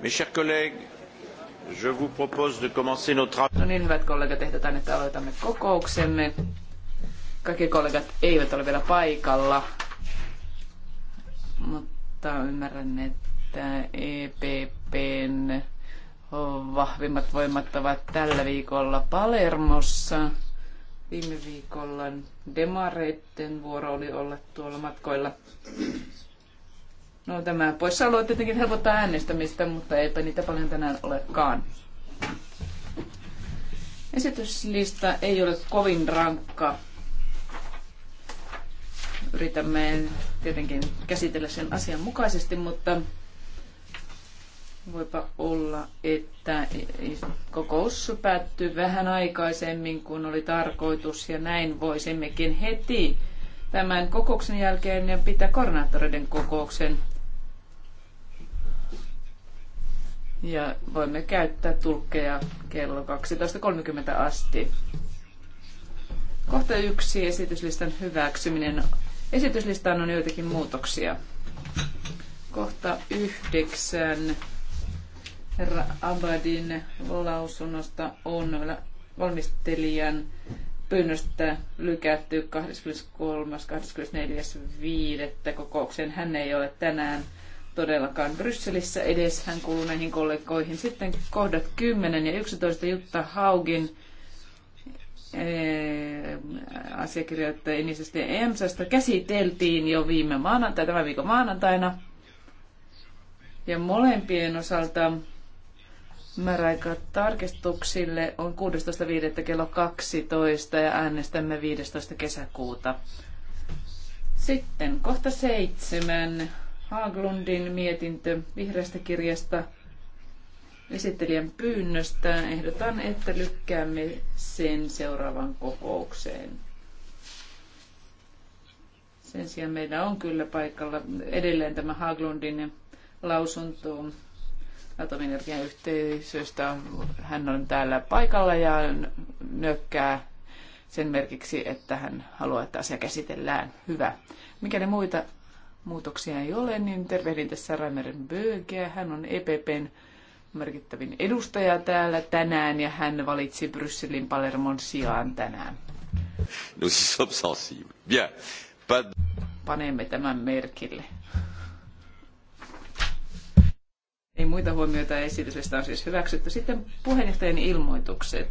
Mes chers collègues, je vous propose de commencer nos travaux. No niin, hyvät kollegat, ehdotan, että aloitamme kokouksemme. Kaikki kollegat eivät ole vielä paikalla, mutta ymmärrän, että EPPn vahvimmat voimat ovat tällä viikolla Palermossa. Viime viikolla demareitten vuoro oli olla tuolla matkoilla. No tämä poissaolo tietenkin helpottaa äänestämistä, mutta eipä niitä paljon tänään olekaan. Esityslista ei ole kovin rankka. Yritämme tietenkin käsitellä sen asian mukaisesti, mutta voipa olla, että kokous päättyy vähän aikaisemmin kuin oli tarkoitus ja näin voisimmekin heti tämän kokouksen jälkeen ja pitää koordinaattoreiden kokouksen Ja voimme käyttää tulkkeja kello 12.30 asti. Kohta yksi esityslistan hyväksyminen. Esityslistaan on joitakin muutoksia. Kohta yhdeksän herra Abadin lausunnosta on valmistelijan pyynnöstä lykätty 23.24.5. kokoukseen. Hän ei ole tänään todellakaan Brysselissä edes. Hän kuuluu näihin kollegoihin. Sitten kohdat 10 ja 11 Jutta Haugin eh, asiakirjoittaja Enisestä ja Emsasta käsiteltiin jo viime maanantai, tämän viikon maanantaina. Ja molempien osalta määräaika tarkistuksille on 16.5. kello 12 ja äänestämme 15. kesäkuuta. Sitten kohta seitsemän. Haglundin mietintö vihreästä kirjasta esittelijän pyynnöstä. Ehdotan, että lykkäämme sen seuraavaan kokoukseen. Sen sijaan meillä on kyllä paikalla edelleen tämä Haglundin lausunto yhteisöstä. Hän on täällä paikalla ja nökkää sen merkiksi, että hän haluaa, että asia käsitellään. Hyvä. Mikäli muita muutoksia ei ole, niin tervehdin tässä Raimeren Bögeä. Hän on EPPn merkittävin edustaja täällä tänään ja hän valitsi Brysselin Palermon sijaan tänään. Nous sommes sensibles. Bien. Pas... Panemme tämän merkille. Ei muita huomioita esityksestä on siis hyväksytty. Sitten puheenjohtajan ilmoitukset.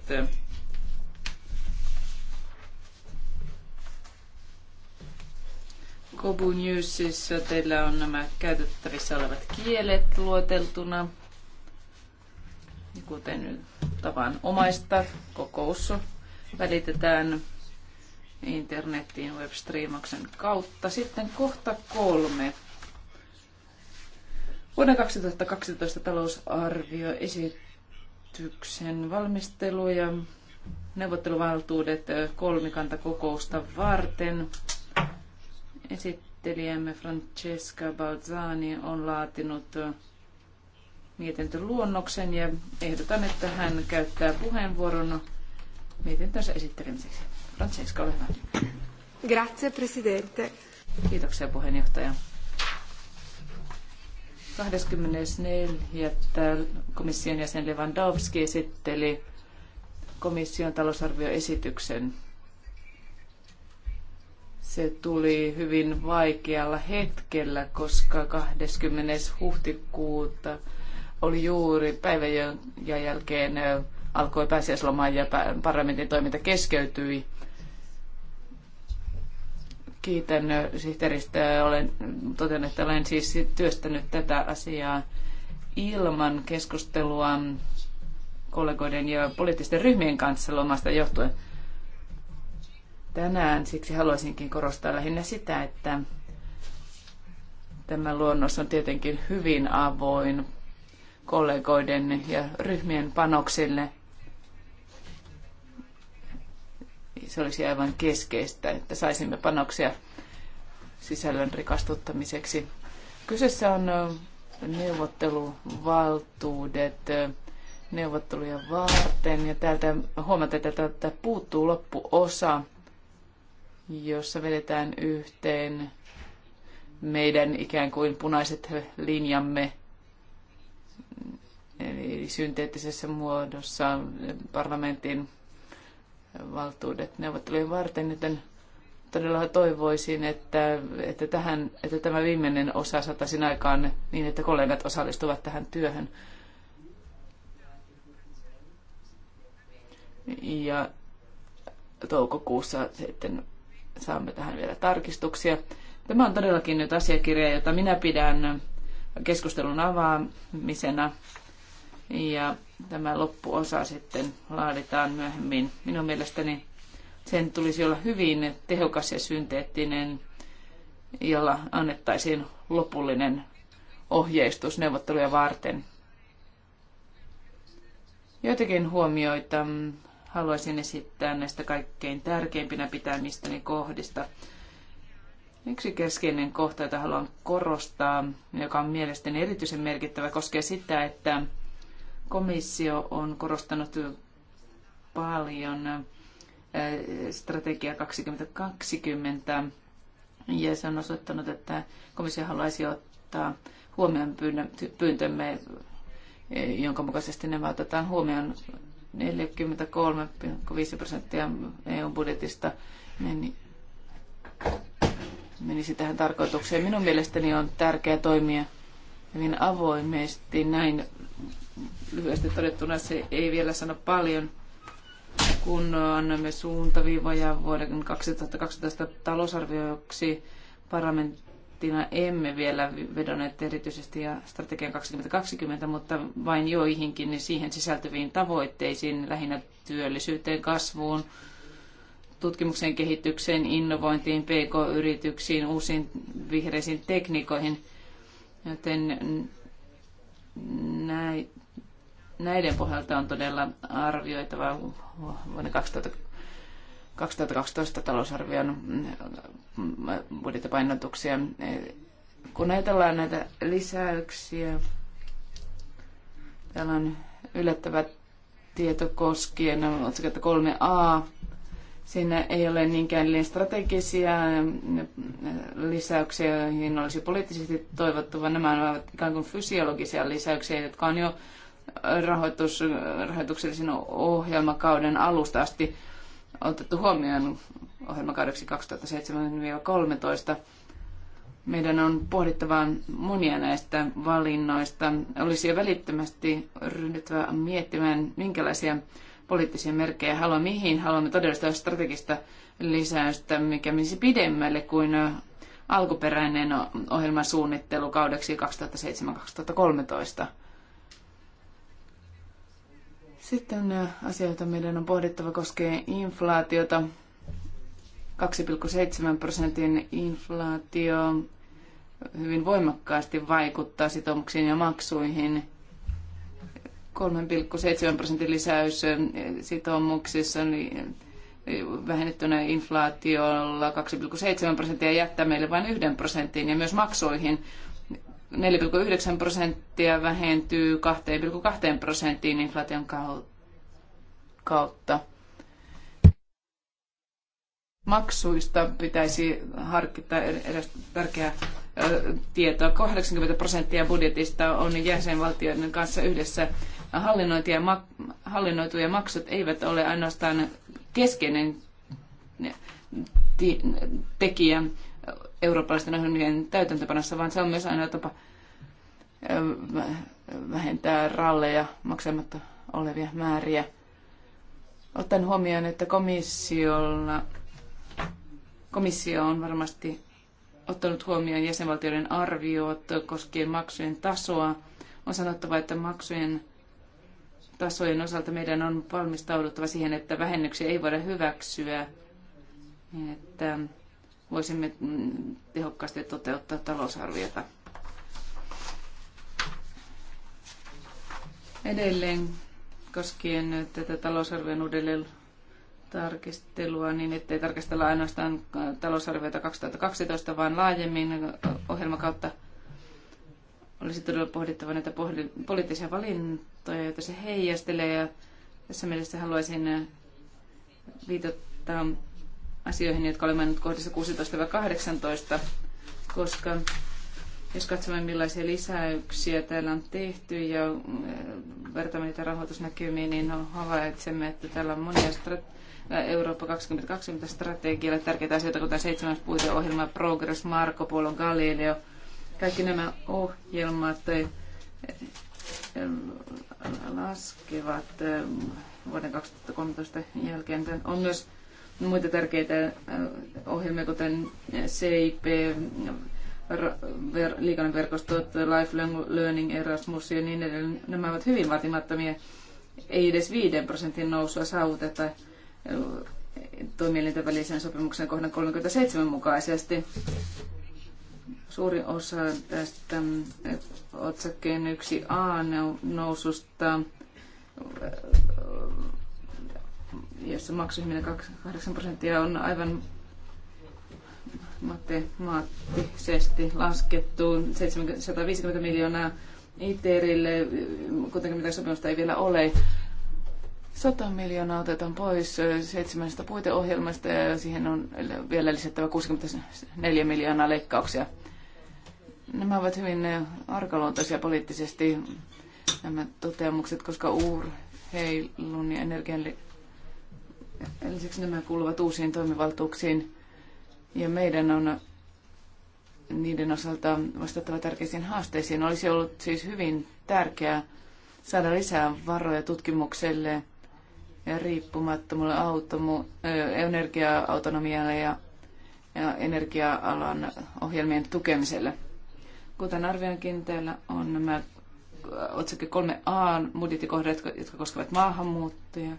Kobu Newsissa teillä on nämä käytettävissä olevat kielet luoteltuna. Kuten tavan omaista, kokous välitetään internetin webstreamauksen kautta. Sitten kohta kolme. Vuoden 2012 talousarvioesityksen valmistelu ja neuvotteluvaltuudet kolmikantakokousta varten. Esittelijämme Francesca Balzani on laatinut mietintöluonnoksen ja ehdotan, että hän käyttää puheenvuoron mietintönsä esittelemiseksi. Francesca, ole hyvä. Grazie, Presidente. Kiitoksia puheenjohtaja. 24. komission jäsen Lewandowski esitteli komission talousarvioesityksen se tuli hyvin vaikealla hetkellä, koska 20. huhtikuuta oli juuri päivän jälkeen alkoi pääsiäisloma ja parlamentin toiminta keskeytyi. Kiitän sihteeristä. Olen, toten, että olen siis työstänyt tätä asiaa ilman keskustelua kollegoiden ja poliittisten ryhmien kanssa lomasta johtuen tänään. Siksi haluaisinkin korostaa lähinnä sitä, että tämä luonnos on tietenkin hyvin avoin kollegoiden ja ryhmien panoksille. Se olisi aivan keskeistä, että saisimme panoksia sisällön rikastuttamiseksi. Kyseessä on neuvotteluvaltuudet neuvotteluja varten. Ja täältä huomataan, että täältä puuttuu loppuosa jossa vedetään yhteen meidän ikään kuin punaiset linjamme eli synteettisessä muodossa parlamentin valtuudet neuvottelujen varten, joten todella toivoisin, että, että, tähän, että tämä viimeinen osa saataisiin aikaan niin, että kollegat osallistuvat tähän työhön. Ja toukokuussa sitten saamme tähän vielä tarkistuksia. Tämä on todellakin nyt asiakirja, jota minä pidän keskustelun avaamisena. Ja tämä loppuosa sitten laaditaan myöhemmin. Minun mielestäni sen tulisi olla hyvin tehokas ja synteettinen, jolla annettaisiin lopullinen ohjeistus neuvotteluja varten. Joitakin huomioita haluaisin esittää näistä kaikkein tärkeimpinä pitämistäni kohdista. Yksi keskeinen kohta, jota haluan korostaa, joka on mielestäni erityisen merkittävä, koskee sitä, että komissio on korostanut paljon strategia 2020 ja se on osoittanut, että komissio haluaisi ottaa huomioon pyyntömme, jonka mukaisesti nämä otetaan huomioon 43,5 prosenttia EU-budjetista meni, menisi tähän tarkoitukseen. Minun mielestäni on tärkeää toimia hyvin avoimesti. Näin lyhyesti todettuna se ei vielä sano paljon, kun annamme suuntaviivoja vuoden 2012 talousarvioksi parlamentti Tina, emme vielä vedonneet erityisesti ja strategian 2020, mutta vain joihinkin niin siihen sisältyviin tavoitteisiin, lähinnä työllisyyteen, kasvuun, tutkimukseen, kehitykseen, innovointiin, pk-yrityksiin, uusiin vihreisiin tekniikoihin. Joten näiden pohjalta on todella arvioitava vuonna 2020 2012 talousarvion mm, mm, budjettipainotuksia. Kun ajatellaan näitä lisäyksiä, täällä on yllättävä tieto koskien otsiketta 3a. Siinä ei ole niinkään strategisia mm, lisäyksiä, joihin olisi poliittisesti toivottu, vaan nämä ovat ikään kuin fysiologisia lisäyksiä, jotka on jo rahoitus, rahoituksellisen ohjelmakauden alusta asti otettu huomioon ohjelmakaudeksi 2007-2013. Meidän on pohdittava monia näistä valinnoista. Olisi jo välittömästi ryhdyttävä miettimään, minkälaisia poliittisia merkkejä haluamme, mihin haluamme todellista strategista lisäystä, mikä menisi pidemmälle kuin alkuperäinen ohjelmasuunnittelu kaudeksi 2007-2013. Sitten asioita meidän on pohdittava koskee inflaatiota. 2,7 prosentin inflaatio hyvin voimakkaasti vaikuttaa sitoumuksiin ja maksuihin. 3,7 prosentin lisäys sitoumuksissa niin vähennettynä inflaatiolla 2,7 prosenttia jättää meille vain 1 prosentin ja myös maksuihin 4,9 prosenttia vähentyy 2,2 prosenttiin inflaation kautta. Maksuista pitäisi harkita eräs tärkeää tietoa. 80 prosenttia budjetista on jäsenvaltioiden kanssa yhdessä hallinnointi hallinnoituja maksut eivät ole ainoastaan keskeinen tekijä eurooppalaisten ohjelmien täytäntöpanossa, vaan se on myös aina tapa vähentää ralleja maksamatta olevia määriä. Ottaen huomioon, että komissiolla, komissio on varmasti ottanut huomioon jäsenvaltioiden arviot koskien maksujen tasoa. On sanottava, että maksujen tasojen osalta meidän on valmistauduttava siihen, että vähennyksiä ei voida hyväksyä. Että voisimme mm, tehokkaasti toteuttaa talousarviota. Edelleen koskien tätä talousarvion uudelleen tarkistelua, niin ettei tarkastella ainoastaan talousarviota 2012, vaan laajemmin ohjelmakautta olisi todella pohdittava näitä poliittisia valintoja, joita se heijastelee. Ja tässä mielessä haluaisin viitata asioihin, jotka olemme nyt kohdassa 16-18, koska jos katsomme millaisia lisäyksiä täällä on tehty ja eh, vertaamme niitä rahoitusnäkymiä, niin no, havaitsemme, että täällä on monia strat- eh, Eurooppa 2020 strategialle tärkeitä asioita, kuten seitsemäs puiteohjelma, Progress, Marco Polo, Galileo, kaikki nämä ohjelmat eh, laskevat vuoden 2013 jälkeen. On myös muita tärkeitä äh, ohjelmia, kuten CIP, liikenneverkostot, Lifelong Learning, Erasmus ja niin edelleen. Nämä ovat hyvin vaatimattomia. Ei edes 5 prosentin nousua saavuteta äh, toimielinten välisen sopimuksen kohdan 37 mukaisesti. Suurin osa tästä äh, otsakkeen 1a noususta jossa maksuihin 8 prosenttia on aivan matemaattisesti laskettu 750 miljoonaa ITERille, kuitenkin mitä sopimusta ei vielä ole. 100 miljoonaa otetaan pois seitsemästä puiteohjelmasta ja siihen on vielä lisättävä 64 miljoonaa leikkauksia. Nämä ovat hyvin arkaluontoisia poliittisesti nämä toteamukset, koska urheilun ja energian Ensiksi nämä kuuluvat uusiin toimivaltuuksiin ja meidän on niiden osalta vastattava tärkeisiin haasteisiin. Olisi ollut siis hyvin tärkeää saada lisää varoja tutkimukselle ja riippumattomalle automu, energia-autonomialle ja, ja energia-alan ohjelmien tukemiselle. Kuten arvioinkin, täällä on nämä otsakke 3a budjettikohdat, jotka koskevat maahanmuuttoja,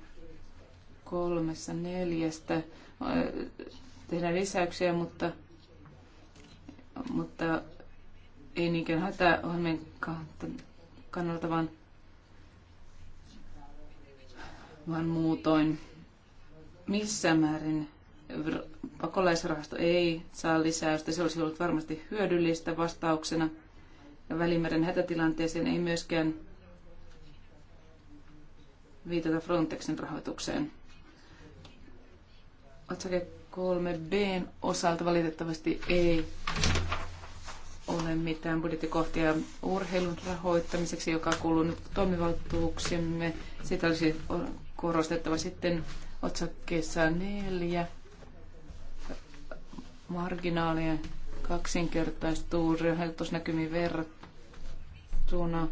kolmessa neljästä tehdään lisäyksiä, mutta, mutta ei niinkään hätää, ohjelmien kannalta, vaan, vaan muutoin. Missä määrin pakolaisrahasto ei saa lisäystä. Se olisi ollut varmasti hyödyllistä vastauksena Välimeren hätätilanteeseen, ei myöskään viitata Frontexin rahoitukseen otsake 3b osalta valitettavasti ei ole mitään budjettikohtia urheilun rahoittamiseksi, joka kuuluu nyt toimivaltuuksimme. Sitä olisi korostettava sitten otsakkeessa neljä marginaalien kaksinkertaistuu rahoitusnäkymiin verrattuna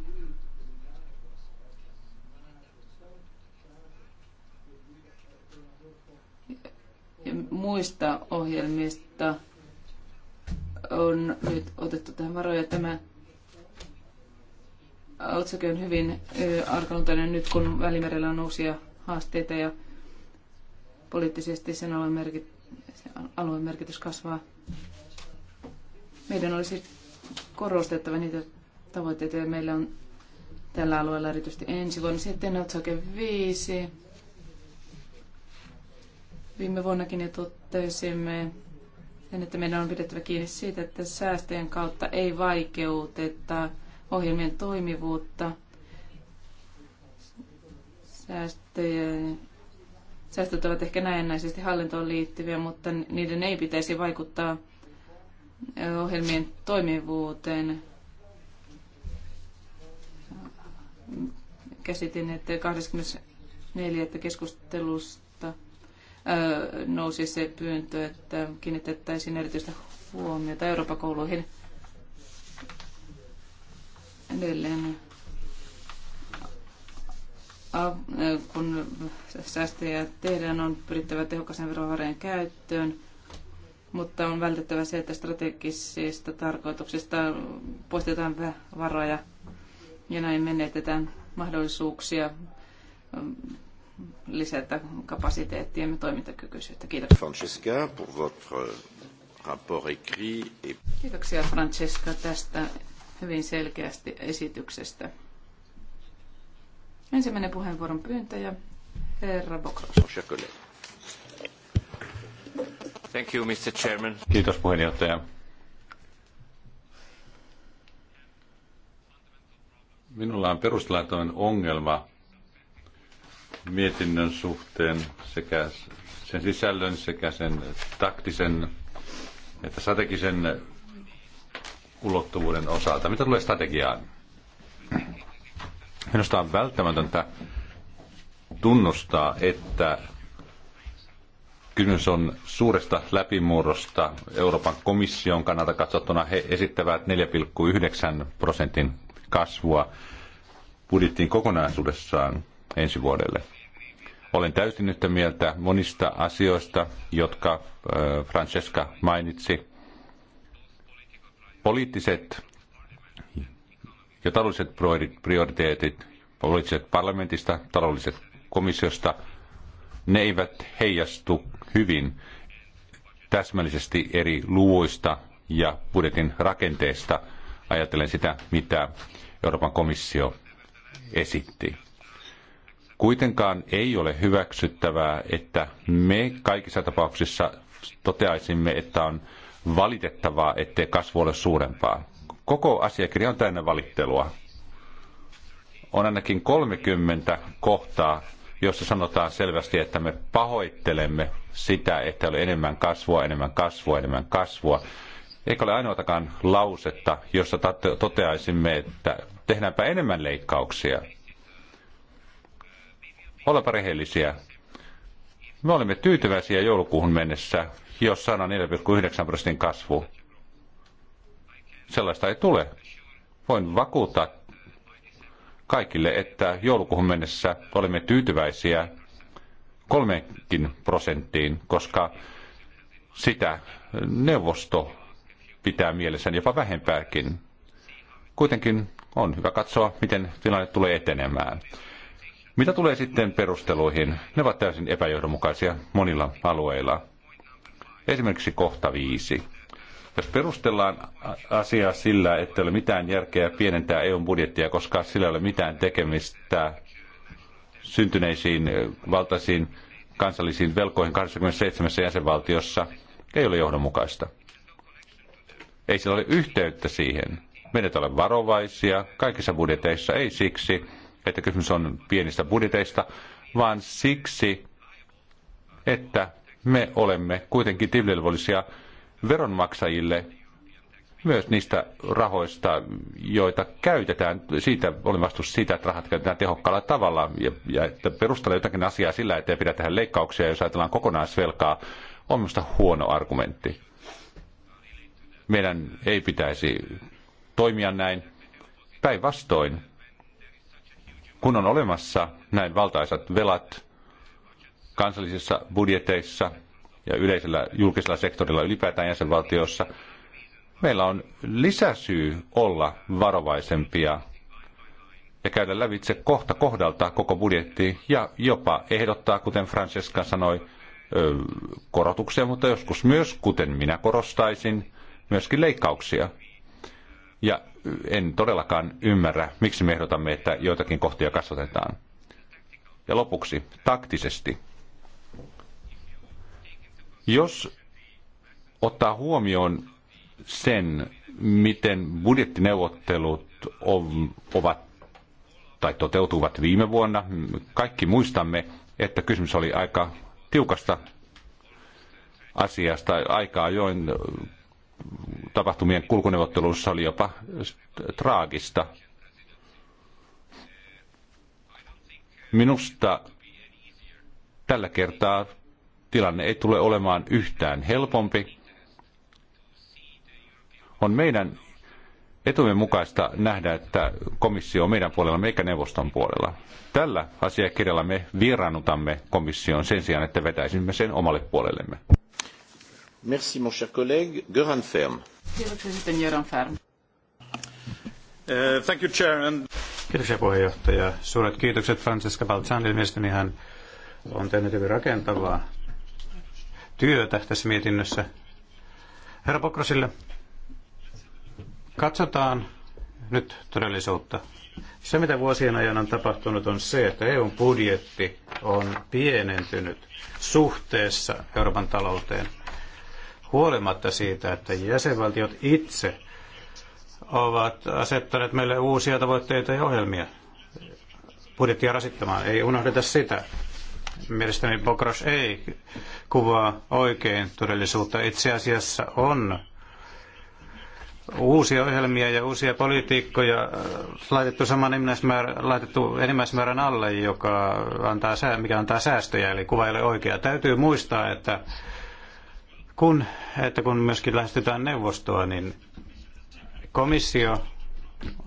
muista ohjelmista on nyt otettu tähän varoja. Tämä otsake on hyvin arkaluntainen nyt, kun Välimerellä on uusia haasteita ja poliittisesti sen alueen, merkit, sen alueen merkitys kasvaa. Meidän olisi korostettava niitä tavoitteita, joita meillä on tällä alueella erityisesti ensi vuonna. Sitten otsake 5 Viime vuonnakin jo totesimme että meidän on pidettävä kiinni siitä, että säästöjen kautta ei vaikeuteta ohjelmien toimivuutta. Säästöjä, säästöt ovat ehkä näennäisesti hallintoon liittyviä, mutta niiden ei pitäisi vaikuttaa ohjelmien toimivuuteen. Käsitin, että 24. keskustelusta nousi se pyyntö, että kiinnitettäisiin erityistä huomiota Euroopan kouluihin edelleen. Kun säästöjä tehdään, on pyrittävä tehokkaisen verovarojen käyttöön, mutta on vältettävä se, että strategisista tarkoituksista poistetaan varoja ja näin menetetään mahdollisuuksia lisätä kapasiteettia ja toimintakykyisyyttä. Kiitoksia. Francesca, pour votre rapport écrit et... Kiitoksia Francesca tästä hyvin selkeästi esityksestä. Ensimmäinen puheenvuoron pyyntäjä, herra Bokros. Thank you, Mr. Chairman. Kiitos puheenjohtaja. Minulla on peruslaitoinen ongelma mietinnön suhteen sekä sen sisällön sekä sen taktisen että strategisen ulottuvuuden osalta. Mitä tulee strategiaan? Minusta on välttämätöntä tunnustaa, että kysymys on suuresta läpimurrosta Euroopan komission kannalta katsottuna. He esittävät 4,9 prosentin kasvua budjettiin kokonaisuudessaan ensi vuodelle. Olen täysin yhtä mieltä monista asioista, jotka Francesca mainitsi. Poliittiset ja taloudelliset prioriteetit, poliittiset parlamentista, taloudelliset komissiosta, ne eivät heijastu hyvin täsmällisesti eri luvuista ja budjetin rakenteesta, ajatellen sitä, mitä Euroopan komissio esitti. Kuitenkaan ei ole hyväksyttävää, että me kaikissa tapauksissa toteaisimme, että on valitettavaa, ettei kasvu ole suurempaa. Koko asiakirja on täynnä valittelua. On ainakin 30 kohtaa, jossa sanotaan selvästi, että me pahoittelemme sitä, että oli enemmän kasvua, enemmän kasvua, enemmän kasvua. Eikä ole ainoatakaan lausetta, jossa toteaisimme, että tehdäänpä enemmän leikkauksia – olepa rehellisiä. Me olemme tyytyväisiä joulukuuhun mennessä, jos saadaan 4,9 prosentin kasvu. Sellaista ei tule. Voin vakuuttaa kaikille, että joulukuuhun mennessä olemme tyytyväisiä kolmenkin prosenttiin, koska sitä neuvosto pitää mielessään jopa vähempääkin. Kuitenkin on hyvä katsoa, miten tilanne tulee etenemään. Mitä tulee sitten perusteluihin? Ne ovat täysin epäjohdonmukaisia monilla alueilla. Esimerkiksi kohta viisi. Jos perustellaan asiaa sillä, että ei ole mitään järkeä pienentää EUn budjettia, koska sillä ei ole mitään tekemistä syntyneisiin valtaisiin kansallisiin velkoihin 27 jäsenvaltiossa, ei ole johdonmukaista. Ei sillä ole yhteyttä siihen. Meidät ole varovaisia kaikissa budjeteissa, ei siksi, että kysymys on pienistä budjeteista, vaan siksi, että me olemme kuitenkin tilvelvollisia veronmaksajille myös niistä rahoista, joita käytetään. Siitä olen vastuussa siitä, että rahat käytetään tehokkaalla tavalla ja, ja että perustella jotakin asiaa sillä, että ei pidä tehdä leikkauksia, jos ajatellaan kokonaisvelkaa, on minusta huono argumentti. Meidän ei pitäisi toimia näin. Päinvastoin kun on olemassa näin valtaisat velat kansallisissa budjeteissa ja yleisellä julkisella sektorilla ylipäätään jäsenvaltiossa, meillä on lisäsyy olla varovaisempia ja käydä lävitse kohta kohdalta koko budjetti ja jopa ehdottaa, kuten Francesca sanoi, korotuksia, mutta joskus myös, kuten minä korostaisin, myöskin leikkauksia. Ja en todellakaan ymmärrä, miksi me ehdotamme, että joitakin kohtia kasvatetaan. Ja lopuksi, taktisesti. Jos ottaa huomioon sen, miten budjettineuvottelut ovat tai toteutuvat viime vuonna, kaikki muistamme, että kysymys oli aika tiukasta asiasta. aikaa join tapahtumien kulkuneuvottelussa oli jopa traagista. Minusta tällä kertaa tilanne ei tule olemaan yhtään helpompi. On meidän etumme mukaista nähdä, että komissio on meidän puolella, eikä neuvoston puolella. Tällä asiakirjalla me vieraannutamme komission sen sijaan, että vetäisimme sen omalle puolellemme. Merci mon cher collègue. Göran Färm. Uh, thank you, Chair. Kiitoksia puheenjohtaja. Suuret kiitokset Francesca Balzanille. Mielestäni hän on tehnyt hyvin rakentavaa työtä tässä mietinnössä. Herra Pokrosille, katsotaan nyt todellisuutta. Se, mitä vuosien ajan on tapahtunut, on se, että EUn budjetti on pienentynyt suhteessa Euroopan talouteen huolimatta siitä, että jäsenvaltiot itse ovat asettaneet meille uusia tavoitteita ja ohjelmia budjettia rasittamaan. Ei unohdeta sitä. Mielestäni Bokros ei kuvaa oikein todellisuutta. Itse asiassa on uusia ohjelmia ja uusia politiikkoja äh, laitettu saman enimmäismäärän, laitettu enimmäismäärän alle, joka antaa, mikä antaa säästöjä, eli kuva ei ole oikea. Täytyy muistaa, että kun, että kun myöskin lähestytään neuvostoa, niin komissio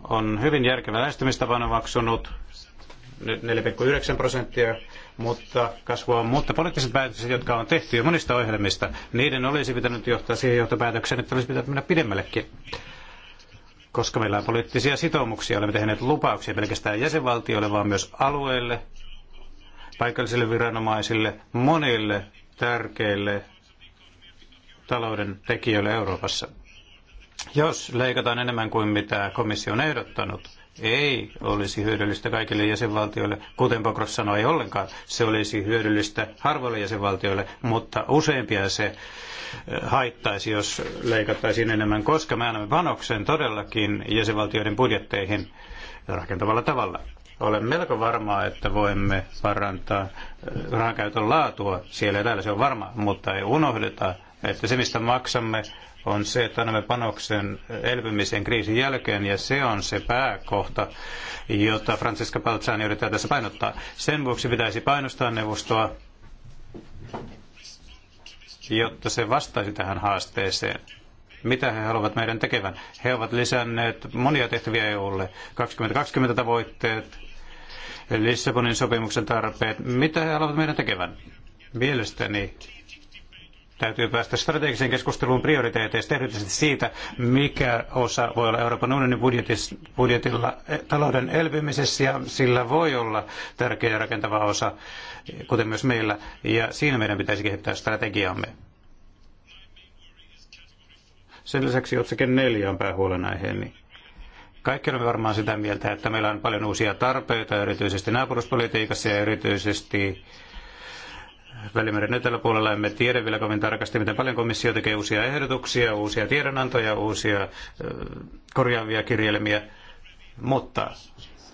on hyvin järkevä lähestymistavan omaksunut 4,9 prosenttia, mutta kasvua Mutta poliittiset päätökset, jotka on tehty jo monista ohjelmista, niiden olisi pitänyt johtaa siihen johtopäätökseen, että olisi pitänyt mennä pidemmällekin. Koska meillä on poliittisia sitoumuksia, olemme tehneet lupauksia pelkästään jäsenvaltioille, vaan myös alueille, paikallisille viranomaisille, monille tärkeille talouden tekijöille Euroopassa. Jos leikataan enemmän kuin mitä komissio on ehdottanut, ei olisi hyödyllistä kaikille jäsenvaltioille. Kuten Pokros sanoi, ei ollenkaan. Se olisi hyödyllistä harvoille jäsenvaltioille, mutta useimpia se eh, haittaisi, jos leikattaisiin enemmän, koska me annamme panoksen todellakin jäsenvaltioiden budjetteihin rakentavalla tavalla. Olen melko varma, että voimme parantaa eh, rahankäytön laatua siellä ja täällä, se on varma, mutta ei unohdeta että se mistä maksamme on se, että annamme panoksen elpymisen kriisin jälkeen, ja se on se pääkohta, jota Francesca Balzani yrittää tässä painottaa. Sen vuoksi pitäisi painostaa neuvostoa, jotta se vastaisi tähän haasteeseen. Mitä he haluavat meidän tekevän? He ovat lisänneet monia tehtäviä EUlle, 2020 tavoitteet, Lissabonin sopimuksen tarpeet. Mitä he haluavat meidän tekevän? Mielestäni Täytyy päästä strategiseen keskusteluun prioriteeteista, erityisesti siitä, mikä osa voi olla Euroopan unionin budjetilla eh, talouden elpymisessä, ja sillä voi olla tärkeä ja rakentava osa, kuten myös meillä, ja siinä meidän pitäisi kehittää strategiamme. Sen lisäksi otsake neljä on päähuolenaiheeni. Kaikki olemme varmaan sitä mieltä, että meillä on paljon uusia tarpeita, erityisesti naapuruspolitiikassa ja erityisesti Välimeren eteläpuolella emme tiedä vielä kovin tarkasti, miten paljon komissio tekee uusia ehdotuksia, uusia tiedonantoja, uusia korjaavia kirjelmiä. mutta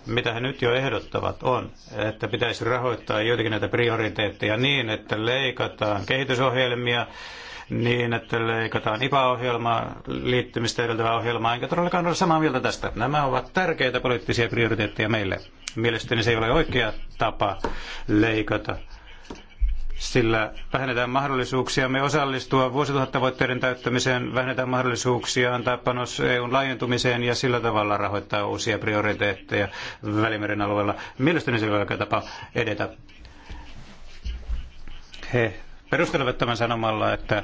mitä he nyt jo ehdottavat on, että pitäisi rahoittaa joitakin näitä prioriteetteja niin, että leikataan kehitysohjelmia, niin, että leikataan IPA-ohjelmaa, liittymistä edeltävää ohjelmaa, enkä todellakaan ole samaa mieltä tästä. Nämä ovat tärkeitä poliittisia prioriteetteja meille. Mielestäni se ei ole oikea tapa leikata sillä vähennetään mahdollisuuksiamme osallistua vuosituhattavoitteiden täyttämiseen, vähennetään mahdollisuuksia antaa panos EUn laajentumiseen ja sillä tavalla rahoittaa uusia prioriteetteja Välimeren alueella. Mielestäni se on oikea tapa edetä. He perustelevat tämän sanomalla, että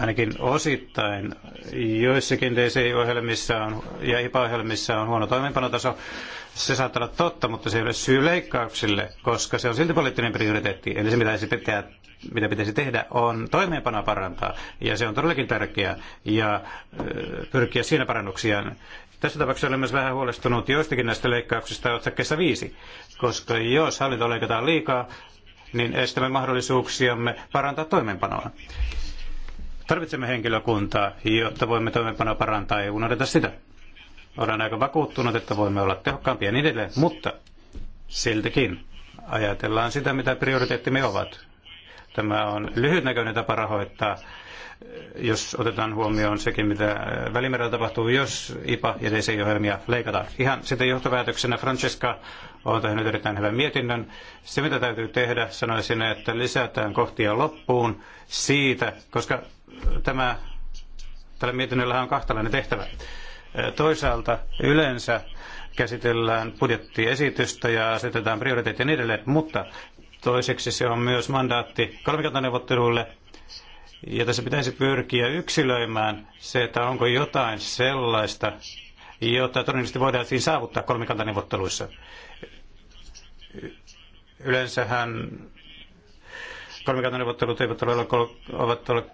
ainakin osittain joissakin DCI-ohjelmissa on, ja IPA-ohjelmissa on huono toimeenpanotaso. Se saattaa olla totta, mutta se ei ole syy leikkauksille, koska se on silti poliittinen prioriteetti. Eli se, mitä, se pitää, mitä pitäisi tehdä, on toimeenpanoa parantaa. Ja se on todellakin tärkeää. Ja pyrkiä siinä parannuksia. Tässä tapauksessa olen myös vähän huolestunut joistakin näistä leikkauksista otsakkeessa viisi, koska jos hallinto leikataan liikaa, niin estämme mahdollisuuksiamme parantaa toimeenpanoa. Tarvitsemme henkilökuntaa, jotta voimme toimeenpanoa parantaa ja unohdeta sitä. Olen aika vakuuttunut, että voimme olla tehokkaampia ja niin edelleen, mutta siltikin ajatellaan sitä, mitä prioriteettimme ovat. Tämä on lyhytnäköinen tapa rahoittaa, jos otetaan huomioon sekin, mitä Välimerellä tapahtuu, jos IPA ja DC-ohjelmia leikataan. Ihan sitten johtopäätöksenä Francesca on tehnyt erittäin hyvän mietinnön. Se, mitä täytyy tehdä, sanoisin, että lisätään kohtia loppuun siitä, koska tämä, tällä mietinnöllä on kahtalainen tehtävä. Toisaalta yleensä käsitellään budjettiesitystä ja asetetaan prioriteetteja niin edelleen, mutta toiseksi se on myös mandaatti kolmikantaneuvotteluille. Ja tässä pitäisi pyrkiä yksilöimään se, että onko jotain sellaista, jota todennäköisesti voidaan siis saavuttaa kolmikantaneuvotteluissa. Yleensähän kolmikantaneuvottelut eivät ole, ole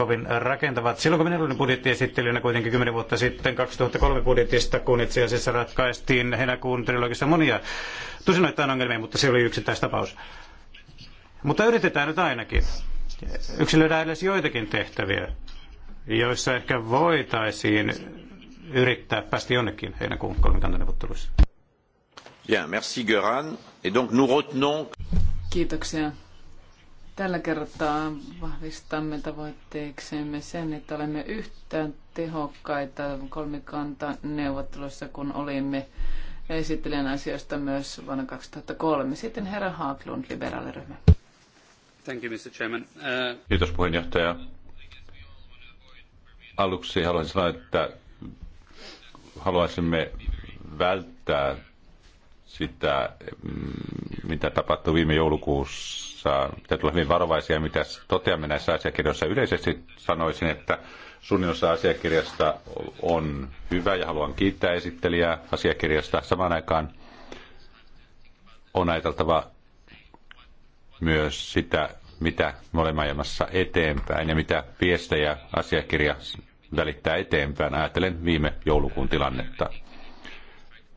kovin rakentavat. Silloin kun minä olin budjettiesittelijänä kuitenkin kymmenen vuotta sitten 2003 budjetista, kun itse asiassa ratkaistiin heinäkuun trilogissa monia tusinoittain ongelmia, mutta se oli yksittäistapaus. Mutta yritetään nyt ainakin. Yksilöidään edes joitakin tehtäviä, joissa ehkä voitaisiin yrittää päästä jonnekin heinäkuun kolmikantaneuvotteluissa. Bien, merci Göran. Et donc nous retenons... Kiitoksia Tällä kertaa vahvistamme tavoitteeksemme sen, että olemme yhtä tehokkaita kolmikanta neuvottelussa, kun olimme esittelijän asioista myös vuonna 2003. Sitten herra Haaklund, liberaaliryhmä. Thank you, Mr. Chairman. Uh... Kiitos puheenjohtaja. Aluksi haluaisin sanoa, että haluaisimme välttää sitä, mm, mitä tapahtui viime joulukuussa. Pitää tulla hyvin varovaisia, mitä toteamme näissä asiakirjoissa. Yleisesti sanoisin, että Sunnin osa asiakirjasta on hyvä ja haluan kiittää esittelijää asiakirjasta. Samaan aikaan on ajateltava myös sitä, mitä me olemme ajamassa eteenpäin ja mitä viestejä asiakirja välittää eteenpäin. Ajattelen viime joulukuun tilannetta.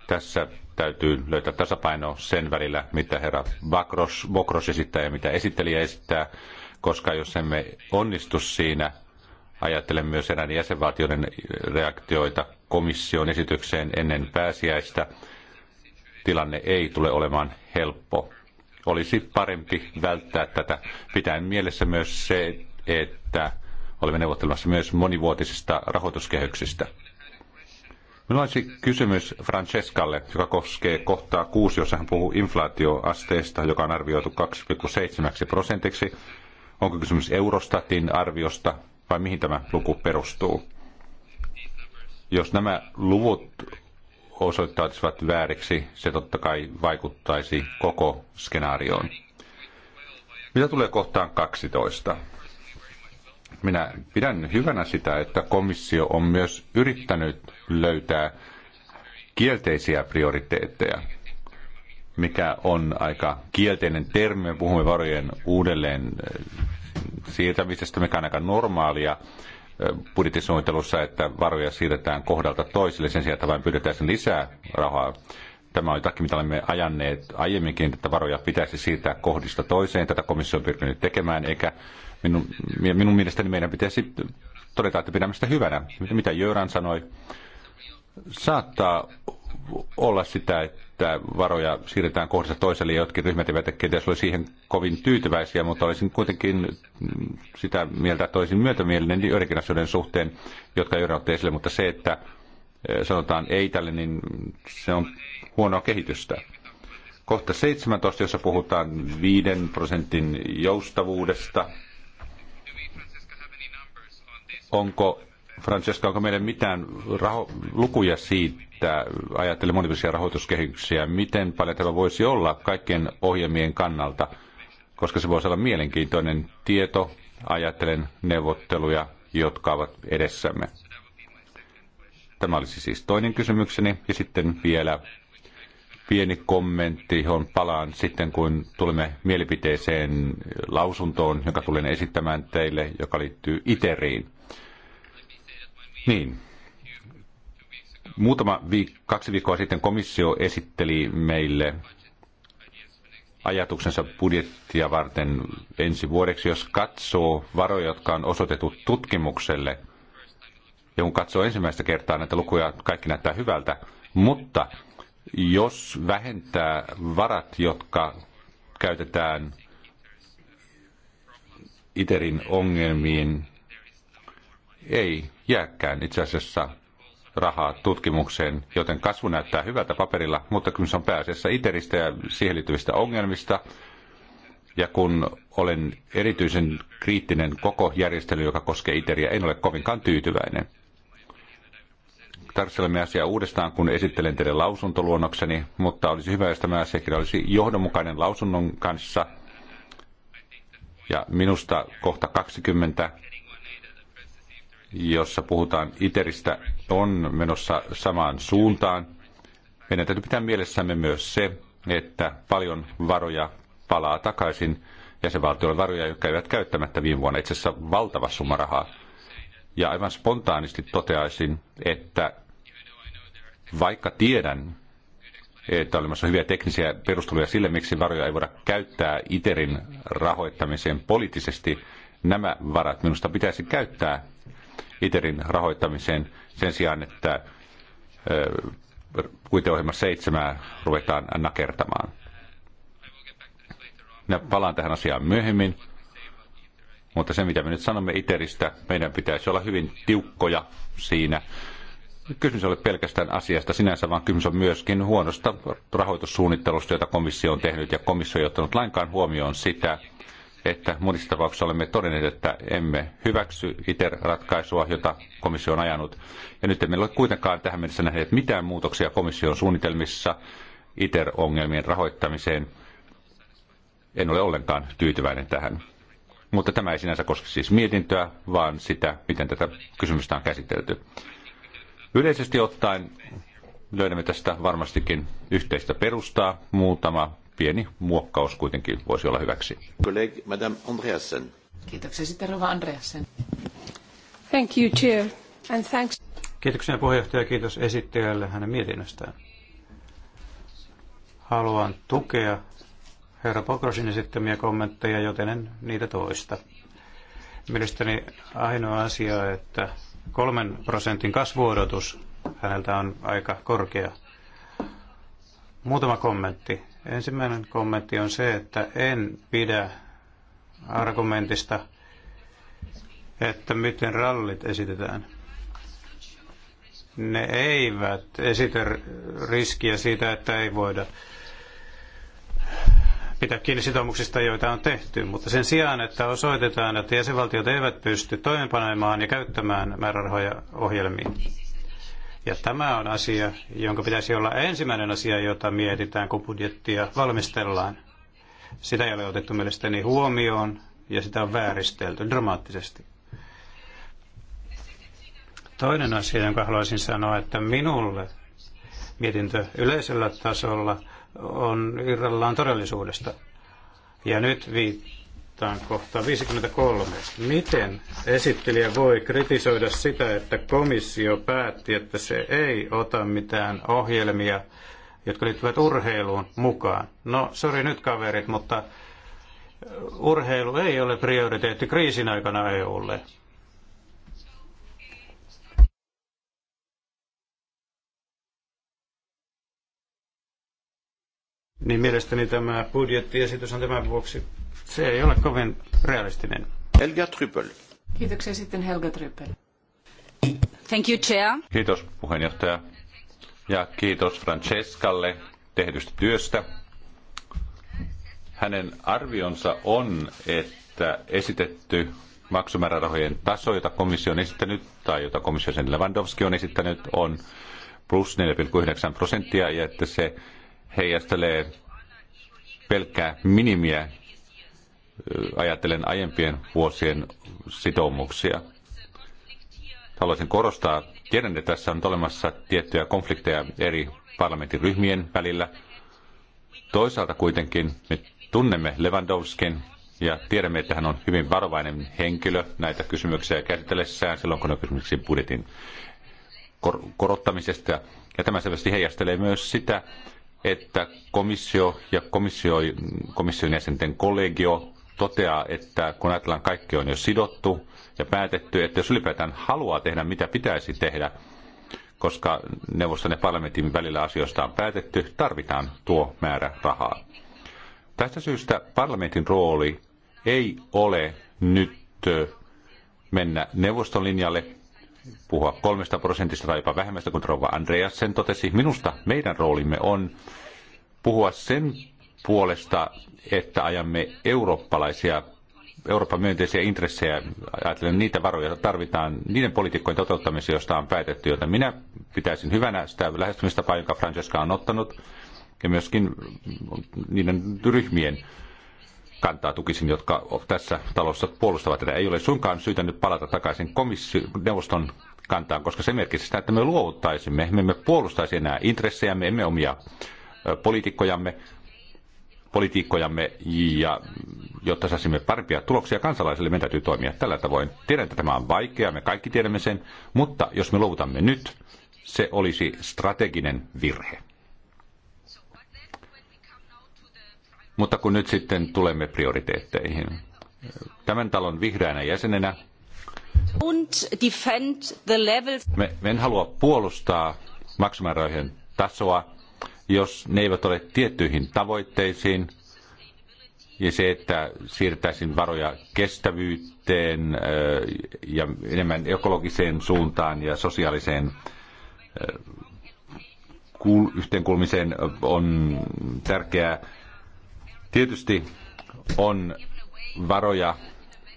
Tässä täytyy löytää tasapaino sen välillä, mitä herra Bakros Bokros esittää ja mitä esittelijä esittää, koska jos emme onnistu siinä, ajattelen myös eräiden jäsenvaltioiden reaktioita komission esitykseen ennen pääsiäistä, tilanne ei tule olemaan helppo. Olisi parempi välttää tätä, pitäen mielessä myös se, että olemme neuvottelemassa myös monivuotisista rahoituskehyksistä. Minulla olisi kysymys Francescalle, joka koskee kohtaa kuusi, jossa hän puhuu inflaatioasteesta, joka on arvioitu 2,7 prosentiksi. Onko kysymys Eurostatin arviosta vai mihin tämä luku perustuu? Jos nämä luvut osoittautuisivat vääriksi, se totta kai vaikuttaisi koko skenaarioon. Mitä tulee kohtaan 12? Minä pidän hyvänä sitä, että komissio on myös yrittänyt löytää kielteisiä prioriteetteja, mikä on aika kielteinen termi. Me puhumme varojen uudelleen eh, siirtämisestä, mikä on aika normaalia eh, budjettisuunnittelussa, että varoja siirretään kohdalta toiselle sen sijaan, että vain pyydetään sen lisää rahaa. Tämä on jotakin, mitä olemme ajanneet aiemminkin, että varoja pitäisi siirtää kohdista toiseen. Tätä komissio on pyrkinyt tekemään, eikä minun, minun mielestäni meidän pitäisi todeta, että pidämme sitä hyvänä. Mitä Jöran sanoi, saattaa olla sitä, että varoja siirretään kohdassa toiselle jotkin ryhmät eivät kenties ole siihen kovin tyytyväisiä, mutta olisin kuitenkin sitä mieltä, että olisin myötämielinen joidenkin asioiden suhteen, jotka ei ole esille, mutta se, että eh, sanotaan ei tälle, niin se on huonoa kehitystä. Kohta 17, jossa puhutaan 5 prosentin joustavuudesta. Onko Francesca, onko meidän mitään raho- lukuja siitä, ajattelee monipuolisia rahoituskehyksiä, miten paljon tämä voisi olla kaikkien ohjelmien kannalta, koska se voisi olla mielenkiintoinen tieto, ajattelen neuvotteluja, jotka ovat edessämme. Tämä olisi siis toinen kysymykseni. Ja sitten vielä pieni kommentti, johon palaan sitten, kun tulemme mielipiteeseen lausuntoon, joka tulen esittämään teille, joka liittyy ITERiin. Niin. Muutama viik- kaksi viikkoa sitten komissio esitteli meille ajatuksensa budjettia varten ensi vuodeksi, jos katsoo varoja, jotka on osoitettu tutkimukselle. Ja kun katsoo ensimmäistä kertaa näitä lukuja, kaikki näyttää hyvältä. Mutta jos vähentää varat, jotka käytetään ITERin ongelmiin, ei jääkään itse asiassa rahaa tutkimukseen, joten kasvu näyttää hyvältä paperilla, mutta kun se on pääasiassa ITERistä ja siihen liittyvistä ongelmista, ja kun olen erityisen kriittinen koko järjestely, joka koskee ITERiä, en ole kovinkaan tyytyväinen. Tarkastelemme asiaa uudestaan, kun esittelen teille lausuntoluonnokseni, mutta olisi hyvä, jos tämä asiakirja olisi johdonmukainen lausunnon kanssa. Ja minusta kohta 20 jossa puhutaan ITERistä, on menossa samaan suuntaan. Meidän täytyy pitää mielessämme myös se, että paljon varoja palaa takaisin jäsenvaltioille varoja, jotka eivät käyttämättä viime vuonna, itse asiassa valtava summa rahaa. Ja aivan spontaanisti toteaisin, että vaikka tiedän, että olemassa hyviä teknisiä perusteluja sille, miksi varoja ei voida käyttää ITERin rahoittamiseen poliittisesti, nämä varat minusta pitäisi käyttää ITERin rahoittamiseen sen sijaan, että puiteohjelma seitsemää ruvetaan nakertamaan. Minä palaan tähän asiaan myöhemmin, mutta se mitä me nyt sanomme ITERistä, meidän pitäisi olla hyvin tiukkoja siinä. Kysymys ole pelkästään asiasta sinänsä, vaan kysymys on myöskin huonosta rahoitussuunnittelusta, jota komissio on tehnyt, ja komissio ei ottanut lainkaan huomioon sitä, että monissa tapauksissa olemme todenneet, että emme hyväksy ITER-ratkaisua, jota komissio on ajanut. Ja nyt emme ole kuitenkaan tähän mennessä nähneet mitään muutoksia komission suunnitelmissa ITER-ongelmien rahoittamiseen. En ole ollenkaan tyytyväinen tähän. Mutta tämä ei sinänsä koske siis mietintöä, vaan sitä, miten tätä kysymystä on käsitelty. Yleisesti ottaen löydämme tästä varmastikin yhteistä perustaa. Muutama pieni muokkaus kuitenkin voisi olla hyväksi. Kollega Madame Andreasen. Kiitoksia sitten Rova Andreasen. Thank you, Chair, and thanks. Kiitoksia puheenjohtaja kiitos esittäjälle hänen mietinnöstään. Haluan tukea herra Pokrosin esittämiä kommentteja, joten en niitä toista. Mielestäni ainoa asia, että kolmen prosentin kasvuodotus häneltä on aika korkea. Muutama kommentti. Ensimmäinen kommentti on se, että en pidä argumentista, että miten rallit esitetään. Ne eivät esitä riskiä siitä, että ei voida pitää kiinni sitoumuksista, joita on tehty, mutta sen sijaan, että osoitetaan, että jäsenvaltiot eivät pysty toimeenpanemaan ja käyttämään määrärahoja ohjelmiin ja tämä on asia, jonka pitäisi olla ensimmäinen asia, jota mietitään, kun budjettia valmistellaan. Sitä ei ole otettu mielestäni huomioon ja sitä on vääristelty dramaattisesti. Toinen asia, jonka haluaisin sanoa, että minulle mietintö yleisellä tasolla on irrallaan todellisuudesta. Ja nyt vi- viittaan kohtaan 53. Miten esittelijä voi kritisoida sitä, että komissio päätti, että se ei ota mitään ohjelmia, jotka liittyvät urheiluun mukaan? No, sori nyt kaverit, mutta urheilu ei ole prioriteetti kriisin aikana EUlle. niin mielestäni tämä budjettiesitys on tämän vuoksi, se ei ole kovin realistinen. Helga Trypöl. Kiitoksia sitten Helga Trypöl. Thank you, Chair. Kiitos puheenjohtaja ja kiitos Francescalle tehdystä työstä. Hänen arvionsa on, että esitetty maksumäärärahojen taso, jota komissio on esittänyt, tai jota sen Lewandowski on esittänyt, on plus 4,9 prosenttia, ja että se heijastelee pelkkää minimiä, ajattelen aiempien vuosien sitoumuksia. Haluaisin korostaa, tiedän, että tässä on olemassa tiettyjä konflikteja eri parlamentin ryhmien välillä. Toisaalta kuitenkin me tunnemme Lewandowskin ja tiedämme, että hän on hyvin varovainen henkilö näitä kysymyksiä käsitellessään silloin, kun on kysymyksiä budjetin kor- korottamisesta. Ja tämä selvästi heijastelee myös sitä, että komissio ja komissio, komission jäsenten kollegio toteaa, että kun ajatellaan kaikki on jo sidottu ja päätetty, että jos ylipäätään haluaa tehdä, mitä pitäisi tehdä, koska neuvoston ja parlamentin välillä asioista on päätetty, tarvitaan tuo määrä rahaa. Tästä syystä parlamentin rooli ei ole nyt mennä neuvoston linjalle, puhua kolmesta prosentista tai jopa vähemmästä, kun rouva Andreas sen totesi. Minusta meidän roolimme on puhua sen puolesta, että ajamme eurooppalaisia Euroopan myönteisiä intressejä, ajatellen niitä varoja, joita tarvitaan niiden poliitikkojen toteuttamiseen, joista on päätetty, joita minä pitäisin hyvänä sitä lähestymistapaa, jonka Francesca on ottanut, ja myöskin niiden ryhmien kantaa tukisin, jotka tässä talossa puolustavat tätä. Ei ole suinkaan syytä nyt palata takaisin komissio, neuvoston kantaan, koska se merkitsee sitä, että me luovuttaisimme, me emme puolustaisi enää intressejämme, emme omia poliitikkojamme, politiikkojamme, ja jotta saisimme parempia tuloksia kansalaisille, meidän täytyy toimia tällä tavoin. Tiedän, että tämä on vaikeaa, me kaikki tiedämme sen, mutta jos me luovutamme nyt, se olisi strateginen virhe. Mutta kun nyt sitten tulemme prioriteetteihin. Tämän talon vihreänä jäsenenä me, me en halua puolustaa maksimäärähojen tasoa, jos ne eivät ole tiettyihin tavoitteisiin, ja se, että siirtäisin varoja kestävyyteen ja enemmän ekologiseen suuntaan ja sosiaaliseen yhteenkulmiseen on tärkeää. Tietysti on varoja,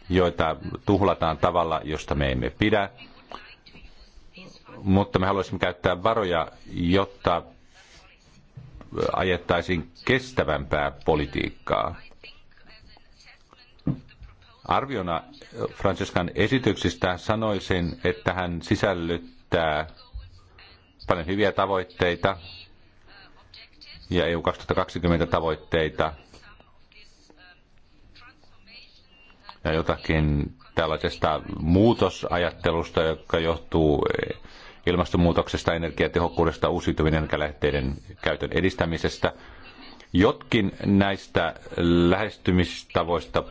joita tuhlataan tavalla, josta me emme pidä, mutta me haluaisimme käyttää varoja, jotta ajettaisiin kestävämpää politiikkaa. Arviona Franciscan esityksistä sanoisin, että hän sisällyttää paljon hyviä tavoitteita ja EU 2020 tavoitteita – ja jotakin tällaisesta muutosajattelusta, joka johtuu ilmastonmuutoksesta, energiatehokkuudesta, uusiutuvien energialähteiden käytön edistämisestä. Jotkin näistä lähestymistavoista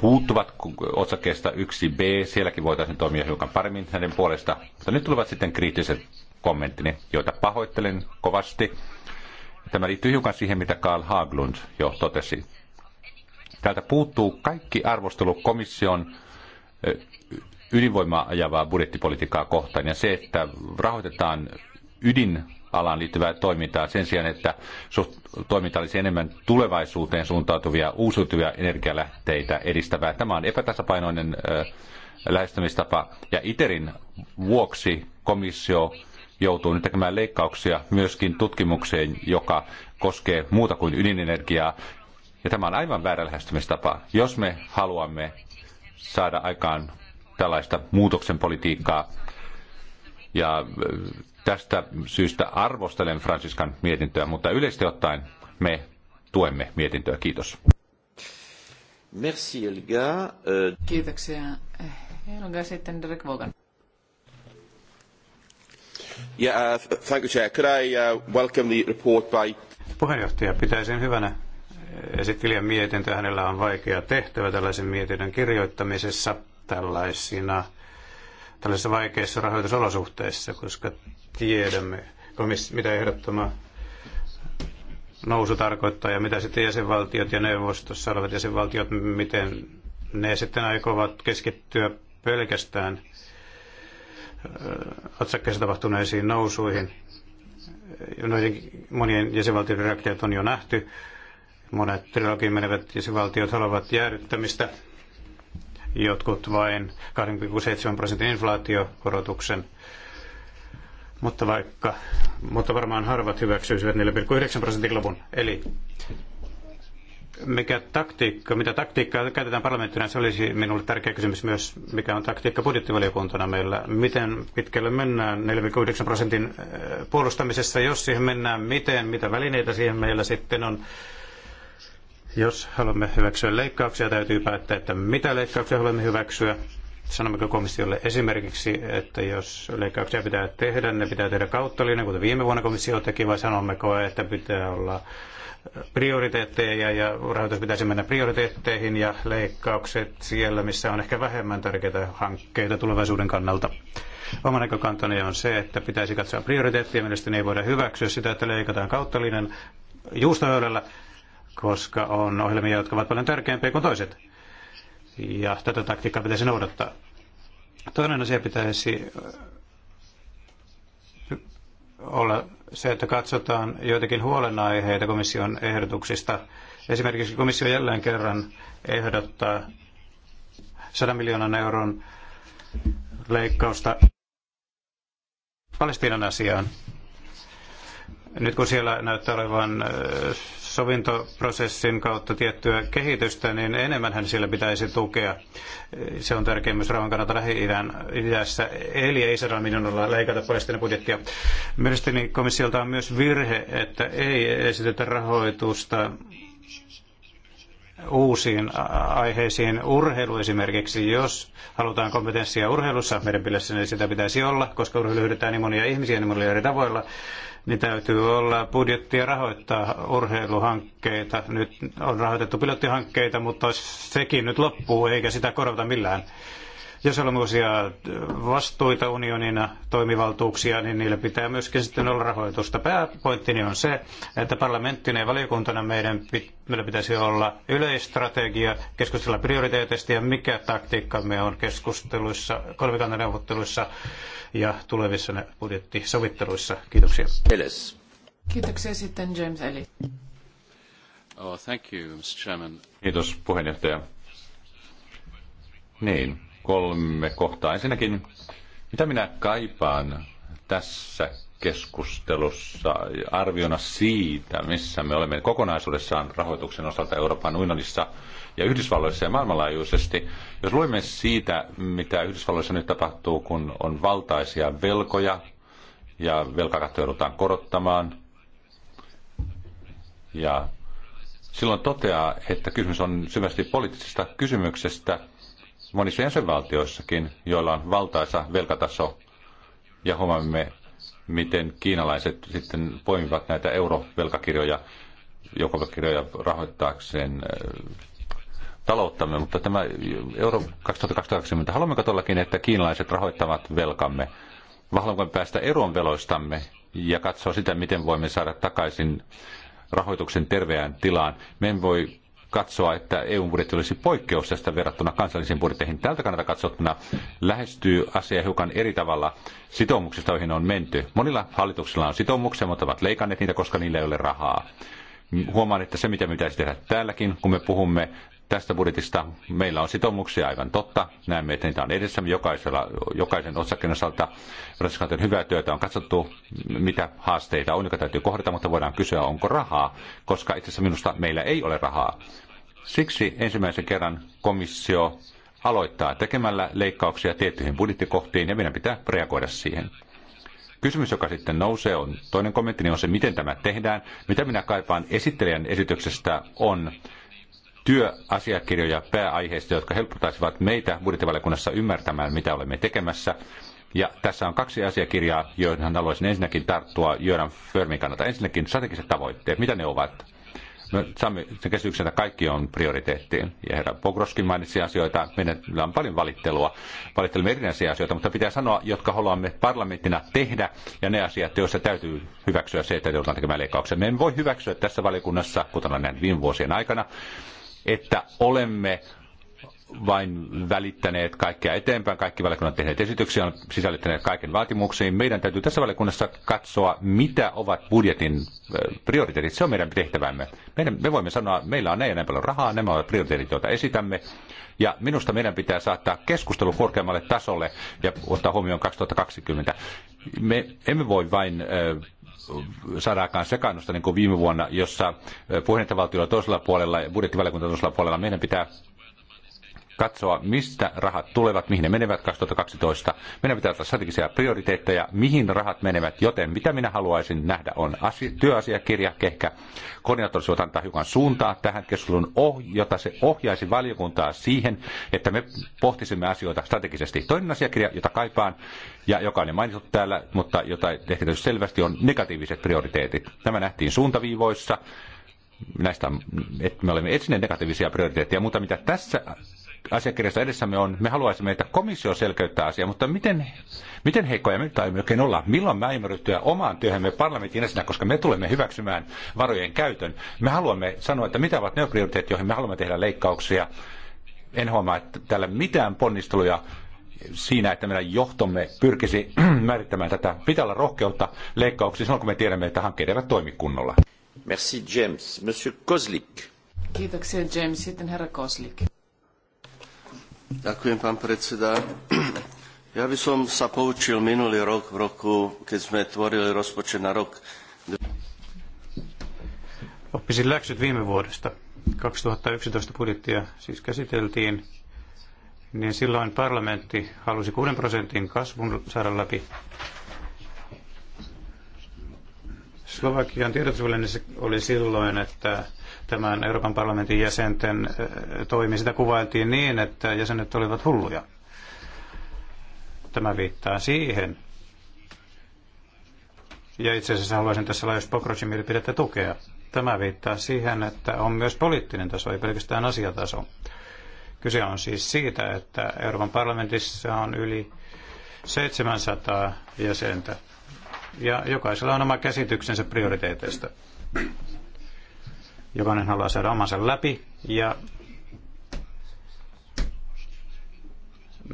puuttuvat otsakkeesta 1b. Sielläkin voitaisiin toimia hiukan paremmin näiden puolesta. Mutta nyt tulevat sitten kriittiset kommenttini, joita pahoittelen kovasti. Tämä liittyy hiukan siihen, mitä Karl Haglund jo totesi. Täältä puuttuu kaikki arvostelu komission ydinvoimaa ajavaa budjettipolitiikkaa kohtaan ja se, että rahoitetaan ydinalaan liittyvää toimintaa sen sijaan, että toiminta olisi enemmän tulevaisuuteen suuntautuvia uusiutuvia energialähteitä edistävää. Tämä on epätasapainoinen lähestymistapa ja ITERin vuoksi komissio joutuu nyt tekemään leikkauksia myöskin tutkimukseen, joka koskee muuta kuin ydinenergiaa ja tämä on aivan väärä lähestymistapa. Jos me haluamme saada aikaan tällaista muutoksen politiikkaa, ja tästä syystä arvostelen Franciskan mietintöä, mutta yleisesti ottaen me tuemme mietintöä. Kiitos. Merci Elga. Kiitoksia. Elga sitten Derek Vaughan. Yeah, uh, thank you, Chair. Could I uh, welcome the report by... Puheenjohtaja, pitäisin hyvänä esittelijän mietintö. Hänellä on vaikea tehtävä tällaisen mietinnön kirjoittamisessa tällaisina, tällaisissa vaikeissa rahoitusolosuhteissa, koska tiedämme, mitä ehdottoma nousu tarkoittaa ja mitä sitten jäsenvaltiot ja neuvostossa olevat jäsenvaltiot, miten ne sitten aikovat keskittyä pelkästään otsakkeessa tapahtuneisiin nousuihin. Noiden monien jäsenvaltioiden reaktiot on jo nähty Monet trilogiin menevät jäsenvaltiot haluavat jäädyttämistä, jotkut vain 2,7 prosentin inflaatiokorotuksen. Mutta, vaikka, mutta varmaan harvat hyväksyisivät 4,9 prosentin lopun. Eli mikä taktiikka, mitä taktiikkaa käytetään parlamenttina, se olisi minulle tärkeä kysymys myös, mikä on taktiikka budjettivaliokuntana meillä. Miten pitkälle mennään 4,9 prosentin äh, puolustamisessa, jos siihen mennään, miten, mitä välineitä siihen meillä sitten on, jos haluamme hyväksyä leikkauksia, täytyy päättää, että mitä leikkauksia haluamme hyväksyä. Sanommeko komissiolle esimerkiksi, että jos leikkauksia pitää tehdä, ne pitää tehdä kauttalinjan, kuten viime vuonna komissio teki, vai sanommeko, että pitää olla prioriteetteja ja rahoitus pitäisi mennä prioriteetteihin ja leikkaukset siellä, missä on ehkä vähemmän tärkeitä hankkeita tulevaisuuden kannalta. Oma näkökantani on se, että pitäisi katsoa prioriteetteja. Mielestäni ei voida hyväksyä sitä, että leikataan kauttaliinen juustohöylällä koska on ohjelmia, jotka ovat paljon tärkeämpiä kuin toiset. Ja tätä taktiikkaa pitäisi noudattaa. Toinen asia pitäisi äh, olla se, että katsotaan joitakin huolenaiheita komission ehdotuksista. Esimerkiksi komissio jälleen kerran ehdottaa 100 miljoonan euron leikkausta Palestiinan asiaan. Nyt kun siellä näyttää olevan sovintoprosessin kautta tiettyä kehitystä, niin enemmänhän siellä pitäisi tukea. Se on tärkeä myös rauhan kannalta Lähi-idässä. Eli ei 100 miljoonalla leikata Palestinan budjettia. Mielestäni komissiolta on myös virhe, että ei esitetä rahoitusta uusiin aiheisiin urheilu esimerkiksi, jos halutaan kompetenssia urheilussa, meidän pilässä niin sitä pitäisi olla, koska urheilu hyödyttää niin monia ihmisiä niin monilla eri tavoilla niin täytyy olla budjettia rahoittaa urheiluhankkeita. Nyt on rahoitettu pilottihankkeita, mutta sekin nyt loppuu, eikä sitä korvata millään. Jos on uusia vastuita unionina, toimivaltuuksia, niin niillä pitää myöskin sitten olla rahoitusta. Pääpointtini on se, että parlamenttinen ja valiokuntana meidän, meillä pitäisi olla yleistrategia, keskustella prioriteeteista ja mikä me on keskusteluissa, kolmikantaneuvotteluissa ja tulevissa budjettisovitteluissa. Kiitoksia. Eles. Kiitoksia sitten James Ellis. Oh, thank you, Mr. Chairman. Kiitos puheenjohtaja. Niin, kolme kohtaa. Ensinnäkin, mitä minä kaipaan tässä keskustelussa arviona siitä, missä me olemme kokonaisuudessaan rahoituksen osalta Euroopan unionissa ja Yhdysvalloissa ja maailmanlaajuisesti. Jos luemme siitä, mitä Yhdysvalloissa nyt tapahtuu, kun on valtaisia velkoja ja velkakatto joudutaan korottamaan, ja silloin toteaa, että kysymys on syvästi poliittisesta kysymyksestä – monissa jäsenvaltioissakin, joilla on valtaisa velkataso. Ja huomaamme, miten kiinalaiset sitten poimivat näitä eurovelkakirjoja, jokovelkakirjoja rahoittaakseen talouttamme, mutta tämä euro 2020, haluammeko todellakin, että kiinalaiset rahoittavat velkamme? Haluammeko päästä eroon veloistamme ja katsoa sitä, miten voimme saada takaisin rahoituksen terveään tilaan? Me emme voi katsoa, että EU-budjetti olisi poikkeus tästä verrattuna kansallisiin budjetteihin. Tältä kannalta katsottuna lähestyy asia hiukan eri tavalla sitoumuksista, joihin on menty. Monilla hallituksilla on sitoumuksia, mutta ovat leikanneet niitä, koska niillä ei ole rahaa. Huomaan, että se mitä me pitäisi tehdä täälläkin, kun me puhumme tästä budjetista, meillä on sitoumuksia aivan totta. Näemme, että niitä on edessä jokaisella, jokaisen osakkeen osalta. Raskaiden hyvää työtä on katsottu, mitä haasteita on, joka täytyy kohdata, mutta voidaan kysyä, onko rahaa, koska itse asiassa minusta meillä ei ole rahaa. Siksi ensimmäisen kerran komissio aloittaa tekemällä leikkauksia tiettyihin budjettikohtiin ja meidän pitää reagoida siihen. Kysymys, joka sitten nousee, on toinen kommentti, niin on se, miten tämä tehdään. Mitä minä kaipaan esittelijän esityksestä on työasiakirjoja pääaiheista, jotka helpottaisivat meitä budjettivaliokunnassa ymmärtämään, mitä olemme tekemässä. Ja tässä on kaksi asiakirjaa, joihin haluaisin ensinnäkin tarttua Jöran Förmin kannalta. Ensinnäkin strategiset tavoitteet, mitä ne ovat? No, saamme sen käsityksen, että kaikki on prioriteetti. Ja herra Pogroskin mainitsi asioita. Meillä on paljon valittelua. Valittelemme erinäisiä asioita, mutta pitää sanoa, jotka haluamme parlamenttina tehdä. Ja ne asiat, joissa täytyy hyväksyä se, että joudutaan tekemään leikkauksia. Me emme voi hyväksyä tässä valikunnassa, kuten olen näin viime vuosien aikana, että olemme vain välittäneet kaikkea eteenpäin, kaikki valiokunnat tehneet esityksiä, on sisällyttäneet kaiken vaatimuksiin. Meidän täytyy tässä valiokunnassa katsoa, mitä ovat budjetin prioriteetit. Se on meidän tehtävämme. Meidän, me voimme sanoa, meillä on näin ja näin paljon rahaa, nämä ovat prioriteetit, joita esitämme. Ja minusta meidän pitää saattaa keskustelu korkeammalle tasolle ja ottaa huomioon 2020. Me emme voi vain aikaan sekannusta niin kuin viime vuonna, jossa puheenjohtajavaltiolla toisella puolella ja budjettivaliokunta toisella puolella meidän pitää katsoa, mistä rahat tulevat, mihin ne menevät 2012. Meidän pitää olla strategisia prioriteetteja, mihin rahat menevät, joten mitä minä haluaisin nähdä on asia, työasiakirja, ehkä koordinaattorissa voivat antaa hiukan suuntaa tähän keskusteluun, oh, jota se ohjaisi valiokuntaa siihen, että me pohtisimme asioita strategisesti. Toinen asiakirja, jota kaipaan, ja joka on jo mainittu täällä, mutta jota ehkä selvästi on negatiiviset prioriteetit. Tämä nähtiin suuntaviivoissa, näistä, että me olemme etsineet negatiivisia prioriteetteja, mutta mitä tässä asiakirjassa edessämme on, me haluaisimme, että komissio selkeyttää asiaa, mutta miten, miten heikkoja me tai oikein olla? Milloin me ryhtyä omaan työhömme parlamentin esinä, koska me tulemme hyväksymään varojen käytön? Me haluamme sanoa, että mitä ovat ne prioriteetit, joihin me haluamme tehdä leikkauksia. En huomaa, että täällä mitään ponnisteluja siinä, että meidän johtomme pyrkisi määrittämään tätä. Pitää olla rohkeutta leikkauksia, silloin, kun me tiedämme, että hankkeet eivät toimi kunnolla. Merci James. Monsieur Kozlik. Kiitoksia James. Sitten herra Kozlik. Ďakujem, pán predseda. Ja by som sa poučil minulý rok, v roku, keď sme tvorili rozpočet na rok. Oppisin läksyt viime vuodesta. 2011 budjettia siis käsiteltiin, niin silloin parlamentti halusi 6 prosentin kasvun saada läpi. Slovakian tiedotusvälineessä oli silloin, että tämän Euroopan parlamentin jäsenten toimi. Sitä kuvailtiin niin, että jäsenet olivat hulluja. Tämä viittaa siihen. Ja itse asiassa haluaisin tässä Lajos Pokrosin mielipidettä tukea. Tämä viittaa siihen, että on myös poliittinen taso, ei pelkästään asiataso. Kyse on siis siitä, että Euroopan parlamentissa on yli 700 jäsentä ja jokaisella on oma käsityksensä prioriteeteista. Jokainen haluaa saada omansa läpi ja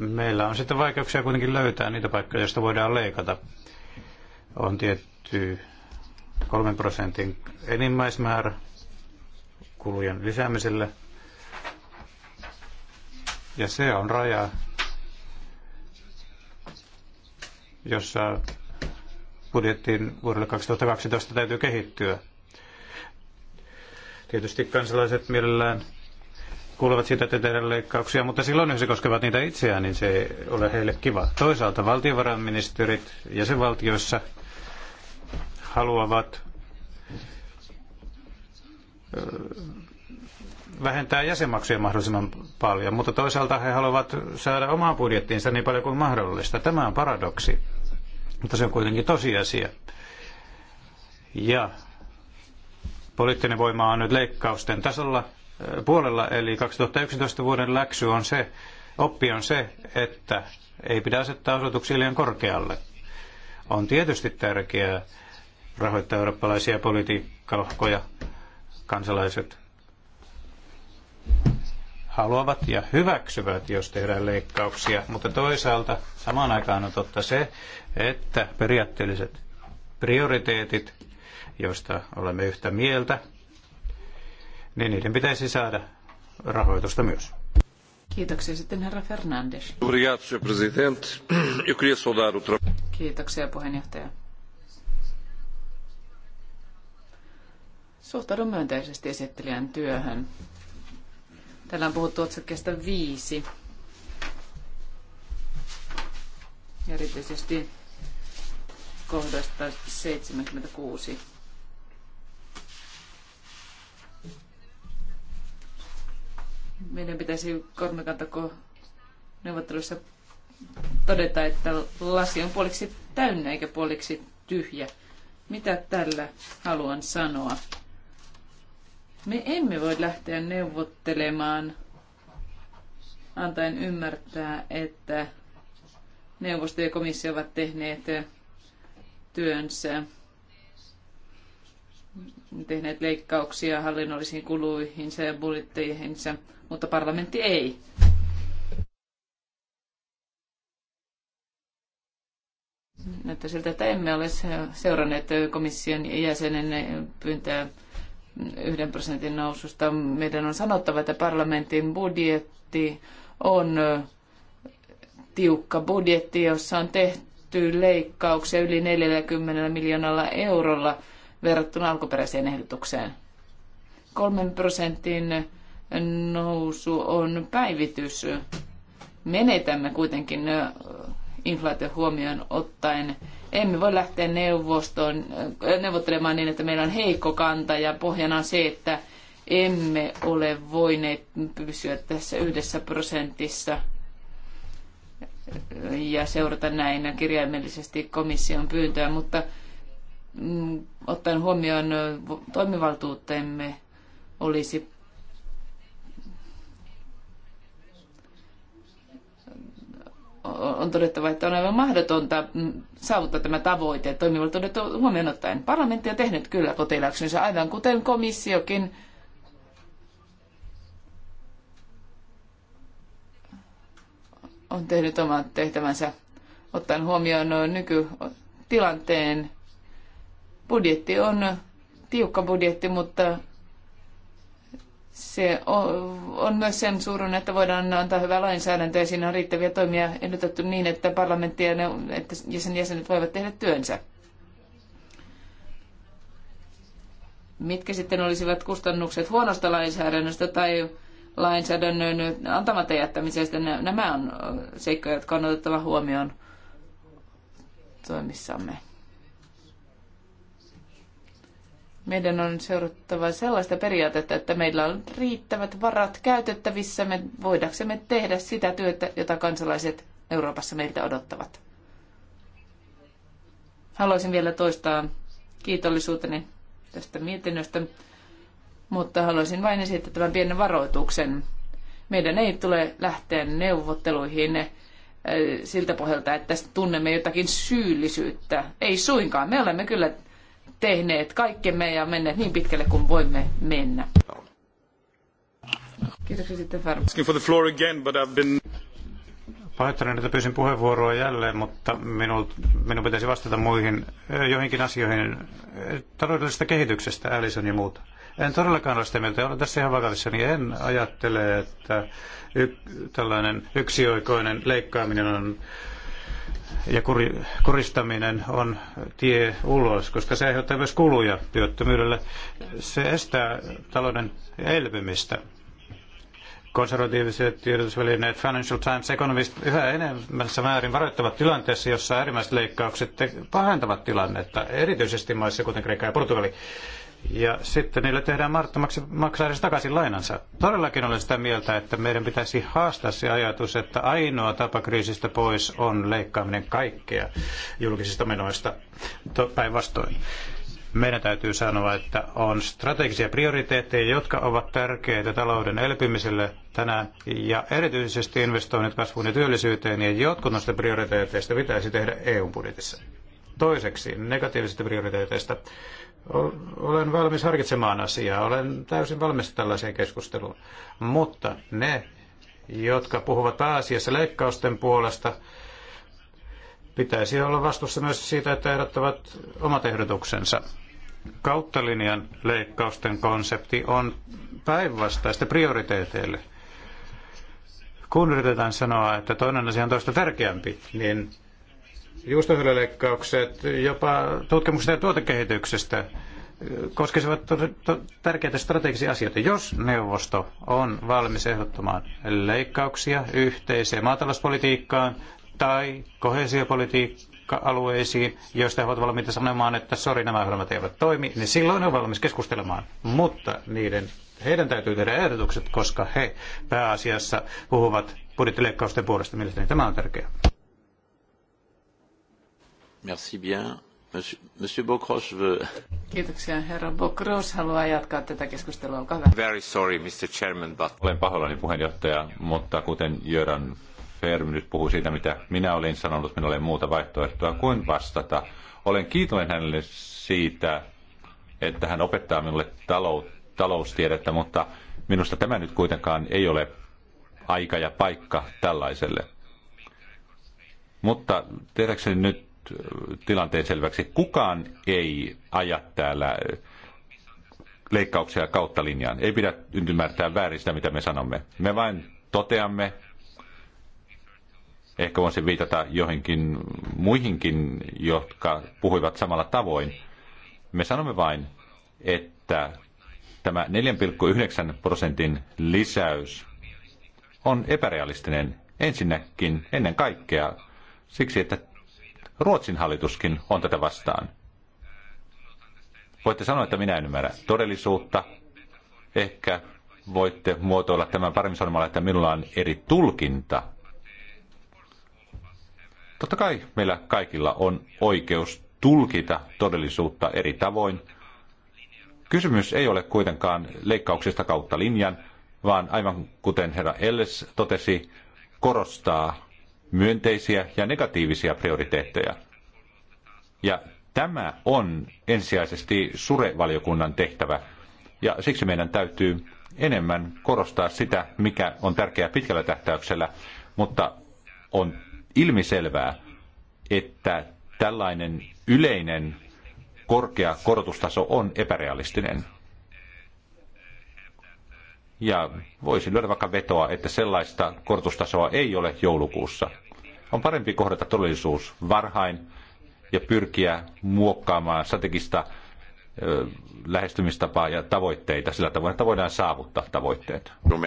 meillä on sitten vaikeuksia kuitenkin löytää niitä paikkoja, joista voidaan leikata. On tietty 3 prosentin enimmäismäärä kulujen lisäämiselle. Ja se on raja, jossa budjettiin vuodelle 2012 täytyy kehittyä. Tietysti kansalaiset mielellään kuulevat siitä, että tehdään leikkauksia, mutta silloin jos se koskevat niitä itseään, niin se ei ole heille kiva. Toisaalta valtiovarainministerit jäsenvaltioissa haluavat vähentää jäsenmaksuja mahdollisimman paljon, mutta toisaalta he haluavat saada omaa budjettiinsa niin paljon kuin mahdollista. Tämä on paradoksi, mutta se on kuitenkin tosiasia. Ja Poliittinen voima on nyt leikkausten tasolla puolella, eli 2011 vuoden läksy on se, oppi on se, että ei pidä asettaa odotuksia liian korkealle. On tietysti tärkeää rahoittaa eurooppalaisia politiikkalohkoja, kansalaiset haluavat ja hyväksyvät, jos tehdään leikkauksia, mutta toisaalta samaan aikaan on totta se, että periaatteelliset prioriteetit joista olemme yhtä mieltä, niin niiden pitäisi saada rahoitusta myös. Kiitoksia sitten herra Fernandes. Kiitoksia puheenjohtaja. Suhtaudun myönteisesti esittelijän työhön. Täällä on puhuttu otsakkeesta viisi. Erityisesti kohdasta 76 meidän pitäisi kolmikantako neuvottelussa todeta, että lasi on puoliksi täynnä eikä puoliksi tyhjä. Mitä tällä haluan sanoa? Me emme voi lähteä neuvottelemaan antaen ymmärtää, että neuvosto ja komissio ovat tehneet työnsä, tehneet leikkauksia hallinnollisiin kuluihinsa ja budjetteihinsa – mutta parlamentti ei. Näyttää siltä, että emme ole seuranneet komission jäsenen pyyntöä yhden prosentin noususta. Meidän on sanottava, että parlamentin budjetti on tiukka budjetti, jossa on tehty leikkauksia yli 40 miljoonalla eurolla verrattuna alkuperäiseen ehdotukseen. Kolmen prosentin nousu on päivitys. Menetämme kuitenkin inflaatio huomioon ottaen. Emme voi lähteä neuvostoon, neuvottelemaan niin, että meillä on heikko kanta ja pohjana on se, että emme ole voineet pysyä tässä yhdessä prosentissa ja seurata näin kirjaimellisesti komission pyyntöä, mutta mm, ottaen huomioon toimivaltuutemme olisi on todettava, että on aivan mahdotonta mm, saavuttaa tämä tavoite toimivaltuudet huomioon ottaen. Parlamentti on tehnyt kyllä kotiläksynsä, aivan kuten komissiokin. on tehnyt oman tehtävänsä ottaen huomioon nykytilanteen. Budjetti on tiukka budjetti, mutta se on myös sen suuruinen, että voidaan antaa hyvää lainsäädäntöä ja siinä on riittäviä toimia ehdotettu niin, että parlamentti ja ne, että sen jäsenet voivat tehdä työnsä. Mitkä sitten olisivat kustannukset huonosta lainsäädännöstä tai lainsäädännön antamatta jättämisestä? Nämä on seikkoja, jotka on otettava huomioon toimissamme. Meidän on seurattava sellaista periaatetta, että meillä on riittävät varat käytettävissä, me voidaksemme tehdä sitä työtä, jota kansalaiset Euroopassa meiltä odottavat. Haluaisin vielä toistaa kiitollisuuteni tästä mietinnöstä, mutta haluaisin vain esittää tämän pienen varoituksen. Meidän ei tule lähteä neuvotteluihin eh, siltä pohjalta, että tunnemme jotakin syyllisyyttä. Ei suinkaan. Me olemme kyllä tehneet kaikkemme ja menneet niin pitkälle kuin voimme mennä. Kiitoksia sitten Färm. Pahoittelen, että pyysin puheenvuoroa jälleen, mutta minun, minun pitäisi vastata muihin eh, joihinkin asioihin eh, taloudellisesta kehityksestä, Alison ja muuta. En todellakaan ole sitä mieltä, olen tässä ihan vakavissa, niin en ajattele, että y- tällainen yksioikoinen leikkaaminen on ja kuristaminen on tie ulos, koska se aiheuttaa myös kuluja työttömyydelle. Se estää talouden elpymistä. Konservatiiviset tiedotusvälineet Financial Times Economist yhä enemmässä määrin varoittavat tilanteessa, jossa äärimmäiset leikkaukset pahentavat tilannetta, erityisesti maissa kuten Kreikka ja Portugali ja sitten niille tehdään mahdottomaksi maksaa edes takaisin lainansa. Todellakin olen sitä mieltä, että meidän pitäisi haastaa se ajatus, että ainoa tapa kriisistä pois on leikkaaminen kaikkea julkisista menoista päinvastoin. Meidän täytyy sanoa, että on strategisia prioriteetteja, jotka ovat tärkeitä talouden elpymiselle tänään ja erityisesti investoinnit kasvuun ja työllisyyteen ja jotkut noista prioriteeteista pitäisi tehdä EU-budjetissa. Toiseksi negatiivisista prioriteeteista olen valmis harkitsemaan asiaa, olen täysin valmis tällaiseen keskusteluun. Mutta ne, jotka puhuvat pääasiassa leikkausten puolesta, pitäisi olla vastuussa myös siitä, että ehdottavat omat ehdotuksensa. Kauttalinjan leikkausten konsepti on päinvastaista prioriteeteille. Kun yritetään sanoa, että toinen asia on toista tärkeämpi, niin juustohöyläleikkaukset, jopa tutkimuksesta ja tuotekehityksestä koskisivat tärkeitä strategisia asioita. Jos neuvosto on valmis ehdottamaan leikkauksia yhteiseen maatalouspolitiikkaan tai kohesiopolitiikka-alueisiin, joista he ovat valmiita sanomaan, että sori, nämä ohjelmat eivät toimi, niin silloin on valmis keskustelemaan. Mutta niiden, heidän täytyy tehdä ehdotukset, koska he pääasiassa puhuvat budjettileikkausten puolesta. Mielestäni tämä on tärkeää. Merci bien. Monsieur, veut... Kiitoksia. Herra Bokros haluaa jatkaa tätä keskustelua. Olkaa hyvä. Very sorry, Mr. Chairman, but... Olen pahoillani puheenjohtaja, mutta kuten Jöran Ferm nyt puhuu siitä, mitä minä olin sanonut, minulla ei muuta vaihtoehtoa kuin vastata. Olen kiitollinen hänelle siitä, että hän opettaa minulle talou- taloustiedettä, mutta minusta tämä nyt kuitenkaan ei ole aika ja paikka tällaiselle. Mutta tehdäkseni nyt tilanteen selväksi. Kukaan ei aja täällä leikkauksia kautta linjaan. Ei pidä ymmärtää väärin sitä, mitä me sanomme. Me vain toteamme, ehkä voisin viitata johonkin muihinkin, jotka puhuivat samalla tavoin. Me sanomme vain, että tämä 4,9 prosentin lisäys on epärealistinen ensinnäkin ennen kaikkea siksi, että Ruotsin hallituskin on tätä vastaan. Voitte sanoa, että minä en ymmärrä todellisuutta. Ehkä voitte muotoilla tämän paremmin sanomalla, että minulla on eri tulkinta. Totta kai meillä kaikilla on oikeus tulkita todellisuutta eri tavoin. Kysymys ei ole kuitenkaan leikkauksista kautta linjan, vaan aivan kuten herra Elles totesi, korostaa myönteisiä ja negatiivisia prioriteetteja. Ja tämä on ensisijaisesti surevaliokunnan tehtävä, ja siksi meidän täytyy enemmän korostaa sitä, mikä on tärkeää pitkällä tähtäyksellä, mutta on ilmiselvää, että tällainen yleinen korkea korotustaso on epärealistinen. Ja voisin lyödä vaikka vetoa, että sellaista korotustasoa ei ole joulukuussa. On parempi kohdata todellisuus varhain ja pyrkiä muokkaamaan strategista lähestymistapaa ja tavoitteita sillä tavoin, että voidaan saavuttaa tavoitteet. No,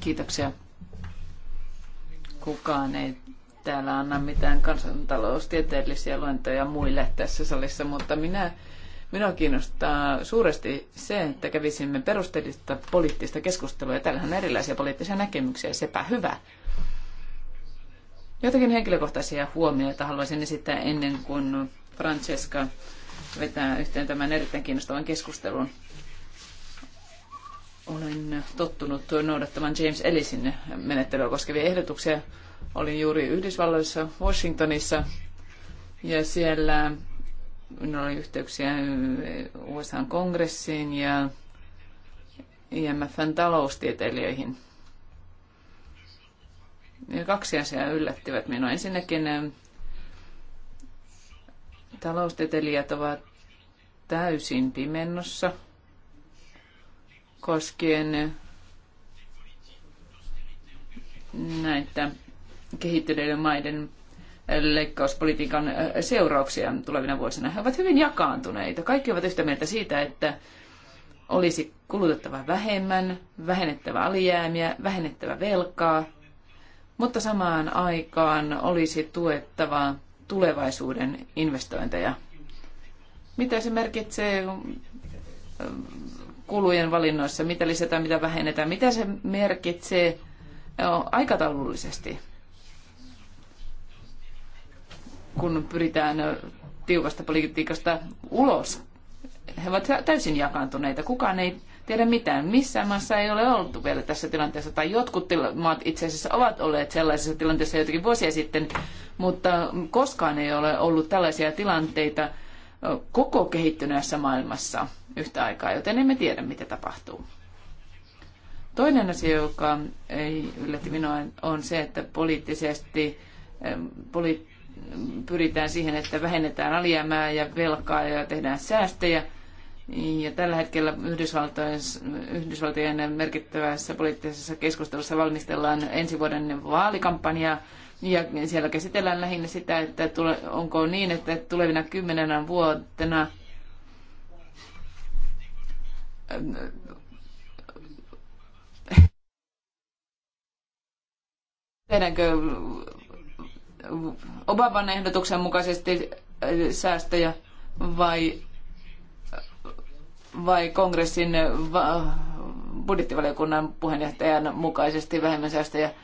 Kiitoksia. Kukaan ei täällä anna mitään kansantaloustieteellisiä luentoja muille tässä salissa, mutta minä Minua kiinnostaa suuresti se, että kävisimme perusteellista poliittista keskustelua, ja täällähän on erilaisia poliittisia näkemyksiä, sepä hyvä. Jotakin henkilökohtaisia huomioita haluaisin esittää ennen kuin Francesca vetää yhteen tämän erittäin kiinnostavan keskustelun. Olen tottunut noudattamaan James Ellisin menettelyä koskevia ehdotuksia. Olin juuri Yhdysvalloissa, Washingtonissa, ja siellä minulla no, oli yhteyksiä USA-kongressiin ja IMFn taloustieteilijöihin. Ja kaksi asiaa yllättivät minua. Ensinnäkin eh, taloustieteilijät ovat täysin pimennossa koskien näitä kehittyneiden maiden leikkauspolitiikan äh, seurauksia tulevina vuosina. He ovat hyvin jakaantuneita. Kaikki ovat yhtä mieltä siitä, että olisi kulutettava vähemmän, vähennettävä alijäämiä, vähennettävä velkaa, mutta samaan aikaan olisi tuettava tulevaisuuden investointeja. Mitä se merkitsee äh, kulujen valinnoissa, mitä lisätään, mitä vähennetään, mitä se merkitsee äh, aikataulullisesti? kun pyritään tiukasta politiikasta ulos. He ovat täysin jakaantuneita. Kukaan ei tiedä mitään. Missään maassa ei ole oltu vielä tässä tilanteessa. Tai jotkut maat itse asiassa ovat olleet sellaisessa tilanteessa jotakin vuosia sitten, mutta koskaan ei ole ollut tällaisia tilanteita koko kehittyneessä maailmassa yhtä aikaa, joten emme tiedä, mitä tapahtuu. Toinen asia, joka ei yllätti minua, on se, että poliittisesti, poli- pyritään siihen, että vähennetään alijäämää ja velkaa ja tehdään säästöjä. Ja tällä hetkellä Yhdysvaltojen, Yhdysvaltojen merkittävässä poliittisessa keskustelussa valmistellaan ensi vuoden vaalikampanjaa. Ja siellä käsitellään lähinnä sitä, että tule, onko niin, että tulevina kymmenenä vuotena tehdäänkö Obaman ehdotuksen mukaisesti äh, säästöjä vai, vai kongressin äh, va- budjettivaliokunnan puheenjohtajan mukaisesti vähemmän säästöjä?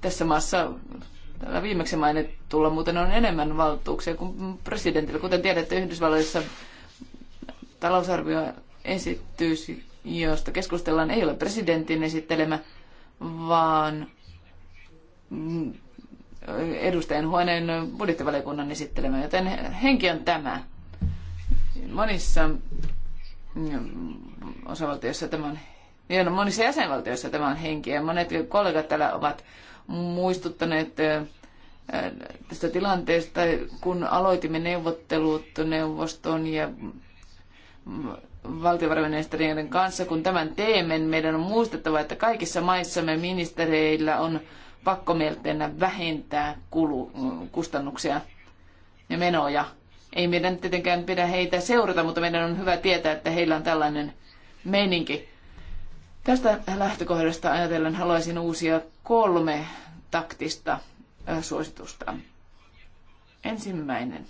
Tässä maassa tällä viimeksi mainitulla muuten on enemmän valtuuksia kuin presidentillä. Kuten tiedätte, Yhdysvalloissa talousarvio esittyy josta keskustellaan, ei ole presidentin esittelemä, vaan edustajan huoneen budjettivaliokunnan esittelemä, joten henki on tämä. Monissa osavaltioissa tämä on, ja no, monissa jäsenvaltioissa tämä on henki, ja monet kollegat täällä ovat muistuttaneet tästä tilanteesta, kun aloitimme neuvottelut neuvoston ja valtiovarainministeriöiden kanssa. Kun tämän teemme, niin meidän on muistettava, että kaikissa maissamme ministereillä on pakkomielteenä vähentää kulu, mm, kustannuksia ja menoja. Ei meidän tietenkään pidä heitä seurata, mutta meidän on hyvä tietää, että heillä on tällainen meininki. Tästä lähtökohdasta ajatellen haluaisin uusia kolme taktista suositusta. Ensimmäinen.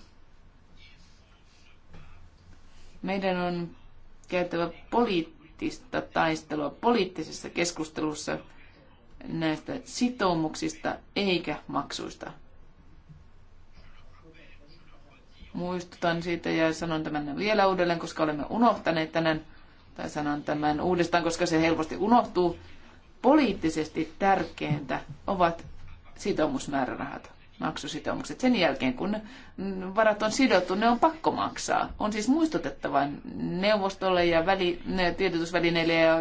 Meidän on käytävä poliittista taistelua poliittisessa keskustelussa näistä sitoumuksista eikä maksuista. Muistutan siitä ja sanon tämän vielä uudelleen, koska olemme unohtaneet tänään, tai sanon tämän uudestaan, koska se helposti unohtuu. Poliittisesti tärkeintä ovat sitoumusmäärärahat maksusitoumukset. Sen jälkeen, kun varat on sidottu, ne on pakko maksaa. On siis muistutettava neuvostolle ja väli, ne tiedotusvälineille ja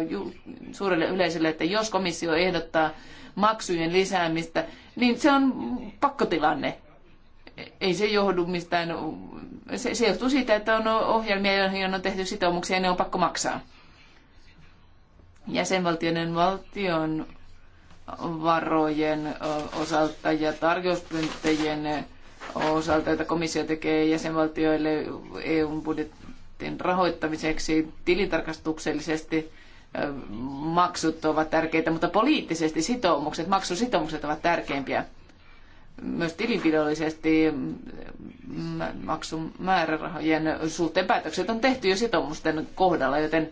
suurelle yleisölle, että jos komissio ehdottaa maksujen lisäämistä, niin se on pakkotilanne. Ei se johdu mistään, se, se johtuu siitä, että on ohjelmia, joihin on tehty sitoumuksia ja ne on pakko maksaa. Jäsenvaltioiden valtion varojen osalta ja tarjouspyyntöjen osalta, joita komissio tekee jäsenvaltioille EU-budjetin rahoittamiseksi tilintarkastuksellisesti maksut ovat tärkeitä, mutta poliittisesti sitoumukset, maksusitoumukset ovat tärkeimpiä. Myös tilinpidollisesti maksun suhteen päätökset on tehty jo sitoumusten kohdalla, joten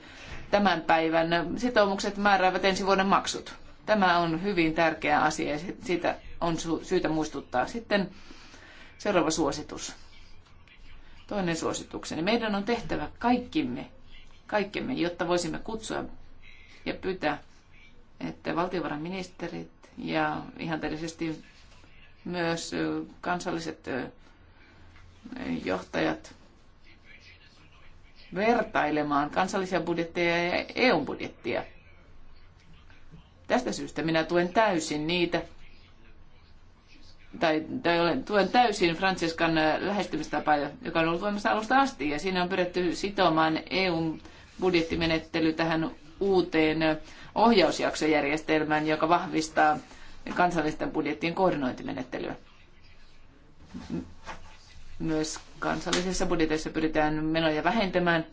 tämän päivän sitoumukset määräävät ensi vuoden maksut. Tämä on hyvin tärkeä asia ja siitä on syytä muistuttaa. Sitten seuraava suositus. Toinen suositukseni. Meidän on tehtävä kaikkimme, kaikkemme, jotta voisimme kutsua ja pyytää, että valtiovarainministerit ja ihan tietysti myös kansalliset johtajat vertailemaan kansallisia budjetteja ja EU-budjettia – Tästä syystä minä tuen täysin niitä, tai, tai olen, tuen täysin Franciscan lähestymistapaa, joka on ollut voimassa alusta asti, ja siinä on pyritty sitomaan EUn budjettimenettely tähän uuteen ohjausjaksojärjestelmään, joka vahvistaa kansallisten budjettien koordinointimenettelyä. Myös kansallisissa budjeteissa pyritään menoja vähentämään,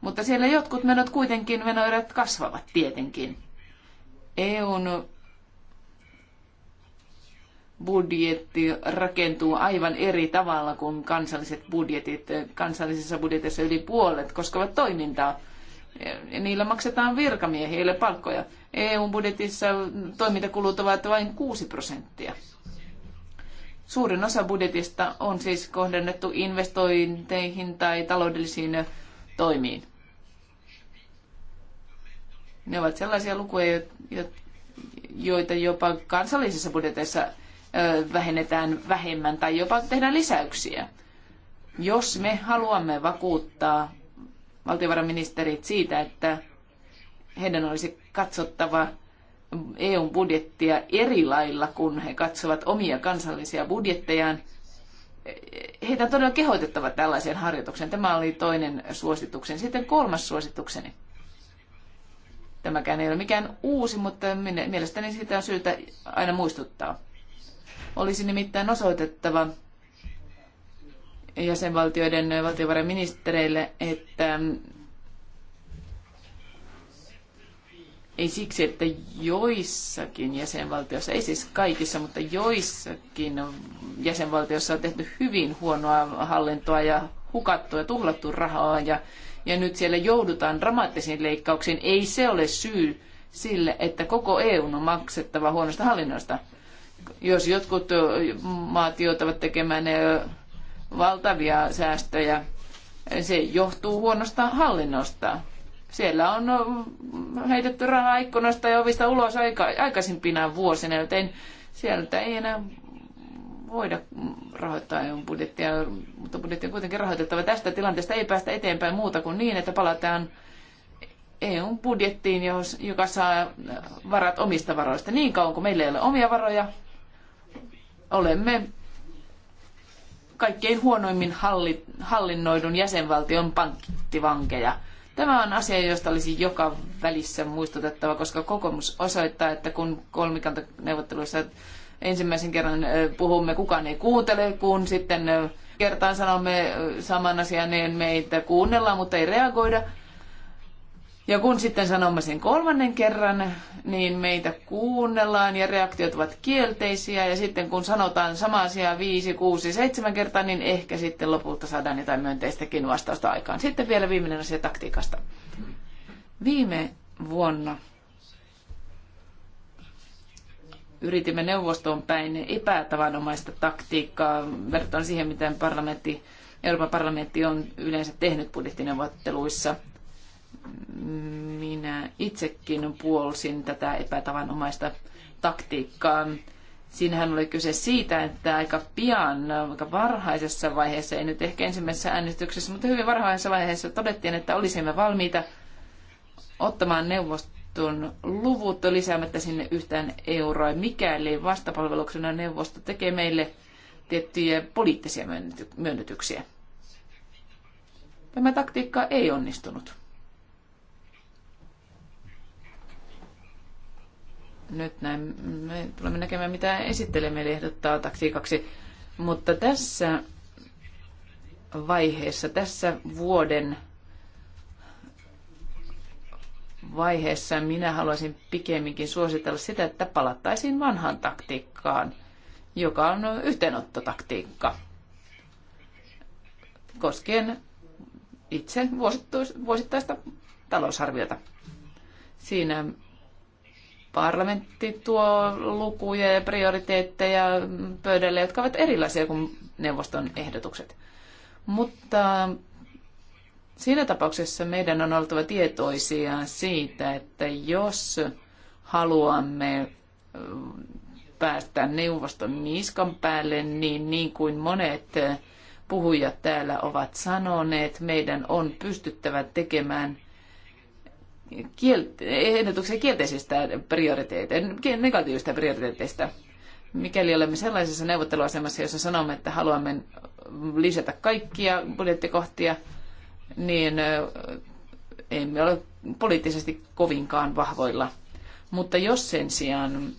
mutta siellä jotkut menot kuitenkin, menoerät kasvavat tietenkin. EUn budjetti rakentuu aivan eri tavalla kuin kansalliset budjetit. Kansallisissa budjetissa yli puolet koskevat toimintaa. Niillä maksetaan virkamiehille palkkoja. EU-budjetissa toimintakulut ovat vain 6 prosenttia. Suurin osa budjetista on siis kohdennettu investointeihin tai taloudellisiin toimiin. Ne ovat sellaisia lukuja, joita jopa kansallisissa budjeteissa vähennetään vähemmän tai jopa tehdään lisäyksiä. Jos me haluamme vakuuttaa valtiovarainministerit siitä, että heidän olisi katsottava EUn budjettia eri lailla, kun he katsovat omia kansallisia budjettejaan. Heitä on todella kehoitettava tällaiseen harjoitukseen. Tämä oli toinen suosituksen. Sitten kolmas suositukseni. Tämäkään ei ole mikään uusi, mutta mielestäni sitä on syytä aina muistuttaa. Olisi nimittäin osoitettava jäsenvaltioiden valtiovarainministereille, että ei siksi, että joissakin jäsenvaltioissa, ei siis kaikissa, mutta joissakin jäsenvaltioissa on tehty hyvin huonoa hallintoa ja hukattu ja tuhlattu rahaa ja ja nyt siellä joudutaan dramaattisiin leikkauksiin, ei se ole syy sille, että koko EU on maksettava huonosta hallinnosta. Jos jotkut maat joutuvat tekemään valtavia säästöjä, se johtuu huonosta hallinnosta. Siellä on heitetty rahaa ikkunasta ja ovista ulos aika, aikaisempina vuosina, joten sieltä ei enää voida rahoittaa EUn budjettia, mutta budjetti on kuitenkin rahoitettava. Tästä tilanteesta ei päästä eteenpäin muuta kuin niin, että palataan EUn budjettiin, joka saa varat omista varoista. Niin kauan kuin meillä ei ole omia varoja, olemme kaikkein huonoimmin halli, hallinnoidun jäsenvaltion pankkivankeja. Tämä on asia, josta olisi joka välissä muistutettava, koska kokemus osoittaa, että kun kolmikantaneuvotteluissa ensimmäisen kerran puhumme, kukaan ei kuuntele, kun sitten kertaan sanomme saman asian, niin meitä kuunnellaan, mutta ei reagoida. Ja kun sitten sanomme sen kolmannen kerran, niin meitä kuunnellaan ja reaktiot ovat kielteisiä. Ja sitten kun sanotaan sama asia viisi, kuusi, seitsemän kertaa, niin ehkä sitten lopulta saadaan jotain myönteistäkin vastausta aikaan. Sitten vielä viimeinen asia taktiikasta. Viime vuonna yritimme neuvostoon päin epätavanomaista taktiikkaa verrattuna siihen, miten parlamentti, Euroopan parlamentti on yleensä tehnyt budjettineuvotteluissa. Minä itsekin puolsin tätä epätavanomaista taktiikkaa. Siinähän oli kyse siitä, että aika pian, aika varhaisessa vaiheessa, ei nyt ehkä ensimmäisessä äänestyksessä, mutta hyvin varhaisessa vaiheessa todettiin, että olisimme valmiita ottamaan neuvosto tuon luvut lisäämättä sinne yhtään euroa, mikäli vastapalveluksena neuvosto tekee meille tiettyjä poliittisia myönnytyksiä. Tämä taktiikka ei onnistunut. Nyt näin, me tulemme näkemään, mitä esittelemme ehdottaa taktiikaksi. Mutta tässä vaiheessa, tässä vuoden vaiheessa minä haluaisin pikemminkin suositella sitä, että palattaisiin vanhaan taktiikkaan, joka on yhteenottotaktiikka. Koskien itse vuosittaista talousarviota. Siinä parlamentti tuo lukuja ja prioriteetteja pöydälle, jotka ovat erilaisia kuin neuvoston ehdotukset. Mutta Siinä tapauksessa meidän on oltava tietoisia siitä, että jos haluamme päästä neuvoston niskan päälle, niin niin kuin monet puhujat täällä ovat sanoneet, meidän on pystyttävä tekemään kielt- ehdotuksia kielteisistä prioriteeteista, negatiivisista prioriteeteista. Mikäli olemme sellaisessa neuvotteluasemassa, jossa sanomme, että haluamme lisätä kaikkia budjettikohtia, niin emme ole poliittisesti kovinkaan vahvoilla. Mutta jos sen sijaan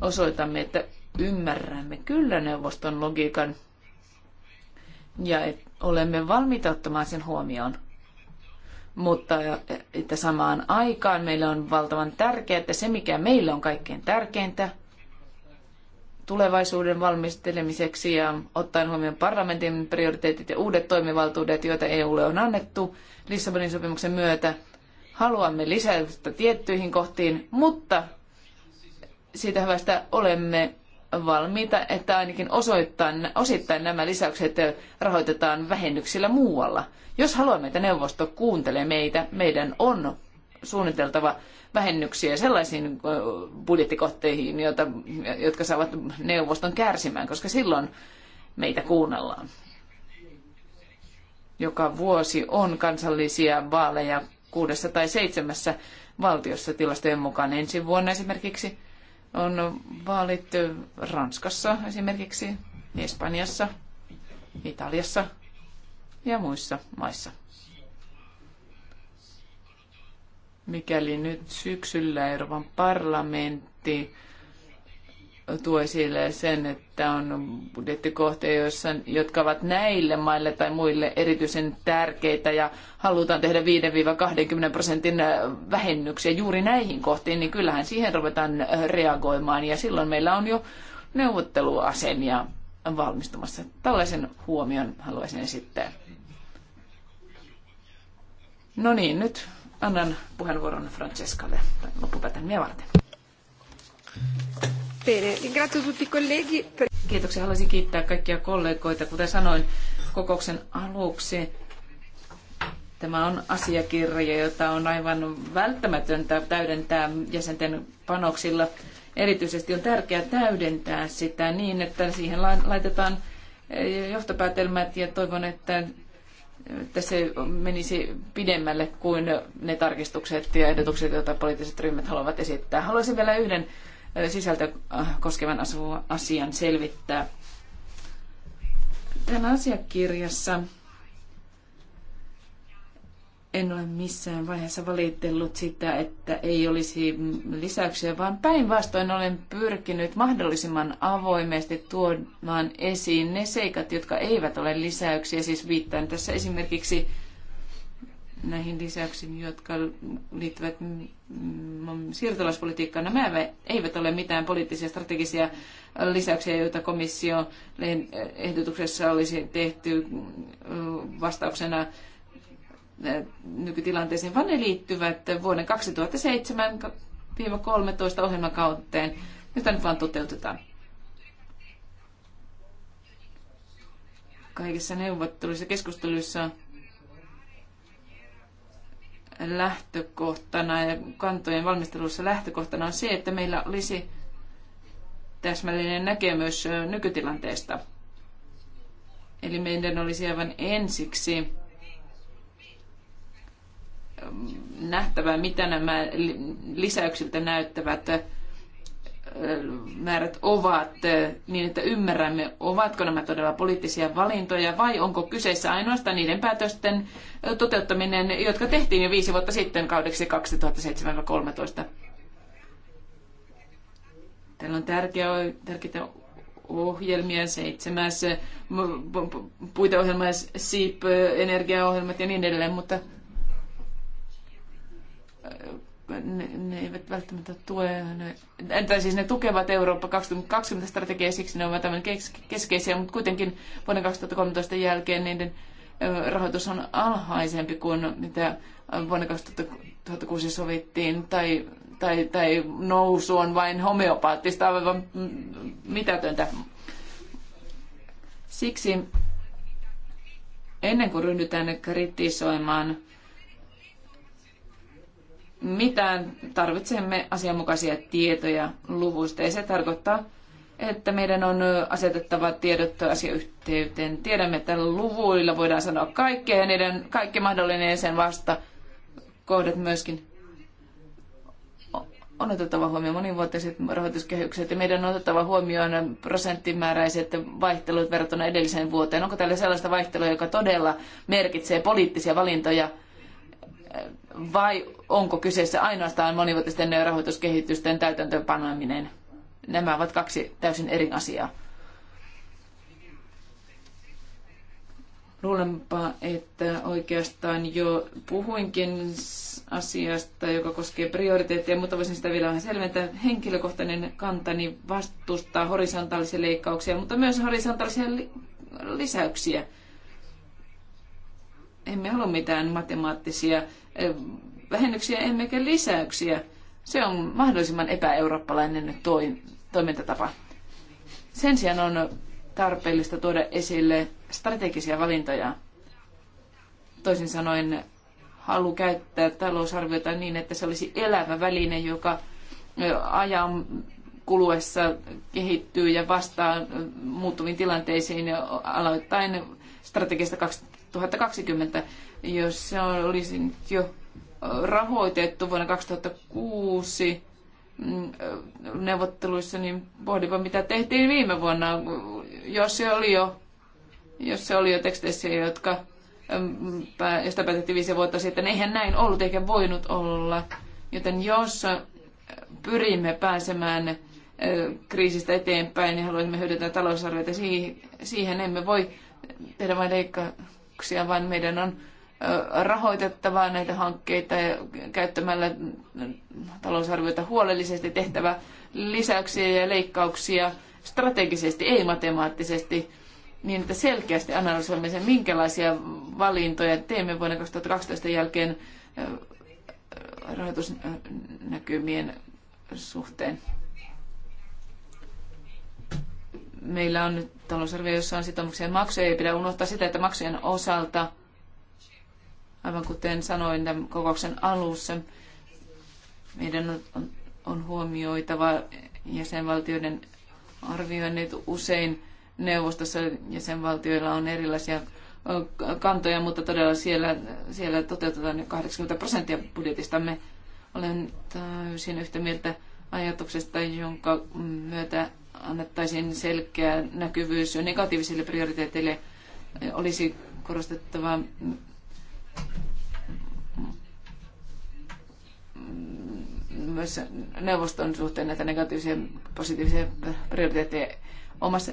osoitamme, että ymmärrämme kyllä neuvoston logiikan ja et olemme valmiita ottamaan sen huomioon, mutta että samaan aikaan meillä on valtavan tärkeää, että se mikä meillä on kaikkein tärkeintä – tulevaisuuden valmistelemiseksi ja ottaen huomioon parlamentin prioriteetit ja uudet toimivaltuudet, joita EUlle on annettu Lissabonin sopimuksen myötä. Haluamme lisäystä tiettyihin kohtiin, mutta siitä hyvästä olemme valmiita, että ainakin osittain nämä lisäykset rahoitetaan vähennyksillä muualla. Jos haluamme, että neuvosto kuuntelee meitä, meidän on suunniteltava vähennyksiä sellaisiin budjettikohteihin, joita, jotka saavat neuvoston kärsimään, koska silloin meitä kuunnellaan. Joka vuosi on kansallisia vaaleja kuudessa tai seitsemässä valtiossa tilastojen mukaan. Ensi vuonna esimerkiksi on vaalit Ranskassa esimerkiksi, Espanjassa, Italiassa ja muissa maissa. mikäli nyt syksyllä Euroopan parlamentti tuo esille sen, että on budjettikohteja, joissa, jotka ovat näille maille tai muille erityisen tärkeitä ja halutaan tehdä 5-20 prosentin äh, vähennyksiä juuri näihin kohtiin, niin kyllähän siihen ruvetaan äh, reagoimaan ja silloin meillä on jo neuvotteluasemia valmistumassa. Tällaisen huomion haluaisin esittää. No niin, nyt Annan puheenvuoron Francescalle loppupäätelmiä varten. Kiitoksia. Haluaisin kiittää kaikkia kollegoita. Kuten sanoin kokouksen aluksi, tämä on asiakirja, jota on aivan välttämätöntä täydentää jäsenten panoksilla. Erityisesti on tärkeää täydentää sitä niin, että siihen laitetaan eh, johtopäätelmät ja toivon, että tässä menisi pidemmälle kuin ne tarkistukset ja ehdotukset, joita poliittiset ryhmät haluavat esittää. Haluaisin vielä yhden sisältö äh, koskevan asian selvittää. Tämän asiakirjassa en ole missään vaiheessa valitellut sitä, että ei olisi lisäyksiä, vaan päinvastoin olen pyrkinyt mahdollisimman avoimesti tuomaan esiin ne seikat, jotka eivät ole lisäyksiä. Siis viittaan tässä esimerkiksi näihin lisäyksiin, jotka liittyvät siirtolaispolitiikkaan. Nämä eivät ole mitään poliittisia strategisia lisäyksiä, joita komissio ehdotuksessa olisi tehty vastauksena nykytilanteeseen, vaan ne liittyvät vuoden 2007-13 ohjelmakauteen, jota nyt vaan toteutetaan. Kaikissa neuvotteluissa ja keskusteluissa lähtökohtana ja kantojen valmistelussa lähtökohtana on se, että meillä olisi täsmällinen näkemys nykytilanteesta. Eli meidän olisi aivan ensiksi nähtävä, mitä nämä lisäyksiltä näyttävät määrät ovat, niin että ymmärrämme, ovatko nämä todella poliittisia valintoja vai onko kyseessä ainoastaan niiden päätösten toteuttaminen, jotka tehtiin jo viisi vuotta sitten kaudeksi 2007-2013. Täällä on tärkeä, tärkeitä ohjelmia, seitsemäs puiteohjelma, SIP, energiaohjelmat ja niin edelleen, mutta ne, ne eivät välttämättä tue, ne, tai siis ne tukevat Eurooppa 2020 strategiaa, siksi ne ovat tämän keskeisiä, mutta kuitenkin vuoden 2013 jälkeen niiden rahoitus on alhaisempi kuin mitä vuonna 2006 sovittiin, tai, tai, tai nousu on vain homeopaattista, aivan mitätöntä. Siksi ennen kuin ryhdytään kritisoimaan mitään. Tarvitsemme asianmukaisia tietoja luvuista ja se tarkoittaa, että meidän on asetettava tiedot asiayhteyteen. Tiedämme, että luvuilla voidaan sanoa kaikkea ja niiden kaikki mahdollinen ja sen vasta kohdat myöskin on otettava huomioon monivuotiset rahoituskehykset ja meidän on otettava huomioon prosenttimääräiset vaihtelut verrattuna edelliseen vuoteen. Onko täällä sellaista vaihtelua, joka todella merkitsee poliittisia valintoja vai onko kyseessä ainoastaan monivuotisten rahoituskehitysten täytäntöönpaneminen? Nämä ovat kaksi täysin eri asiaa. Luulenpa, että oikeastaan jo puhuinkin asiasta, joka koskee prioriteetteja, mutta voisin sitä vielä vähän selventää. Henkilökohtainen kantani vastustaa horisontaalisia leikkauksia, mutta myös horisontaalisia lisäyksiä emme halua mitään matemaattisia eh, vähennyksiä emmekä lisäyksiä. Se on mahdollisimman epäeurooppalainen toi, toimintatapa. Sen sijaan on tarpeellista tuoda esille strategisia valintoja. Toisin sanoen halu käyttää talousarviota niin, että se olisi elävä väline, joka eh, ajan kuluessa kehittyy ja vastaa eh, muuttuviin tilanteisiin aloittain strategista 2020, jos se olisi nyt jo rahoitettu vuonna 2006 mm, neuvotteluissa, niin pohdipa mitä tehtiin viime vuonna, jos se oli jo, jos se oli jo teksteissä, jotka, mm, josta päätettiin viisi vuotta sitten. Niin eihän näin ollut eikä voinut olla. Joten jos pyrimme pääsemään kriisistä eteenpäin ja haluaisimme hyödyntää talousarvioita, siihen emme voi tehdä vain leikkauksia rahoituksia, vaan meidän on rahoitettava näitä hankkeita ja käyttämällä talousarvioita huolellisesti tehtävä lisäyksiä ja leikkauksia strategisesti, ei matemaattisesti, niin että selkeästi analysoimme sen, minkälaisia valintoja teemme vuonna 2012 jälkeen rahoitusnäkymien suhteen meillä on nyt talousarvio, jossa on sitoumuksia ja maksuja. Ei pidä unohtaa sitä, että maksujen osalta, aivan kuten sanoin tämän kokouksen alussa, meidän on, on, on huomioitava jäsenvaltioiden arvioinnit usein neuvostossa jäsenvaltioilla on erilaisia kantoja, mutta todella siellä, siellä toteutetaan 80 prosenttia budjetistamme. Olen täysin yhtä mieltä ajatuksesta, jonka myötä annettaisiin selkeä näkyvyys negatiivisille prioriteeteille, olisi korostettava myös neuvoston suhteen näitä negatiivisia ja positiivisia prioriteetteja. Omassa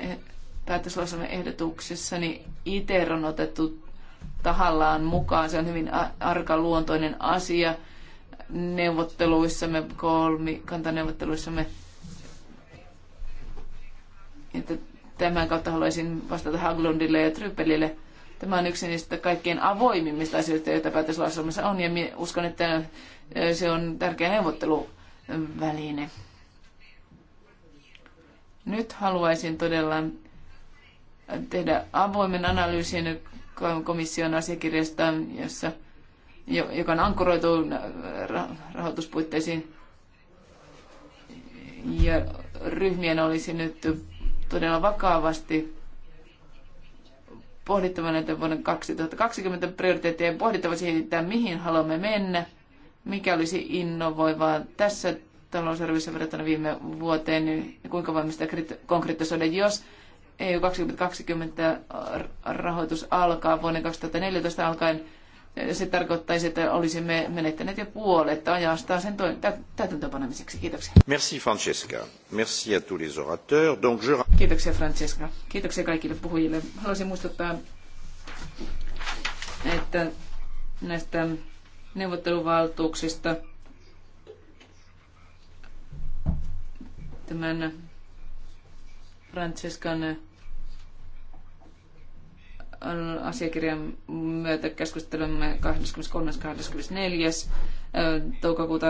päätöslauselman ehdotuksessa niin ITER on otettu tahallaan mukaan. Se on hyvin arkaluontoinen asia neuvotteluissamme, kolmikantaneuvotteluissamme. neuvotteluissamme että tämän kautta haluaisin vastata Haglundille ja Tryppelille. Tämä on yksi niistä kaikkein avoimimmista asioista, joita päätöslauselmassa on, ja uskon, että se on tärkeä neuvotteluväline. Nyt haluaisin todella tehdä avoimen analyysin komission asiakirjasta, jossa, joka on ankkuroitu äh, rahoituspuitteisiin. Ja ryhmien olisi nyt todella vakavasti pohdittava näitä vuoden 2020 prioriteetteja ja pohdittava että mihin haluamme mennä, mikä olisi innovoivaa tässä talousarviossa verrattuna viime vuoteen ja kuinka voimme sitä konkretisoida, jos EU 2020 rahoitus alkaa vuoden 2014 alkaen se tarkoittaisi, että olisimme menettäneet jo puolet ajasta sen täytäntöönpanemiseksi. Kiitoksia. Merci Francesca. Merci à tous les orateurs. Donc je... Kiitoksia Francesca. Kiitoksia kaikille puhujille. Haluaisin muistuttaa, että näistä neuvotteluvaltuuksista tämän Francescan asiakirjan myötä keskustelemme 23.24. toukokuuta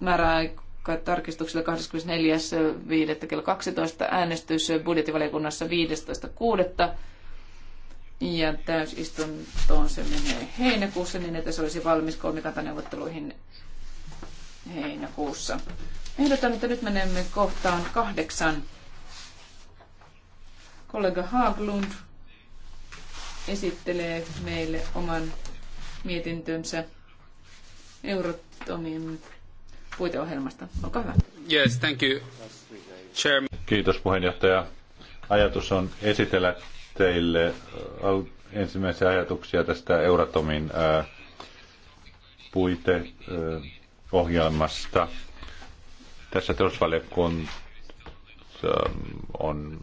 määräaika tarkistuksille 24.5. kello 12 äänestys budjettivaliokunnassa 15.6. Ja täysistuntoon se menee heinäkuussa niin, että se olisi valmis kolmikantaneuvotteluihin heinäkuussa. Ehdotan, että nyt menemme kohtaan kahdeksan. Kollega Haaglund esittelee meille oman mietintönsä Eurotomin puiteohjelmasta. Olkaa hyvä. Yes, thank you. Chairman. Kiitos puheenjohtaja. Ajatus on esitellä teille ensimmäisiä ajatuksia tästä Euratomin puiteohjelmasta. Tässä talousvaliokunta on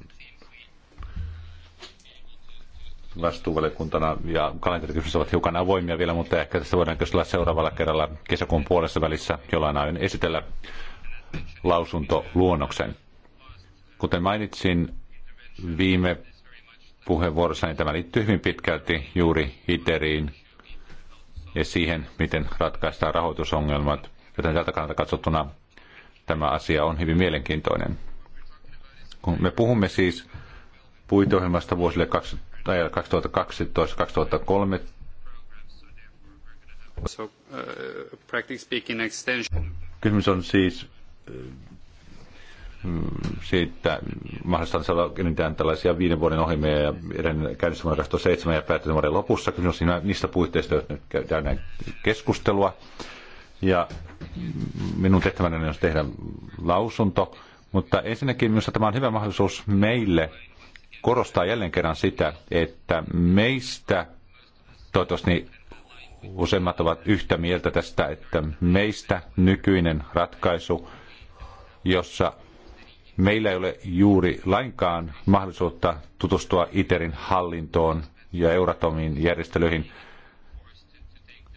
vastuuvaliokuntana ja kalenterikysymys ovat hiukan avoimia vielä, mutta ehkä tästä voidaan keskustella seuraavalla kerralla kesäkuun puolessa välissä, jollain ajan esitellä lausuntoluonnoksen. Kuten mainitsin viime puheenvuorossa, niin tämä liittyy hyvin pitkälti juuri ITERiin ja siihen, miten ratkaistaan rahoitusongelmat, joten tältä kannalta katsottuna tämä asia on hyvin mielenkiintoinen. Kun me puhumme siis puiteohjelmasta vuosille tai 2012-2013. So, uh, speaking, extension. Kysymys on siis äh, siitä mahdollistaan saada enintään tällaisia viiden vuoden ohjelmia ja edelleen käynnissä vuonna 2007 ja päättynyt vuoden lopussa. Kysymys on siinä niistä puitteista, joista nyt käydään keskustelua. Ja minun tehtäväni on tehdä lausunto. Mutta ensinnäkin minusta tämä on hyvä mahdollisuus meille korostaa jälleen kerran sitä, että meistä, toivottavasti useimmat ovat yhtä mieltä tästä, että meistä nykyinen ratkaisu, jossa meillä ei ole juuri lainkaan mahdollisuutta tutustua ITERin hallintoon ja Euratomin järjestelyihin,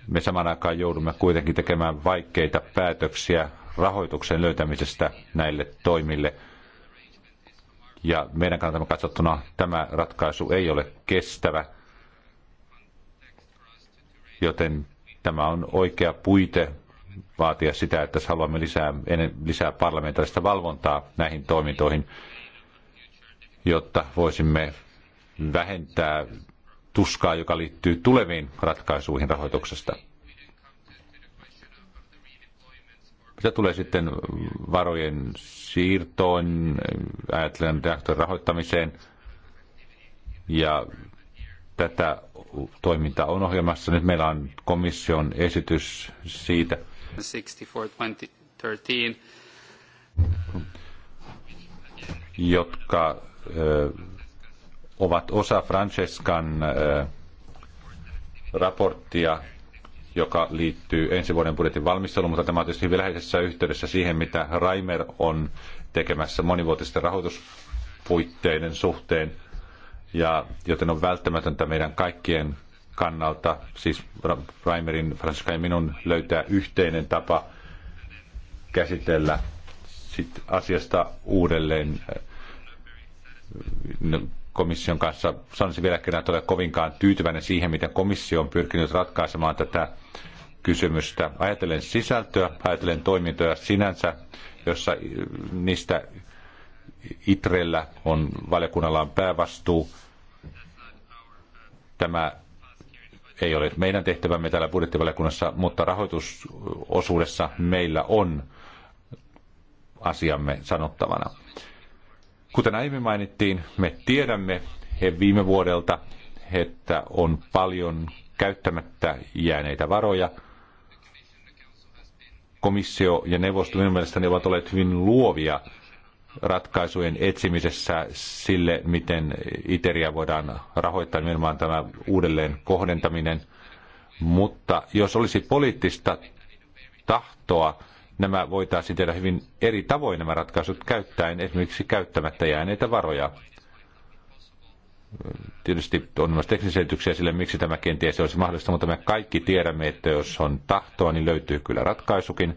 me saman aikaan joudumme kuitenkin tekemään vaikeita päätöksiä rahoituksen löytämisestä näille toimille – ja meidän kannaltamme katsottuna tämä ratkaisu ei ole kestävä, joten tämä on oikea puite vaatia sitä, että jos haluamme lisää, lisää parlamentaarista valvontaa näihin toimintoihin, jotta voisimme vähentää tuskaa, joka liittyy tuleviin ratkaisuihin rahoituksesta. Mitä tulee sitten varojen siirtoon, ajattelen reaktorin rahoittamiseen, ja tätä toimintaa on ohjelmassa. Nyt meillä on komission esitys siitä. 64, jotka ö, ovat osa Francescan ö, raporttia joka liittyy ensi vuoden budjetin valmisteluun, mutta tämä on tietysti hyvin läheisessä yhteydessä siihen, mitä Raimer on tekemässä monivuotisten rahoituspuitteiden suhteen, ja joten on välttämätöntä meidän kaikkien kannalta, siis Raimerin, Franska ja minun löytää yhteinen tapa käsitellä sit asiasta uudelleen no, komission kanssa. Sanoisin vielä kerran, että ole kovinkaan tyytyväinen siihen, miten komissio on pyrkinyt ratkaisemaan tätä kysymystä. Ajatellen sisältöä, ajatellen toimintoja sinänsä, jossa äh, niistä Itrellä on valiokunnallaan päävastuu. Tämä ei ole meidän tehtävämme täällä budjettivaliokunnassa, mutta rahoitusosuudessa meillä on asiamme sanottavana. Kuten aiemmin mainittiin, me tiedämme he viime vuodelta, että on paljon käyttämättä jääneitä varoja. Komissio ja neuvosto minun mielestäni ovat olleet hyvin luovia ratkaisujen etsimisessä sille, miten Iteria voidaan rahoittaa, nimenomaan tämä uudelleen kohdentaminen. Mutta jos olisi poliittista tahtoa nämä voitaisiin tehdä hyvin eri tavoin nämä ratkaisut käyttäen esimerkiksi käyttämättä jääneitä varoja. Tietysti on myös teknisiä selityksiä sille, miksi tämä kenties olisi mahdollista, mutta me kaikki tiedämme, että jos on tahtoa, niin löytyy kyllä ratkaisukin.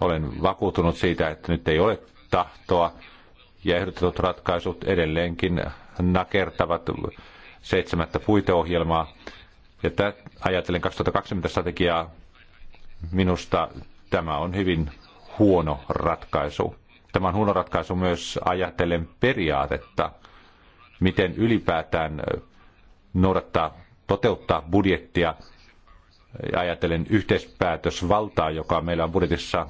Olen vakuutunut siitä, että nyt ei ole tahtoa ja ehdotetut ratkaisut edelleenkin nakertavat seitsemättä puiteohjelmaa. Ja tämä, ajatellen 2020 strategiaa, minusta Tämä on hyvin huono ratkaisu. Tämä on huono ratkaisu myös ajatellen periaatetta, miten ylipäätään noudattaa, toteuttaa budjettia ajatellen yhteispäätösvaltaa, joka meillä on budjetissa.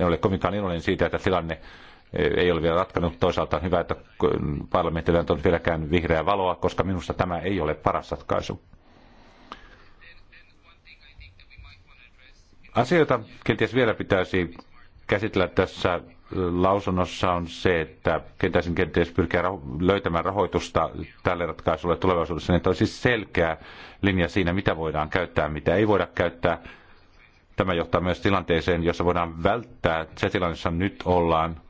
En ole kovinkaan iloinen siitä, että tilanne ei ole vielä ratkannut. Toisaalta on hyvä, että parlamentille on vieläkään vihreää valoa, koska minusta tämä ei ole paras ratkaisu. Asioita kenties vielä pitäisi käsitellä tässä lausunnossa on se, että kenties, kenties pyrkiä löytämään rahoitusta tälle ratkaisulle tulevaisuudessa, niin että olisi selkeä linja siinä, mitä voidaan käyttää, mitä ei voida käyttää. Tämä johtaa myös tilanteeseen, jossa voidaan välttää se tilanne, jossa nyt ollaan,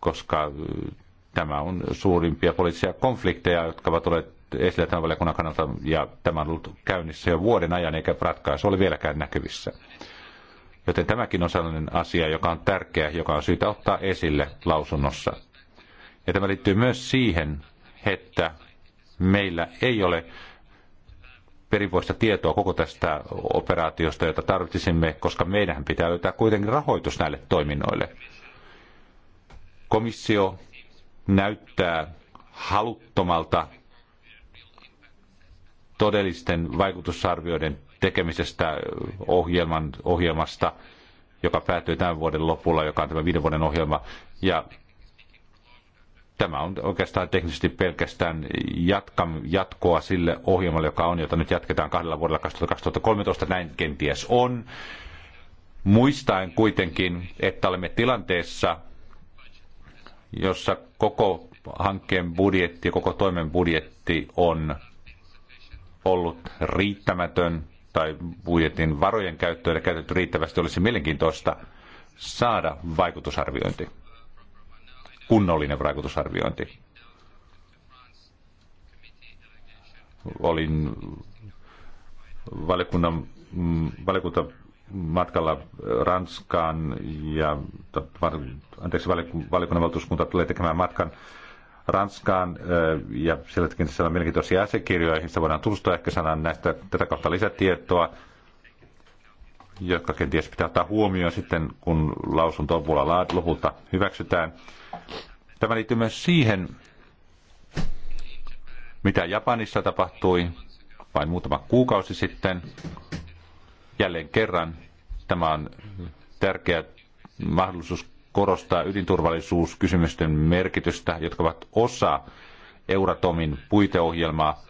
koska tämä on suurimpia poliittisia konflikteja, jotka ovat olleet esillä tämän valiokunnan kannalta, ja tämä on ollut käynnissä jo vuoden ajan, eikä ratkaisu ole vieläkään näkyvissä. Joten tämäkin on sellainen asia, joka on tärkeä, joka on syytä ottaa esille lausunnossa. Ja tämä liittyy myös siihen, että meillä ei ole perinpoista tietoa koko tästä operaatiosta, jota tarvitsisimme, koska meidän pitää löytää kuitenkin rahoitus näille toiminnoille. Komissio näyttää haluttomalta todellisten vaikutusarvioiden tekemisestä ohjelman, ohjelmasta, joka päättyy tämän vuoden lopulla, joka on tämä viiden vuoden ohjelma. Ja tämä on oikeastaan teknisesti pelkästään jatka, jatkoa sille ohjelmalle, joka on, jota nyt jatketaan kahdella vuodella 2013. Näin kenties on. Muistaen kuitenkin, että olemme tilanteessa, jossa koko hankkeen budjetti, koko toimen budjetti on ollut riittämätön tai budjetin varojen käyttöön käytetty riittävästi, olisi mielenkiintoista saada vaikutusarviointi, kunnollinen vaikutusarviointi. Olin valiokunnan, mm, valiokunta matkalla Ranskaan ja anteeksi, valiokunnan valtuuskunta tulee tekemään matkan Ranskaan ja silläkin siellä on mielenkiintoisia asiakirjoja, joista voidaan tutustua ehkä sanan näistä tätä kautta lisätietoa, jotka kenties pitää ottaa huomioon sitten, kun lausunto lopulla, lopulta hyväksytään. Tämä liittyy myös siihen, mitä Japanissa tapahtui vain muutama kuukausi sitten. Jälleen kerran tämä on tärkeä mahdollisuus korostaa ydinturvallisuuskysymysten merkitystä, jotka ovat osa Euratomin puiteohjelmaa.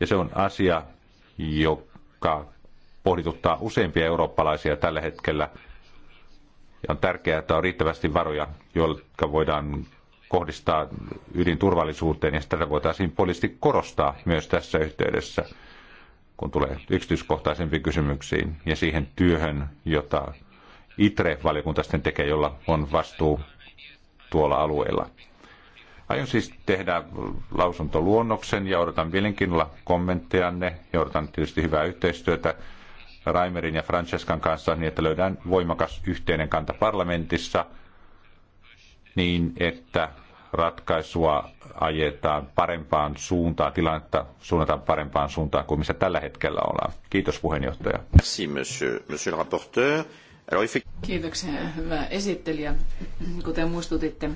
Ja se on asia, joka pohdituttaa useimpia eurooppalaisia tällä hetkellä. Ja on tärkeää, että on riittävästi varoja, jotka voidaan kohdistaa ydinturvallisuuteen, ja tätä voitaisiin poliisti korostaa myös tässä yhteydessä, kun tulee yksityiskohtaisempiin kysymyksiin ja siihen työhön, jota ITRE-valiokunta sitten tekee, jolla on vastuu tuolla alueella. Aion siis tehdä lausuntoluonnoksen ja odotan mielenkiinnolla kommenttejanne ja odotan tietysti hyvää yhteistyötä Raimerin ja Francescan kanssa niin, että löydään voimakas yhteinen kanta parlamentissa niin, että ratkaisua ajetaan parempaan suuntaan, tilannetta suunnataan parempaan suuntaan kuin missä tällä hetkellä ollaan. Kiitos puheenjohtaja. Merci, monsieur, monsieur le rapporteur. Roifi. Kiitoksia, hyvä esittelijä. Kuten muistutitte,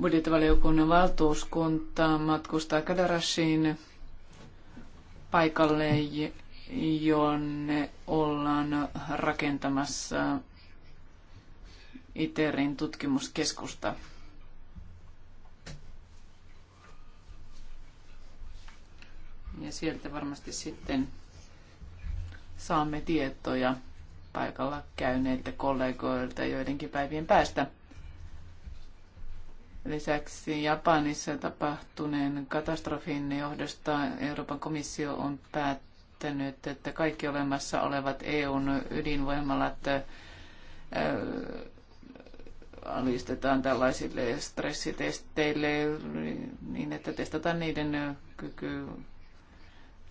budjettivaliokunnan valtuuskunta matkustaa Kadarashiin paikalle, jonne ollaan rakentamassa ITERin tutkimuskeskusta. Ja sieltä varmasti sitten saamme tietoja paikalla käyneiltä kollegoilta joidenkin päivien päästä. Lisäksi Japanissa tapahtuneen katastrofin johdosta Euroopan komissio on päättänyt, että kaikki olemassa olevat EUn ydinvoimalat alistetaan tällaisille stressitesteille niin, että testataan niiden kyky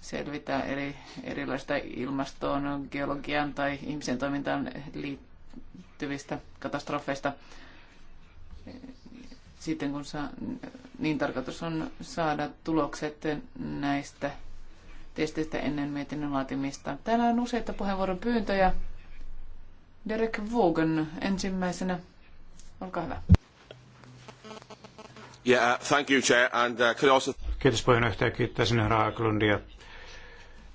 selvitä eri, erilaista ilmastoon, geologian tai ihmisen toimintaan liittyvistä katastrofeista. Sitten kun saa, niin tarkoitus on saada tulokset näistä testeistä ennen mietinnön laatimista. Täällä on useita puheenvuoron pyyntöjä. Derek Vaughan ensimmäisenä. Olkaa hyvä. Yeah, thank you, Chair, and uh, could also... Kiitos puheenjohtaja. Kiittäisin herra Aklundia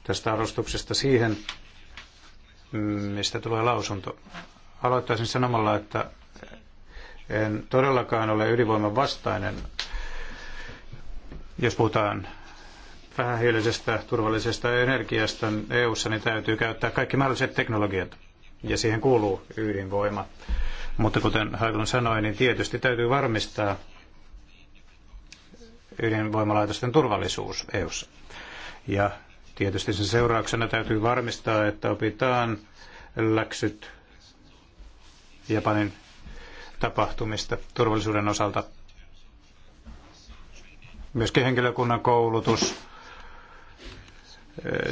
tästä alustuksesta siihen, mistä tulee lausunto. Aloittaisin sanomalla, että en todellakaan ole ydinvoiman vastainen, jos puhutaan vähähiilisestä turvallisesta energiasta EU-ssa, niin täytyy käyttää kaikki mahdolliset teknologiat, ja siihen kuuluu ydinvoima. Mutta kuten Haiglund sanoi, niin tietysti täytyy varmistaa ydinvoimalaitosten turvallisuus EU:ssa. Ja Tietysti sen seurauksena täytyy varmistaa, että opitaan läksyt Japanin tapahtumista turvallisuuden osalta. Myöskin henkilökunnan koulutus,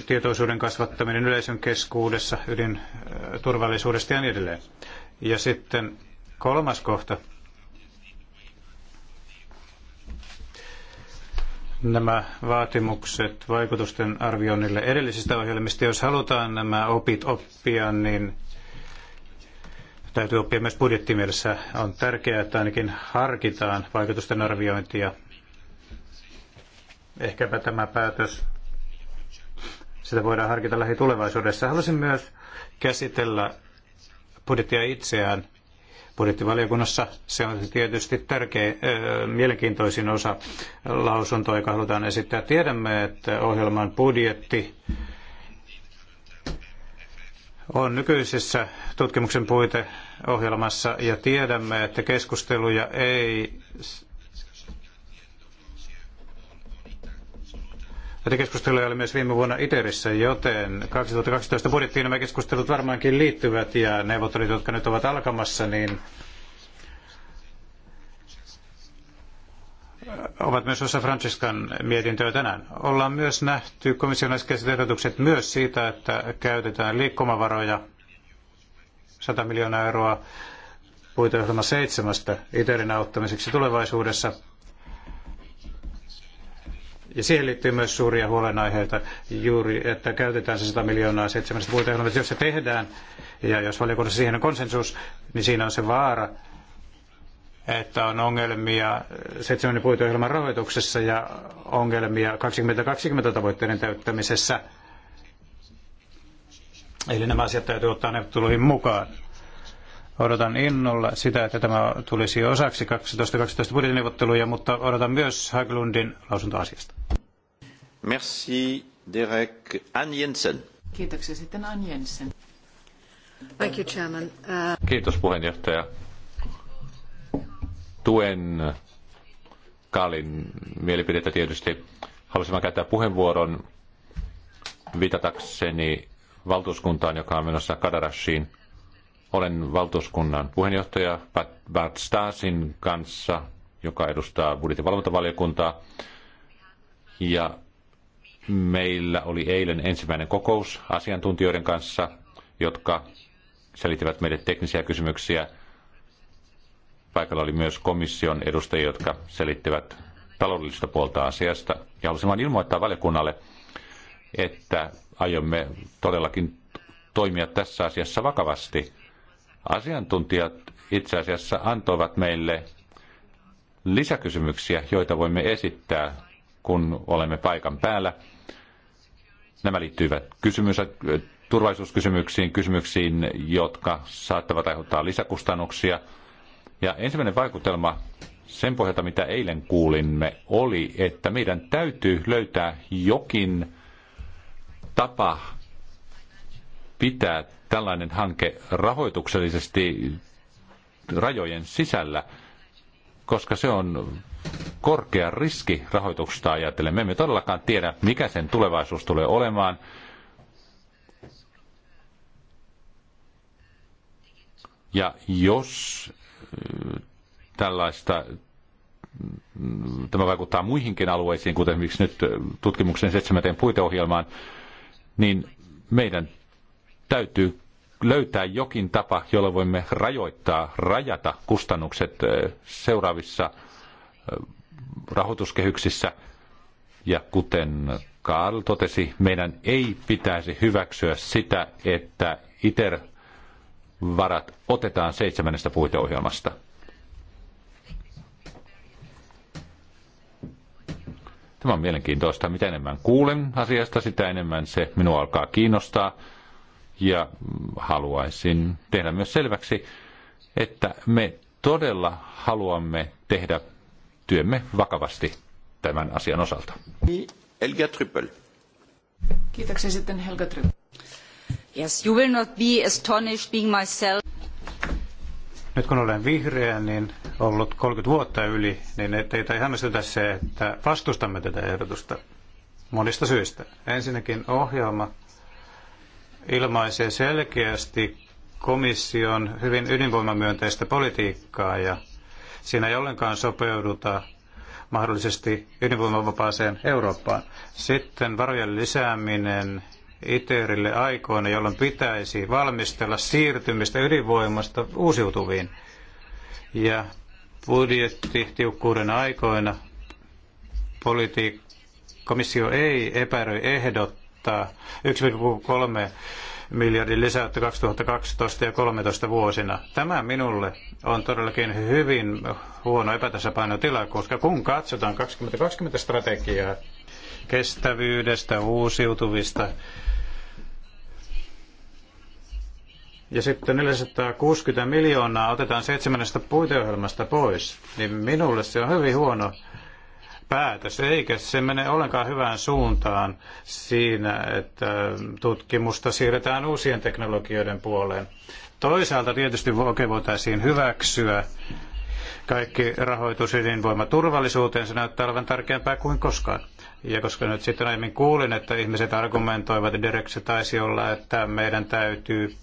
tietoisuuden kasvattaminen yleisön keskuudessa, turvallisuudesta ja niin edelleen. Ja sitten kolmas kohta – nämä vaatimukset vaikutusten arvioinnille edellisistä ohjelmista. Jos halutaan nämä opit oppia, niin täytyy oppia myös budjettimielessä. On tärkeää, että ainakin harkitaan vaikutusten arviointia. Ehkäpä tämä päätös, sitä voidaan harkita lähitulevaisuudessa. Haluaisin myös käsitellä budjettia itseään Budjettivaliokunnassa se on tietysti tärkeä, mielenkiintoisin osa lausuntoa, joka halutaan esittää. Tiedämme, että ohjelman budjetti on nykyisessä tutkimuksen puiteohjelmassa ja tiedämme, että keskusteluja ei Näitä keskusteluja oli myös viime vuonna ITERissä, joten 2012 budjettiin nämä keskustelut varmaankin liittyvät ja neuvottelut, jotka nyt ovat alkamassa, niin ovat myös osa Franciscan mietintöä tänään. Ollaan myös nähty komission äskeiset ehdotukset myös siitä, että käytetään liikkumavaroja 100 miljoonaa euroa puiteohjelma seitsemästä ITERin auttamiseksi tulevaisuudessa – ja siihen liittyy myös suuria huolenaiheita juuri, että käytetään se 100 miljoonaa seitsemästä puiteohjelmasta. Jos se tehdään, ja jos valiokunnassa siihen on konsensus, niin siinä on se vaara, että on ongelmia seitsemän puiteohjelman rahoituksessa ja ongelmia 2020 tavoitteiden täyttämisessä. Eli nämä asiat täytyy ottaa neuvotteluihin mukaan. Odotan innolla sitä, että tämä tulisi osaksi 12-12 budjettineuvotteluja, mutta odotan myös Haglundin lausuntoasiasta. Merci, Derek. Ann Jensen. Kiitoksia sitten Ann Jensen. Thank you, Chairman. Uh... Kiitos puheenjohtaja. Tuen Kalin mielipidettä tietysti. Haluaisin käyttää puheenvuoron viitatakseni valtuuskuntaan, joka on menossa Kadarashiin – olen valtuuskunnan puheenjohtaja Bart Stasin kanssa, joka edustaa budjettivalvontavaliokuntaa. Ja meillä oli eilen ensimmäinen kokous asiantuntijoiden kanssa, jotka selittivät meille teknisiä kysymyksiä. Paikalla oli myös komission edustajia, jotka selittivät taloudellista puolta asiasta. Ja halusin vain ilmoittaa valiokunnalle, että aiomme todellakin toimia tässä asiassa vakavasti. Asiantuntijat itse asiassa antoivat meille lisäkysymyksiä, joita voimme esittää, kun olemme paikan päällä. Nämä liittyvät kysymys, turvallisuuskysymyksiin, kysymyksiin, jotka saattavat aiheuttaa lisäkustannuksia. Ja ensimmäinen vaikutelma sen pohjalta, mitä eilen kuulimme, oli, että meidän täytyy löytää jokin tapa pitää tällainen hanke rahoituksellisesti rajojen sisällä, koska se on korkea riski rahoituksesta ajatellen. Me emme todellakaan tiedä, mikä sen tulevaisuus tulee olemaan. Ja jos äh, tällaista, mm, tämä vaikuttaa muihinkin alueisiin, kuten esimerkiksi nyt äh, tutkimuksen seitsemänteen puiteohjelmaan, niin meidän täytyy löytää jokin tapa, jolla voimme rajoittaa, rajata kustannukset seuraavissa rahoituskehyksissä. Ja kuten Karl totesi, meidän ei pitäisi hyväksyä sitä, että ITER-varat otetaan seitsemännestä puiteohjelmasta. Tämä on mielenkiintoista. Mitä enemmän kuulen asiasta, sitä enemmän se minua alkaa kiinnostaa. Ja haluaisin tehdä myös selväksi, että me todella haluamme tehdä työmme vakavasti tämän asian osalta. Helga Trippel. Kiitoksia sitten Helga Trippel. Yes, you will not be astonished being myself. Nyt kun olen vihreä, niin ollut 30 vuotta yli, niin ettei tai hämmästytä se, että vastustamme tätä ehdotusta monista syistä. Ensinnäkin ohjelma ilmaisee selkeästi komission hyvin ydinvoimamyönteistä politiikkaa ja siinä ei ollenkaan sopeuduta mahdollisesti ydinvoimavapaaseen Eurooppaan. Sitten varojen lisääminen ITERille aikoina, jolloin pitäisi valmistella siirtymistä ydinvoimasta uusiutuviin. Ja budjetti tiukkuuden aikoina politiikka, komissio ei epäröi ehdot tarkoittaa 1,3 miljardin lisäyttä 2012 ja 2013 vuosina. Tämä minulle on todellakin hyvin huono epätasapainotila, koska kun katsotaan 2020-strategiaa kestävyydestä, uusiutuvista, ja sitten 460 miljoonaa otetaan seitsemännestä puiteohjelmasta pois, niin minulle se on hyvin huono päätös, eikä se mene ollenkaan hyvään suuntaan siinä, että tutkimusta siirretään uusien teknologioiden puoleen. Toisaalta tietysti voitaisiin hyväksyä kaikki rahoitus ydinvoimaturvallisuuteen, se näyttää olevan tärkeämpää kuin koskaan. Ja koska nyt sitten aiemmin kuulin, että ihmiset argumentoivat, että direkti taisi olla, että meidän täytyy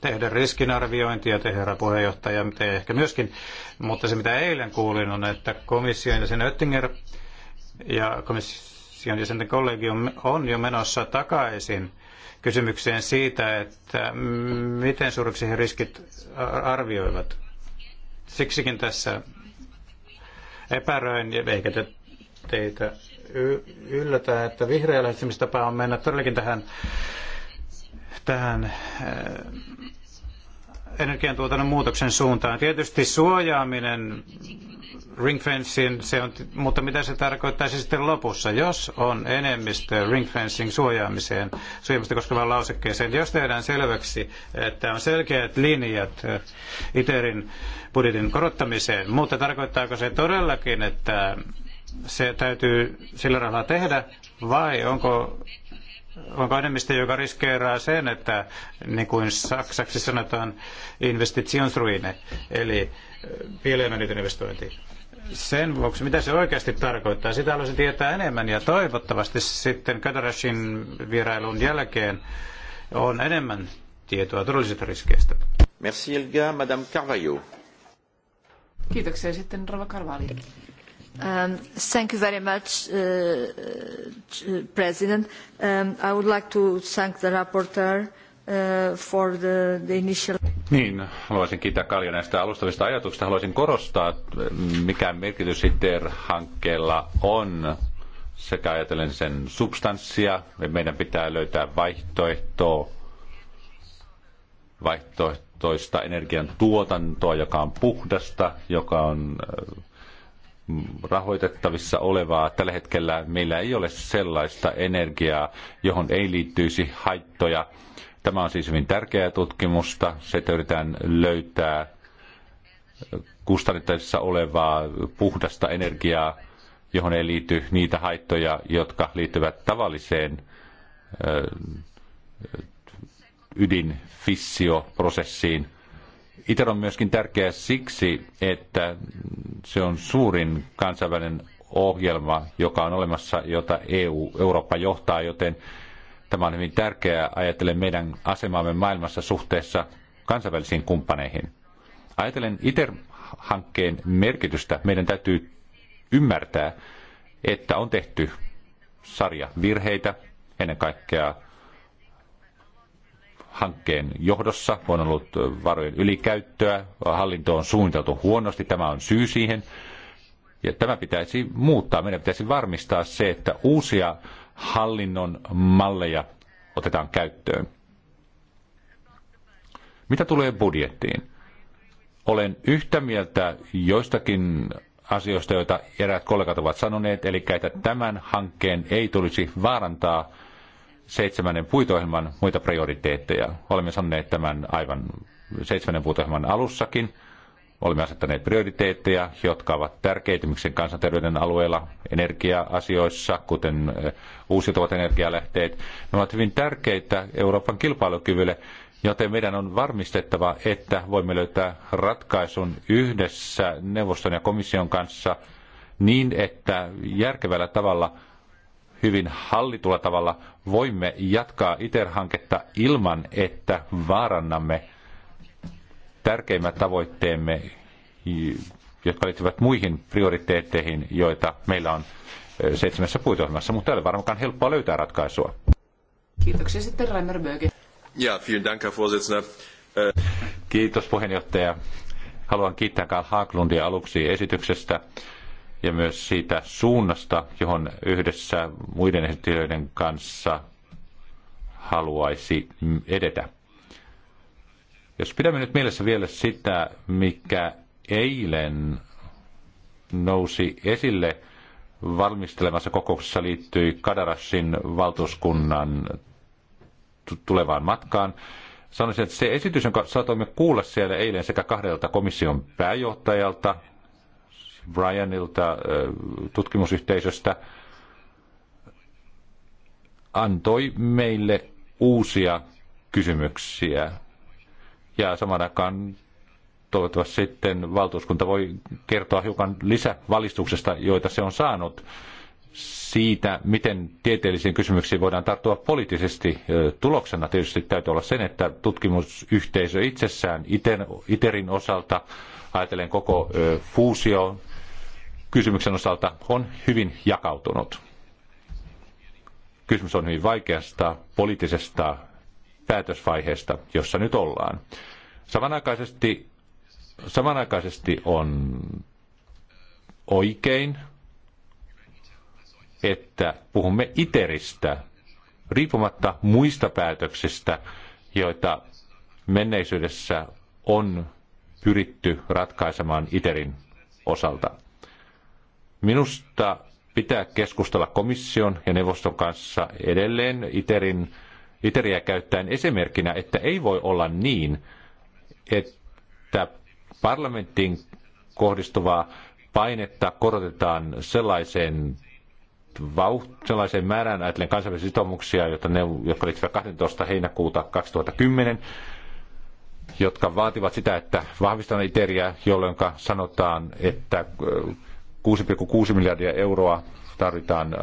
tehdä riskinarviointia, te herra puheenjohtaja, te ehkä myöskin, mutta se mitä eilen kuulin on, että komission jäsen Oettinger ja komission jäsenten kollegio on jo menossa takaisin kysymykseen siitä, että miten suuriksi he riskit arvioivat. Siksikin tässä epäröin, eikä te, teitä yllätä, että vihreä lähestymistapa on mennä todellakin tähän tähän äh, energiantuotannon muutoksen suuntaan. Tietysti suojaaminen ring fencing, se on, mutta mitä se tarkoittaisi sitten lopussa, jos on enemmistö ring fencing suojaamiseen, suojaamista koskevaan lausekkeeseen, jos tehdään selväksi, että on selkeät linjat äh, ITERin budjetin korottamiseen, mutta tarkoittaako se todellakin, että se täytyy sillä rahalla tehdä, vai onko onko enemmistö, joka riskeeraa sen, että niin kuin saksaksi sanotaan investitionsruine, eli pieleen mennyt investointi. Sen vuoksi, mitä se oikeasti tarkoittaa, sitä haluaisin tietää enemmän ja toivottavasti sitten Kadarashin vierailun jälkeen on enemmän tietoa todellisista riskeistä. Merci Elga, Madame Carvalho. Kiitoksia sitten Rova Carvalho. Um, uh, uh, um, I would like to thank the rapporteur uh, for the, the initial... Niin, haluaisin kiittää Kalja näistä alustavista ajatuksista. Haluaisin korostaa, mikä merkitys ITER-hankkeella on sekä ajatellen sen substanssia. Meidän pitää löytää vaihtoehto, vaihtoehtoista energian tuotantoa, joka on puhdasta, joka on äh, rahoitettavissa olevaa. Tällä hetkellä meillä ei ole sellaista energiaa, johon ei liittyisi haittoja. Tämä on siis hyvin tärkeää tutkimusta. Se yritetään löytää kustannettavissa olevaa puhdasta energiaa, johon ei liity niitä haittoja, jotka liittyvät tavalliseen ydinfissioprosessiin. ITER on myöskin tärkeä siksi, että se on suurin kansainvälinen ohjelma, joka on olemassa, jota EU, Eurooppa johtaa, joten tämä on hyvin tärkeää ajatellen meidän asemaamme maailmassa suhteessa kansainvälisiin kumppaneihin. Ajatellen ITER-hankkeen merkitystä, meidän täytyy ymmärtää, että on tehty sarja virheitä, ennen kaikkea hankkeen johdossa on ollut varojen ylikäyttöä, hallinto on suunniteltu huonosti, tämä on syy siihen. Ja tämä pitäisi muuttaa, meidän pitäisi varmistaa se, että uusia hallinnon malleja otetaan käyttöön. Mitä tulee budjettiin? Olen yhtä mieltä joistakin asioista, joita eräät kollegat ovat sanoneet, eli että tämän hankkeen ei tulisi vaarantaa seitsemännen puitoohjelman muita prioriteetteja. Olemme sanoneet tämän aivan seitsemännen puitoohjelman alussakin. Olemme asettaneet prioriteetteja, jotka ovat tärkeitä miksen kansanterveyden alueella, energia-asioissa, kuten eh, uusiutuvat energialähteet. Ne ovat hyvin tärkeitä Euroopan kilpailukyvylle, joten meidän on varmistettava, että voimme löytää ratkaisun yhdessä neuvoston ja komission kanssa niin, että järkevällä tavalla – hyvin hallitulla tavalla voimme jatkaa ITER-hanketta ilman, että vaarannamme tärkeimmät tavoitteemme, jotka liittyvät muihin prioriteetteihin, joita meillä on seitsemässä puitohjelmassa, mutta ei ole varmaankaan helppoa löytää ratkaisua. Kiitoksia sitten Reimer Böge. Ja, vielen dank, Herr Vorsitzender. Kiitos puheenjohtaja. Haluan kiittää Karl Haaglundia aluksi esityksestä ja myös siitä suunnasta, johon yhdessä muiden esittelijöiden kanssa haluaisi edetä. Jos pidämme nyt mielessä vielä sitä, mikä eilen nousi esille valmistelemassa kokouksessa liittyi Kadarashin valtuuskunnan tulevaan matkaan. Sanoisin, että se esitys, jonka saatoimme kuulla siellä eilen sekä kahdelta komission pääjohtajalta Brianilta tutkimusyhteisöstä antoi meille uusia kysymyksiä. Ja saman aikaan toivottavasti sitten valtuuskunta voi kertoa hiukan lisävalistuksesta, joita se on saanut siitä, miten tieteellisiin kysymyksiin voidaan tarttua poliittisesti. Tuloksena tietysti täytyy olla sen, että tutkimusyhteisö itsessään ITERin osalta, ajatellen koko fuusio kysymyksen osalta on hyvin jakautunut. Kysymys on hyvin vaikeasta poliittisesta päätösvaiheesta, jossa nyt ollaan. Samanaikaisesti, samanaikaisesti on oikein, että puhumme ITERistä, riippumatta muista päätöksistä, joita menneisyydessä on pyritty ratkaisemaan ITERin osalta. Minusta pitää keskustella komission ja neuvoston kanssa edelleen ITERin, ITERiä käyttäen esimerkkinä, että ei voi olla niin, että parlamenttiin kohdistuvaa painetta korotetaan sellaiseen sellaiseen määrään ajatellen kansainvälisiä sitoumuksia, jotka, ne, jotka liittyvät 12. heinäkuuta 2010, jotka vaativat sitä, että vahvistetaan ITERiä, jolloin sanotaan, että 6,6 miljardia euroa tarvitaan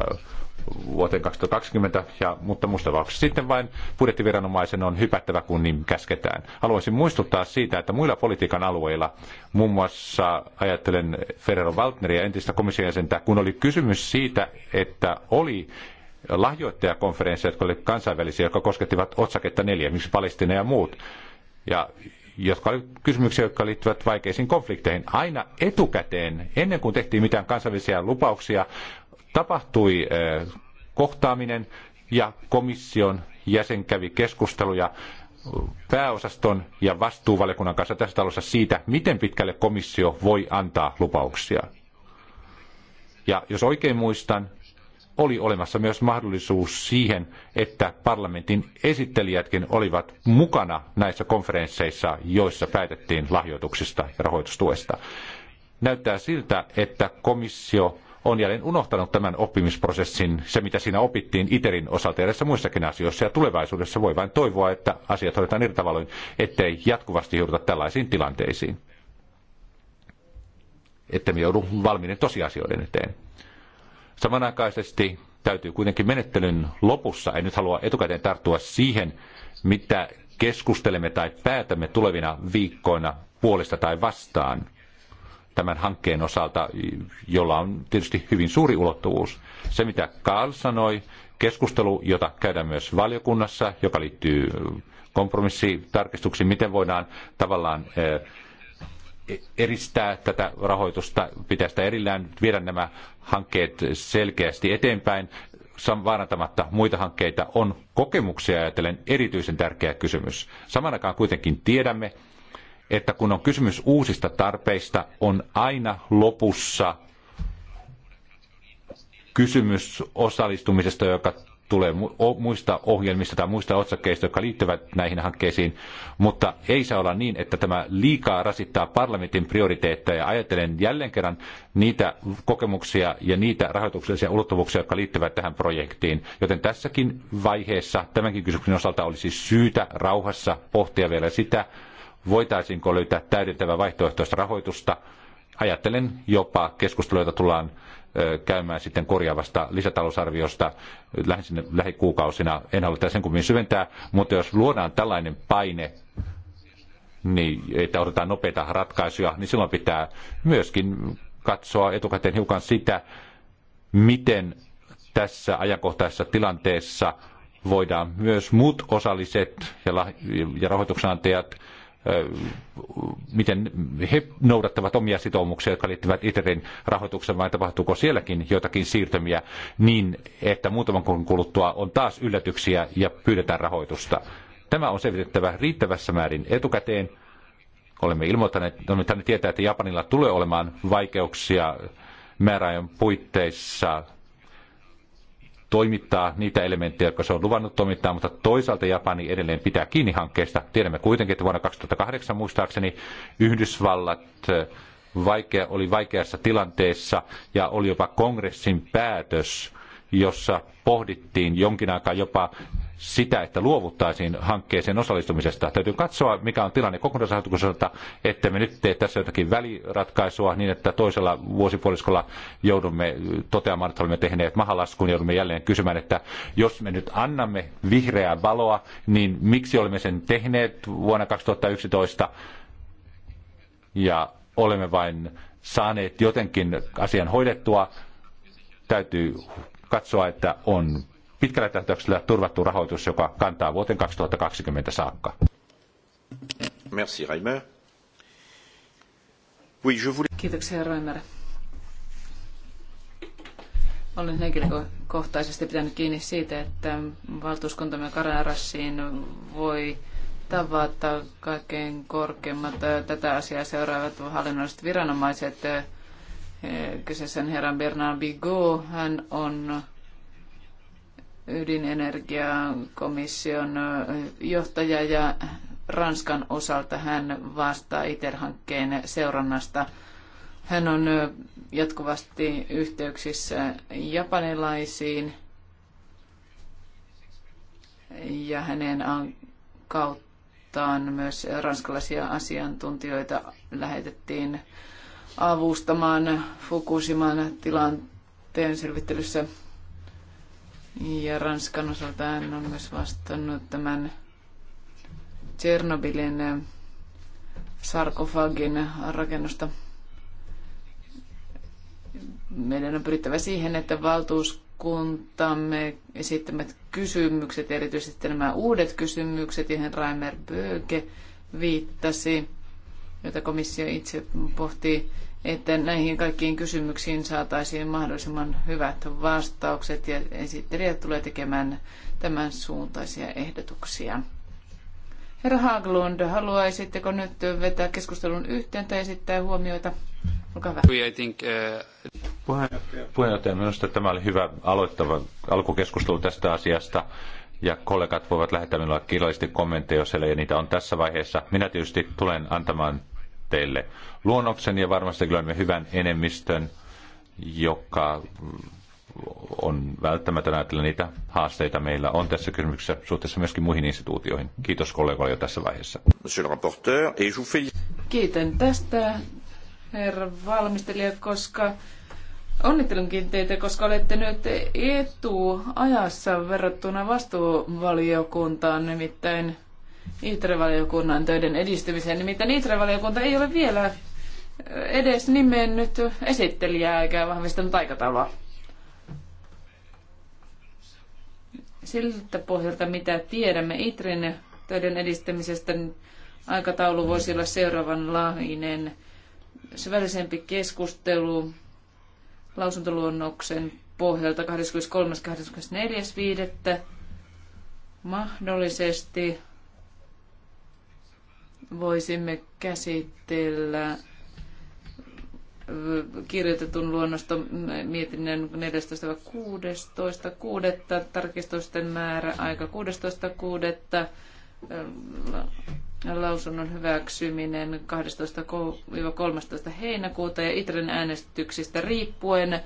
vuoteen 2020, ja, mutta musta vauksessa sitten vain budjettiviranomaisen on hypättävä, kun niin käsketään. Haluaisin muistuttaa siitä, että muilla politiikan alueilla, muun muassa ajattelen Ferrero Waltneria entistä komission jäsentä, kun oli kysymys siitä, että oli lahjoittajakonferensseja, jotka olivat kansainvälisiä, jotka koskettivat otsaketta neljä, miksi Palestina ja muut. Ja jotka oli kysymyksiä, jotka liittyvät vaikeisiin konflikteihin. Aina etukäteen, ennen kuin tehtiin mitään kansainvälisiä lupauksia, tapahtui eh, kohtaaminen ja komission jäsen kävi keskusteluja eh, pääosaston ja vastuuvaliokunnan kanssa tässä talossa siitä, miten pitkälle komissio voi antaa lupauksia. Ja jos oikein muistan, oli olemassa myös mahdollisuus siihen, että parlamentin esittelijätkin olivat mukana näissä konferensseissa, joissa päätettiin lahjoituksista ja rahoitustuesta. Näyttää siltä, että komissio on jälleen unohtanut tämän oppimisprosessin, se mitä siinä opittiin ITERin osalta ja muissakin asioissa. Ja tulevaisuudessa voi vain toivoa, että asiat hoidetaan eri tavalloin, ettei jatkuvasti jouduta tällaisiin tilanteisiin. Että me joudu valmiiden tosiasioiden eteen. Samanaikaisesti täytyy kuitenkin menettelyn lopussa, en nyt halua etukäteen tarttua siihen, mitä keskustelemme tai päätämme tulevina viikkoina puolesta tai vastaan tämän hankkeen osalta, jolla on tietysti hyvin suuri ulottuvuus. Se, mitä Karl sanoi, keskustelu, jota käydään myös valiokunnassa, joka liittyy kompromissitarkistuksiin, miten voidaan tavallaan eh, eristää tätä rahoitusta, pitää sitä erillään, viedä nämä hankkeet selkeästi eteenpäin vaarantamatta muita hankkeita on kokemuksia ajatellen erityisen tärkeä kysymys. aikaan kuitenkin tiedämme, että kun on kysymys uusista tarpeista, on aina lopussa kysymys osallistumisesta, joka tulee muista ohjelmista tai muista otsakkeista, jotka liittyvät näihin hankkeisiin, mutta ei saa olla niin, että tämä liikaa rasittaa parlamentin prioriteetteja. Ajattelen jälleen kerran niitä kokemuksia ja niitä rahoituksellisia ulottuvuuksia, jotka liittyvät tähän projektiin. Joten tässäkin vaiheessa tämänkin kysymyksen osalta olisi syytä rauhassa pohtia vielä sitä, voitaisiinko löytää täydentävää vaihtoehtoista rahoitusta. Ajattelen jopa keskusteluita tullaan käymään sitten korjaavasta lisätalousarviosta lähikuukausina. En halua tässä sen kummin syventää, mutta jos luodaan tällainen paine, niin, että odotetaan nopeita ratkaisuja, niin silloin pitää myöskin katsoa etukäteen hiukan sitä, miten tässä ajankohtaisessa tilanteessa voidaan myös muut osalliset ja, ja rahoituksenantajat miten he noudattavat omia sitoumuksia, jotka liittyvät ITERin rahoitukseen, vai tapahtuuko sielläkin jotakin siirtymiä niin, että muutaman kuun kuluttua on taas yllätyksiä ja pyydetään rahoitusta. Tämä on selvitettävä riittävässä määrin etukäteen. Olemme ilmoittaneet, olemme tänne tietää, että Japanilla tulee olemaan vaikeuksia määräajan puitteissa toimittaa niitä elementtejä, jotka se on luvannut toimittaa, mutta toisaalta Japani edelleen pitää kiinni hankkeesta. Tiedämme kuitenkin, että vuonna 2008 muistaakseni Yhdysvallat eh, vaikea, oli vaikeassa tilanteessa ja oli jopa kongressin päätös, jossa pohdittiin jonkin aikaa jopa sitä, että luovuttaisiin hankkeeseen osallistumisesta. Täytyy katsoa, mikä on tilanne kokonaisrahoitukselta, että me nyt tee tässä jotakin väliratkaisua niin, että toisella vuosipuoliskolla joudumme toteamaan, että olemme tehneet mahalaskun ja joudumme jälleen kysymään, että jos me nyt annamme vihreää valoa, niin miksi olemme sen tehneet vuonna 2011 ja olemme vain saaneet jotenkin asian hoidettua. Täytyy katsoa, että on pitkällä tähtäyksellä turvattu rahoitus, joka kantaa vuoteen 2020 saakka. Merci, Reimer. Oui, je voulais... Kiitoksia, Reimer. Olen henkilökohtaisesti pitänyt kiinni siitä, että valtuuskuntamme Kararassiin voi tavata kaikkein korkeimmat tätä asiaa seuraavat hallinnolliset viranomaiset. Kyseessä on herran Bernard Bigot. Hän on ydinenergiakomission johtaja ja Ranskan osalta hän vastaa ITER-hankkeen seurannasta. Hän on jatkuvasti yhteyksissä japanilaisiin ja hänen kauttaan myös ranskalaisia asiantuntijoita lähetettiin avustamaan Fukushiman tilanteen selvittelyssä ja Ranskan osalta hän on myös vastannut tämän Tsernobylin eh, sarkofagin rakennusta. Meidän on pyrittävä siihen, että valtuuskuntamme esittämät kysymykset, erityisesti nämä uudet kysymykset, joihin Raimer Böke viittasi, joita komissio itse pohtii, että näihin kaikkiin kysymyksiin saataisiin mahdollisimman hyvät vastaukset ja esittelijä tulee tekemään tämän suuntaisia ehdotuksia. Herra Haglund, haluaisitteko nyt vetää keskustelun yhteen tai esittää huomioita? Olkaa hyvä. I think, uh... Puheenjohtaja, puheenjohtaja, minusta tämä oli hyvä aloittava alkukeskustelu tästä asiasta ja kollegat voivat lähettää minulle kirjallisesti kommentteja, jos heillä niitä on tässä vaiheessa. Minä tietysti tulen antamaan teille luonnoksen ja varmasti löydämme hyvän enemmistön, joka on välttämätön ajatella niitä haasteita meillä on tässä kysymyksessä suhteessa myöskin muihin instituutioihin. Kiitos kollegoille jo tässä vaiheessa. Kiitän tästä, herra valmistelija, koska Onnittelunkin teitä, koska olette nyt etuajassa verrattuna vastuuvaliokuntaan, nimittäin ITRE-valiokunnan töiden edistymiseen. Nimittäin ITRE-valiokunta ei ole vielä edes nimennyt esittelijää eikä vahvistanut aikataulua. Siltä pohjalta, mitä tiedämme Itrin töiden edistämisestä, niin aikataulu voisi olla seuraavanlainen. Syvällisempi keskustelu lausuntoluonnoksen pohjalta 23.24.5. mahdollisesti voisimme käsitellä kirjoitetun luonnosta mietinnön 14.16.6. Tarkistusten määrä aika 16.6. Lausunnon hyväksyminen 12-13. heinäkuuta ja Itren äänestyksistä riippuen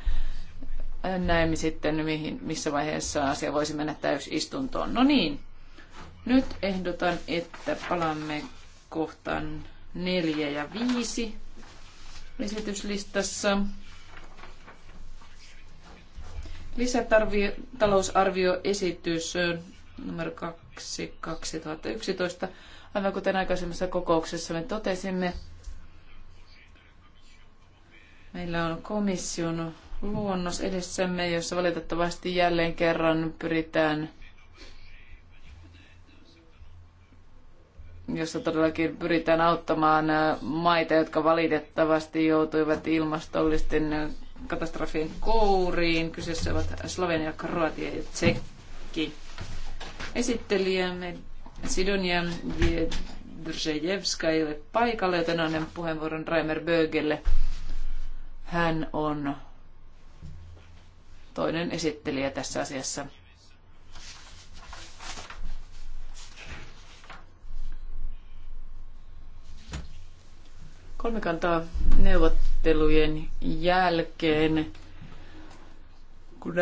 näemme sitten, mihin, missä vaiheessa asia voisi mennä täysistuntoon. No niin, nyt ehdotan, että palaamme kohtaan neljä ja viisi esityslistassa. Lisätalousarvioesitys numero 2 2011. Aivan kuten aikaisemmassa kokouksessa me totesimme, meillä on komission luonnos edessämme, jossa valitettavasti jälleen kerran pyritään jossa todellakin pyritään auttamaan äh, maita, jotka valitettavasti joutuivat ilmastollisten äh, katastrofien kouriin. Kyseessä ovat Slovenia, Kroatia ja Tsekki. Esittelijämme Sidonia Drzejewska ei ole paikalla, joten annan puheenvuoron Raimer Bögelle. Hän on toinen esittelijä tässä asiassa. Kolmikantaa neuvottelujen jälkeen, kun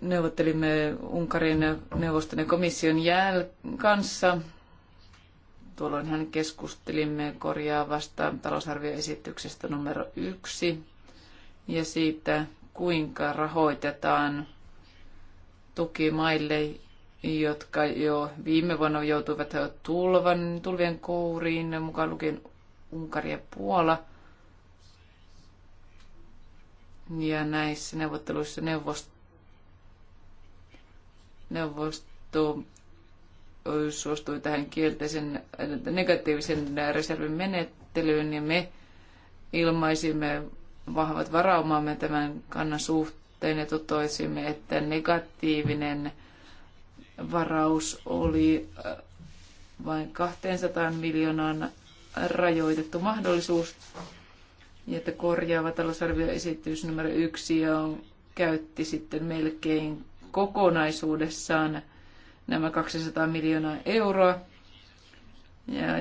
neuvottelimme Unkarin neuvoston ja komission jäl- kanssa, hän keskustelimme korjaavasta talousarvioesityksestä numero yksi ja siitä, kuinka rahoitetaan tukimaille, jotka jo viime vuonna joutuivat tulvan, tulvien kouriin, mukaan lukien Unkari ja Puola. Ja näissä neuvotteluissa neuvosto, neuvosto suostui tähän kielteisen äh, negatiivisen reservin menettelyyn ja me ilmaisimme vahvat varaumamme tämän kannan suhteen ja totoisimme, että negatiivinen varaus oli äh, vain 200 miljoonaa rajoitettu mahdollisuus, ja että korjaava talousarvioesitys numero yksi ja on, käytti sitten melkein kokonaisuudessaan nämä 200 miljoonaa euroa. Ja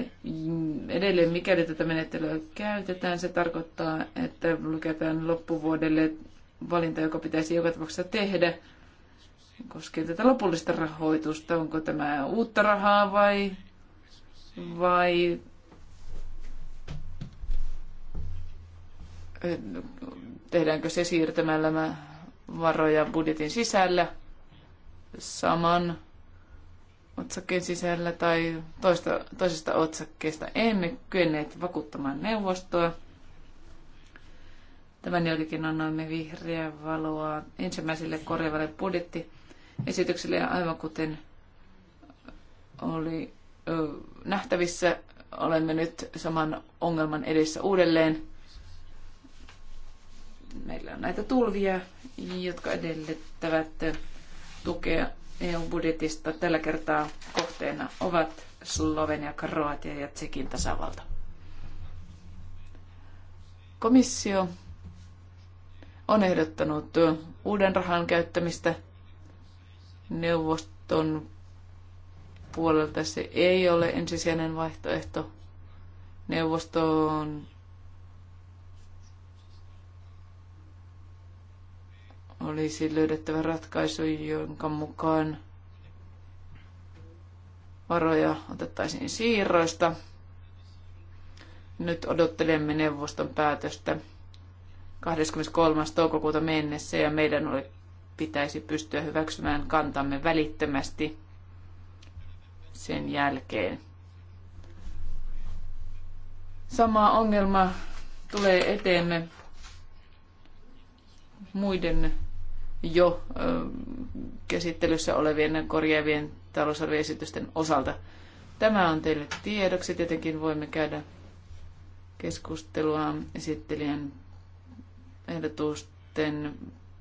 edelleen, mikäli tätä menettelyä käytetään, se tarkoittaa, että lykätään loppuvuodelle valinta, joka pitäisi joka tapauksessa tehdä, koskee tätä lopullista rahoitusta. Onko tämä uutta rahaa vai, vai tehdäänkö se siirtämällä mä varoja budjetin sisällä saman otsakkeen sisällä tai toista, toisesta otsakkeesta. Emme kyenneet vakuuttamaan neuvostoa. Tämän jälkeen annoimme vihreää valoa ensimmäiselle korjaavalle budjettiesitykselle ja aivan kuten oli nähtävissä, olemme nyt saman ongelman edessä uudelleen – meillä on näitä tulvia, jotka edellyttävät tukea EU-budjetista. Tällä kertaa kohteena ovat Slovenia, Kroatia ja Tsekin tasavalta. Komissio on ehdottanut uuden rahan käyttämistä neuvoston puolelta. Se ei ole ensisijainen vaihtoehto. Neuvosto on olisi löydettävä ratkaisu, jonka mukaan varoja otettaisiin siirroista. Nyt odottelemme neuvoston päätöstä 23. toukokuuta mennessä ja meidän oli, pitäisi pystyä hyväksymään kantamme välittömästi sen jälkeen. Sama ongelma tulee eteemme muiden jo käsittelyssä olevien korjaavien talousarvioesitysten osalta. Tämä on teille tiedoksi. Tietenkin voimme käydä keskustelua esittelijän ehdotusten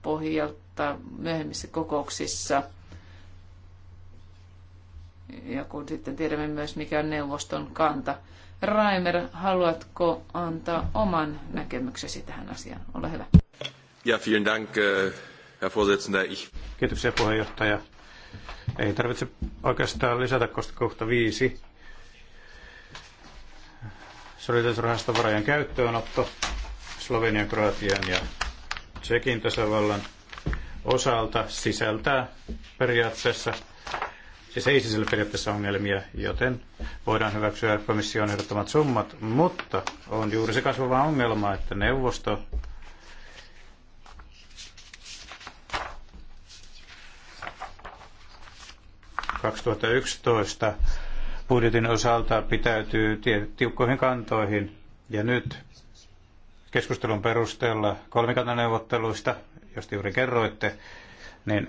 pohjalta myöhemmissä kokouksissa. Ja kun sitten tiedämme myös, mikä on neuvoston kanta. Raimer, haluatko antaa oman näkemyksesi tähän asiaan? Ole hyvä. Ja, vielen dank, äh, Herr Vorsitzender, ich... Kiitoksia puheenjohtaja. Ei tarvitse oikeastaan lisätä, koska kohta viisi. Solidaisuusrahaston varojen käyttöönotto Slovenian, Kroatian ja Tsekin tasavallan osalta sisältää periaatteessa, siis ei sisällä periaatteessa ongelmia, joten voidaan hyväksyä komission ehdottomat summat, mutta on juuri se kasvava ongelma, että neuvosto 2011 budjetin osalta pitäytyy tiukkoihin kantoihin. Ja nyt keskustelun perusteella kolmikantaneuvotteluista, josta juuri kerroitte, niin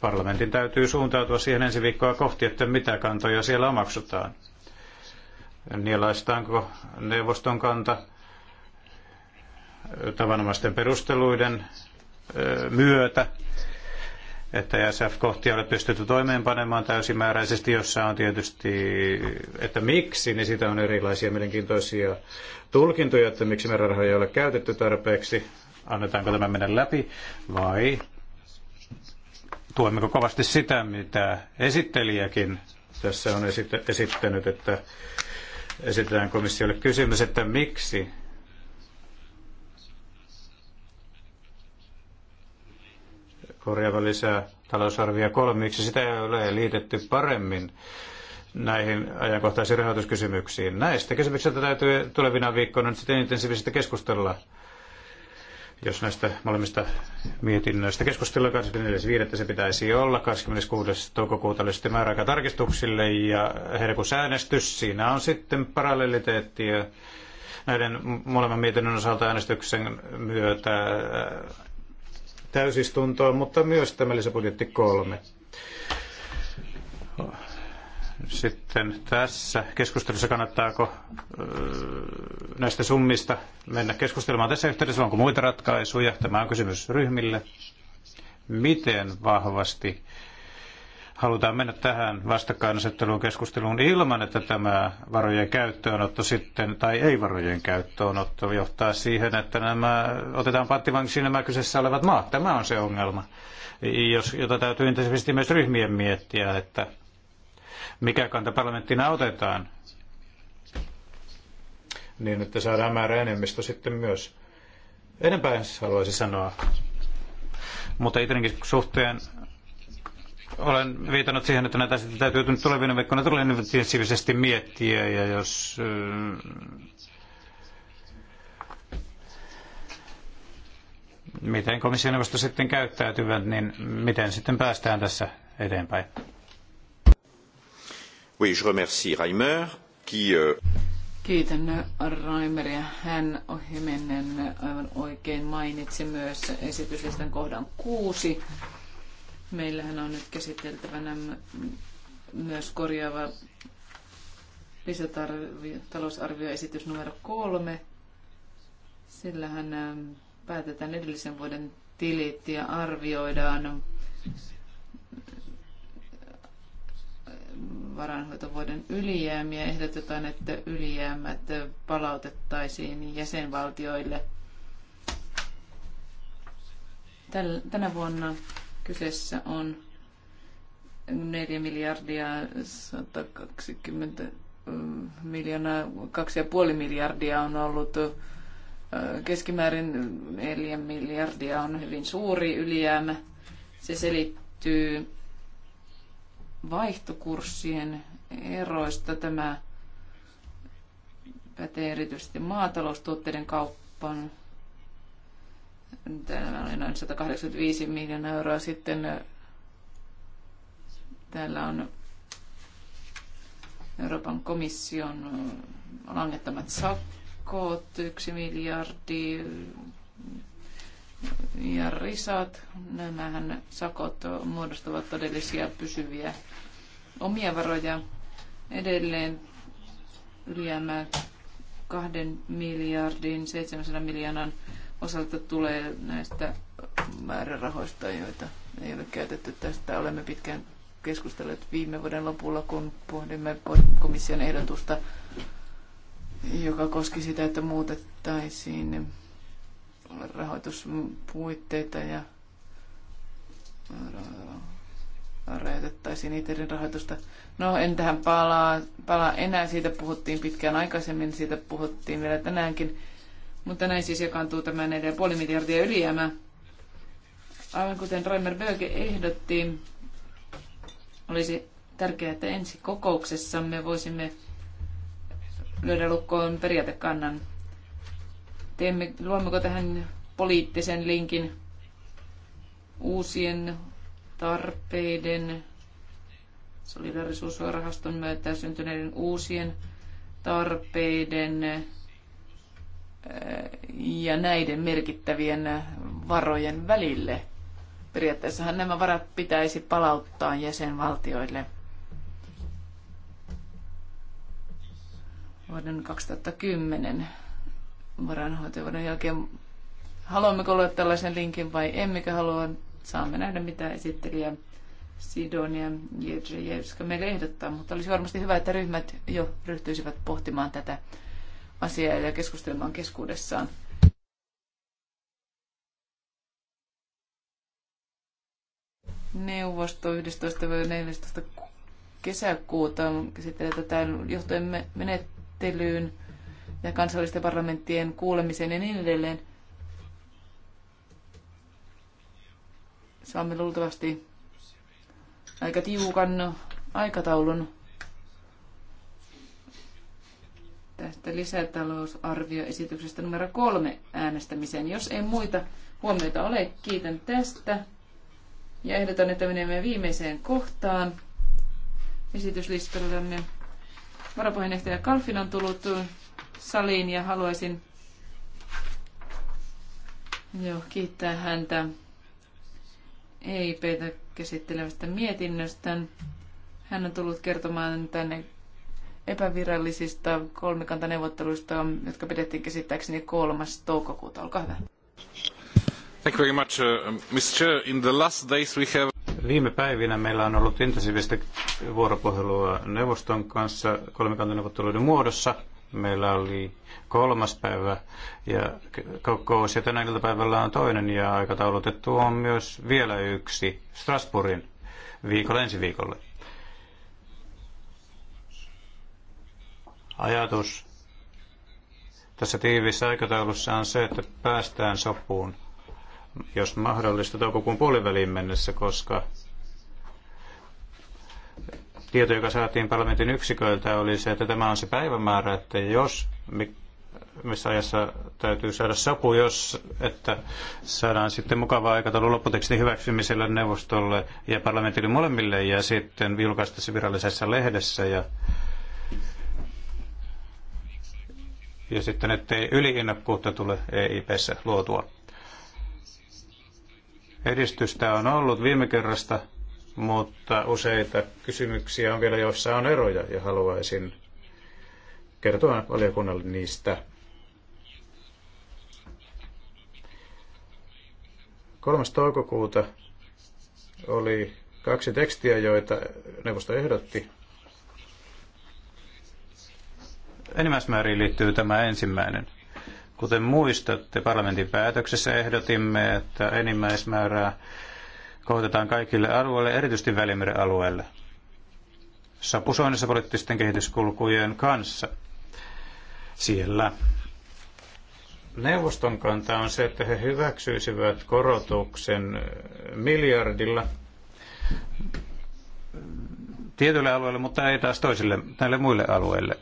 parlamentin täytyy suuntautua siihen ensi viikkoa kohti, että mitä kantoja siellä omaksutaan. Nielaistaanko neuvoston kanta tavanomaisten perusteluiden myötä että ESF-kohtia ole pystytty toimeenpanemaan täysimääräisesti, jossa on tietysti, että miksi, niin siitä on erilaisia mielenkiintoisia tulkintoja, että miksi määrärahoja ei ole käytetty tarpeeksi, annetaanko tämä mennä läpi vai tuemmeko kovasti sitä, mitä esittelijäkin tässä on esittänyt, että esitetään komissiolle kysymys, että miksi korjaava lisää talousarvia kolmiksi. Sitä ei ole liitetty paremmin näihin ajankohtaisiin rahoituskysymyksiin. Näistä kysymyksistä täytyy tulevina viikkoina nyt sitten intensiivisesti keskustella, jos näistä molemmista mietinnöistä keskustellaan 24.5. se pitäisi olla 26. toukokuuta oli sitten määräaika tarkistuksille ja herkusäänestys. Siinä on sitten paralleliteettiä näiden molemman mietinnön osalta äänestyksen myötä täysistuntoon, mutta myös tämä lisäbudjetti kolme. Sitten tässä keskustelussa kannattaako näistä summista mennä keskustelemaan tässä yhteydessä, onko muita ratkaisuja? Tämä on kysymys ryhmille. Miten vahvasti halutaan mennä tähän vastakkainasetteluun keskusteluun ilman, että tämä varojen käyttöönotto sitten, tai ei varojen käyttöönotto, johtaa siihen, että nämä, otetaan panttivankiksi nämä kyseessä olevat maat. Tämä on se ongelma, jos, jota täytyy intensiivisesti myös ryhmien miettiä, että mikä kanta parlamenttina otetaan, niin että saadaan määrä enemmistö sitten myös. Enempää haluaisin sanoa. Mutta itsekin suhteen olen viitannut siihen, että näitä asioita täytyy nyt tulevina viikkoina tulee intensiivisesti miettiä ja jos miten komissioneuvosto sitten käyttäytyvät, niin miten sitten päästään tässä eteenpäin. Oui, je remercie Reimer, qui... Kiitän Raimeria. Hän ohimennen aivan oikein mainitsi myös esityslistan kohdan kuusi Meillähän on nyt käsiteltävänä myös korjaava lisätalousarvioesitys numero kolme. Sillähän ähm, päätetään edellisen vuoden tilit ja arvioidaan äh, varainhoitovuoden ylijäämiä. Ehdotetaan, että ylijäämät äh, palautettaisiin jäsenvaltioille. Tänä vuonna Kyseessä on 4 miljardia 120 miljoonaa, 2,5 miljardia on ollut keskimäärin 4 miljardia on hyvin suuri ylijäämä. Se selittyy vaihtokurssien eroista. Tämä pätee erityisesti maataloustuotteiden kauppaan Tämä oli noin 185 miljoonaa euroa sitten. Täällä on Euroopan komission langettamat sakkoot, yksi miljardi ja risat. Nämähän sakot muodostavat todellisia pysyviä omia varoja. Edelleen ylijäämää kahden miljardin 700 miljoonan osalta tulee näistä määrärahoista, joita ei ole käytetty tästä. Olemme pitkään keskustelleet viime vuoden lopulla, kun pohdimme komission ehdotusta, joka koski sitä, että muutettaisiin rahoituspuitteita ja rajoitettaisiin niiden rahoitusta. No en tähän palaa, palaa enää, siitä puhuttiin pitkään aikaisemmin, siitä puhuttiin vielä tänäänkin. Mutta näin siis jakaantuu tämä 4,5 miljardia ylijäämä. Aivan kuten Reimer Böge ehdotti, olisi tärkeää, että ensi kokouksessa me voisimme lyödä lukkoon periaatekannan. Teemme, luommeko tähän poliittisen linkin uusien tarpeiden, solidarisuusrahaston myötä syntyneiden uusien tarpeiden ja näiden merkittävien varojen välille. Periaatteessahan nämä varat pitäisi palauttaa jäsenvaltioille. Vuoden 2010 varanhoitajuuden jälkeen haluammeko olla tällaisen linkin vai emmekö halua, saamme nähdä mitä esittelijä Sidonia Jevska meille ehdottaa, mutta olisi varmasti hyvä, että ryhmät jo ryhtyisivät pohtimaan tätä asiaa ja keskustelemaan keskuudessaan. Neuvosto 11.14. 14 kesäkuuta käsittelee tätä johtojen menettelyyn ja kansallisten parlamenttien kuulemiseen ja niin edelleen. Saamme luultavasti aika tiukan aikataulun tästä lisätalousarvioesityksestä numero kolme äänestämiseen. Jos ei muita huomioita ole, kiitän tästä. Ja ehdotan, että menemme viimeiseen kohtaan esityslistallamme. Varapuheenjohtaja Kalfin on tullut saliin ja haluaisin jo kiittää häntä EIPtä käsittelevästä mietinnöstä. Hän on tullut kertomaan tänne epävirallisista kolmikantaneuvotteluista, jotka pidettiin käsittääkseni 3. toukokuuta. Olkaa hyvä. Thank you very much, uh, Mr. Chair. In the last days we have... Viime päivinä meillä on ollut intensiivistä vuoropuhelua neuvoston kanssa kolmikantaneuvotteluiden muodossa. Meillä oli kolmas päivä ja kokous ja tänä iltapäivällä on toinen ja aikataulutettu on myös vielä yksi Strasbourgin viikolla ensi viikolla. Ajatus tässä tiiviissä aikataulussa on se, että päästään sopuun, jos mahdollista, toukokuun puoliväliin mennessä, koska tieto, joka saatiin parlamentin yksiköiltä, oli se, että tämä on se päivämäärä, että jos, missä ajassa täytyy saada sopu, jos, että saadaan sitten mukava aikataulu lopputekstin hyväksymiselle neuvostolle ja parlamentille molemmille ja sitten julkaista se virallisessa lehdessä ja ja sitten ettei yliinnokkuutta tule EIPssä luotua. Edistystä on ollut viime kerrasta, mutta useita kysymyksiä on vielä, joissa on eroja ja haluaisin kertoa valiokunnalle niistä. Kolmas toukokuuta oli kaksi tekstiä, joita neuvosto ehdotti enimmäismääriin liittyy tämä ensimmäinen. Kuten muistatte, parlamentin päätöksessä ehdotimme, että enimmäismäärää kohotetaan kaikille alueille, erityisesti Välimeren alueelle, sapusoinnissa poliittisten kehityskulkujen kanssa. Siellä neuvoston kanta on se, että he hyväksyisivät korotuksen miljardilla tietyille alueille, mutta ei taas toisille näille muille alueille.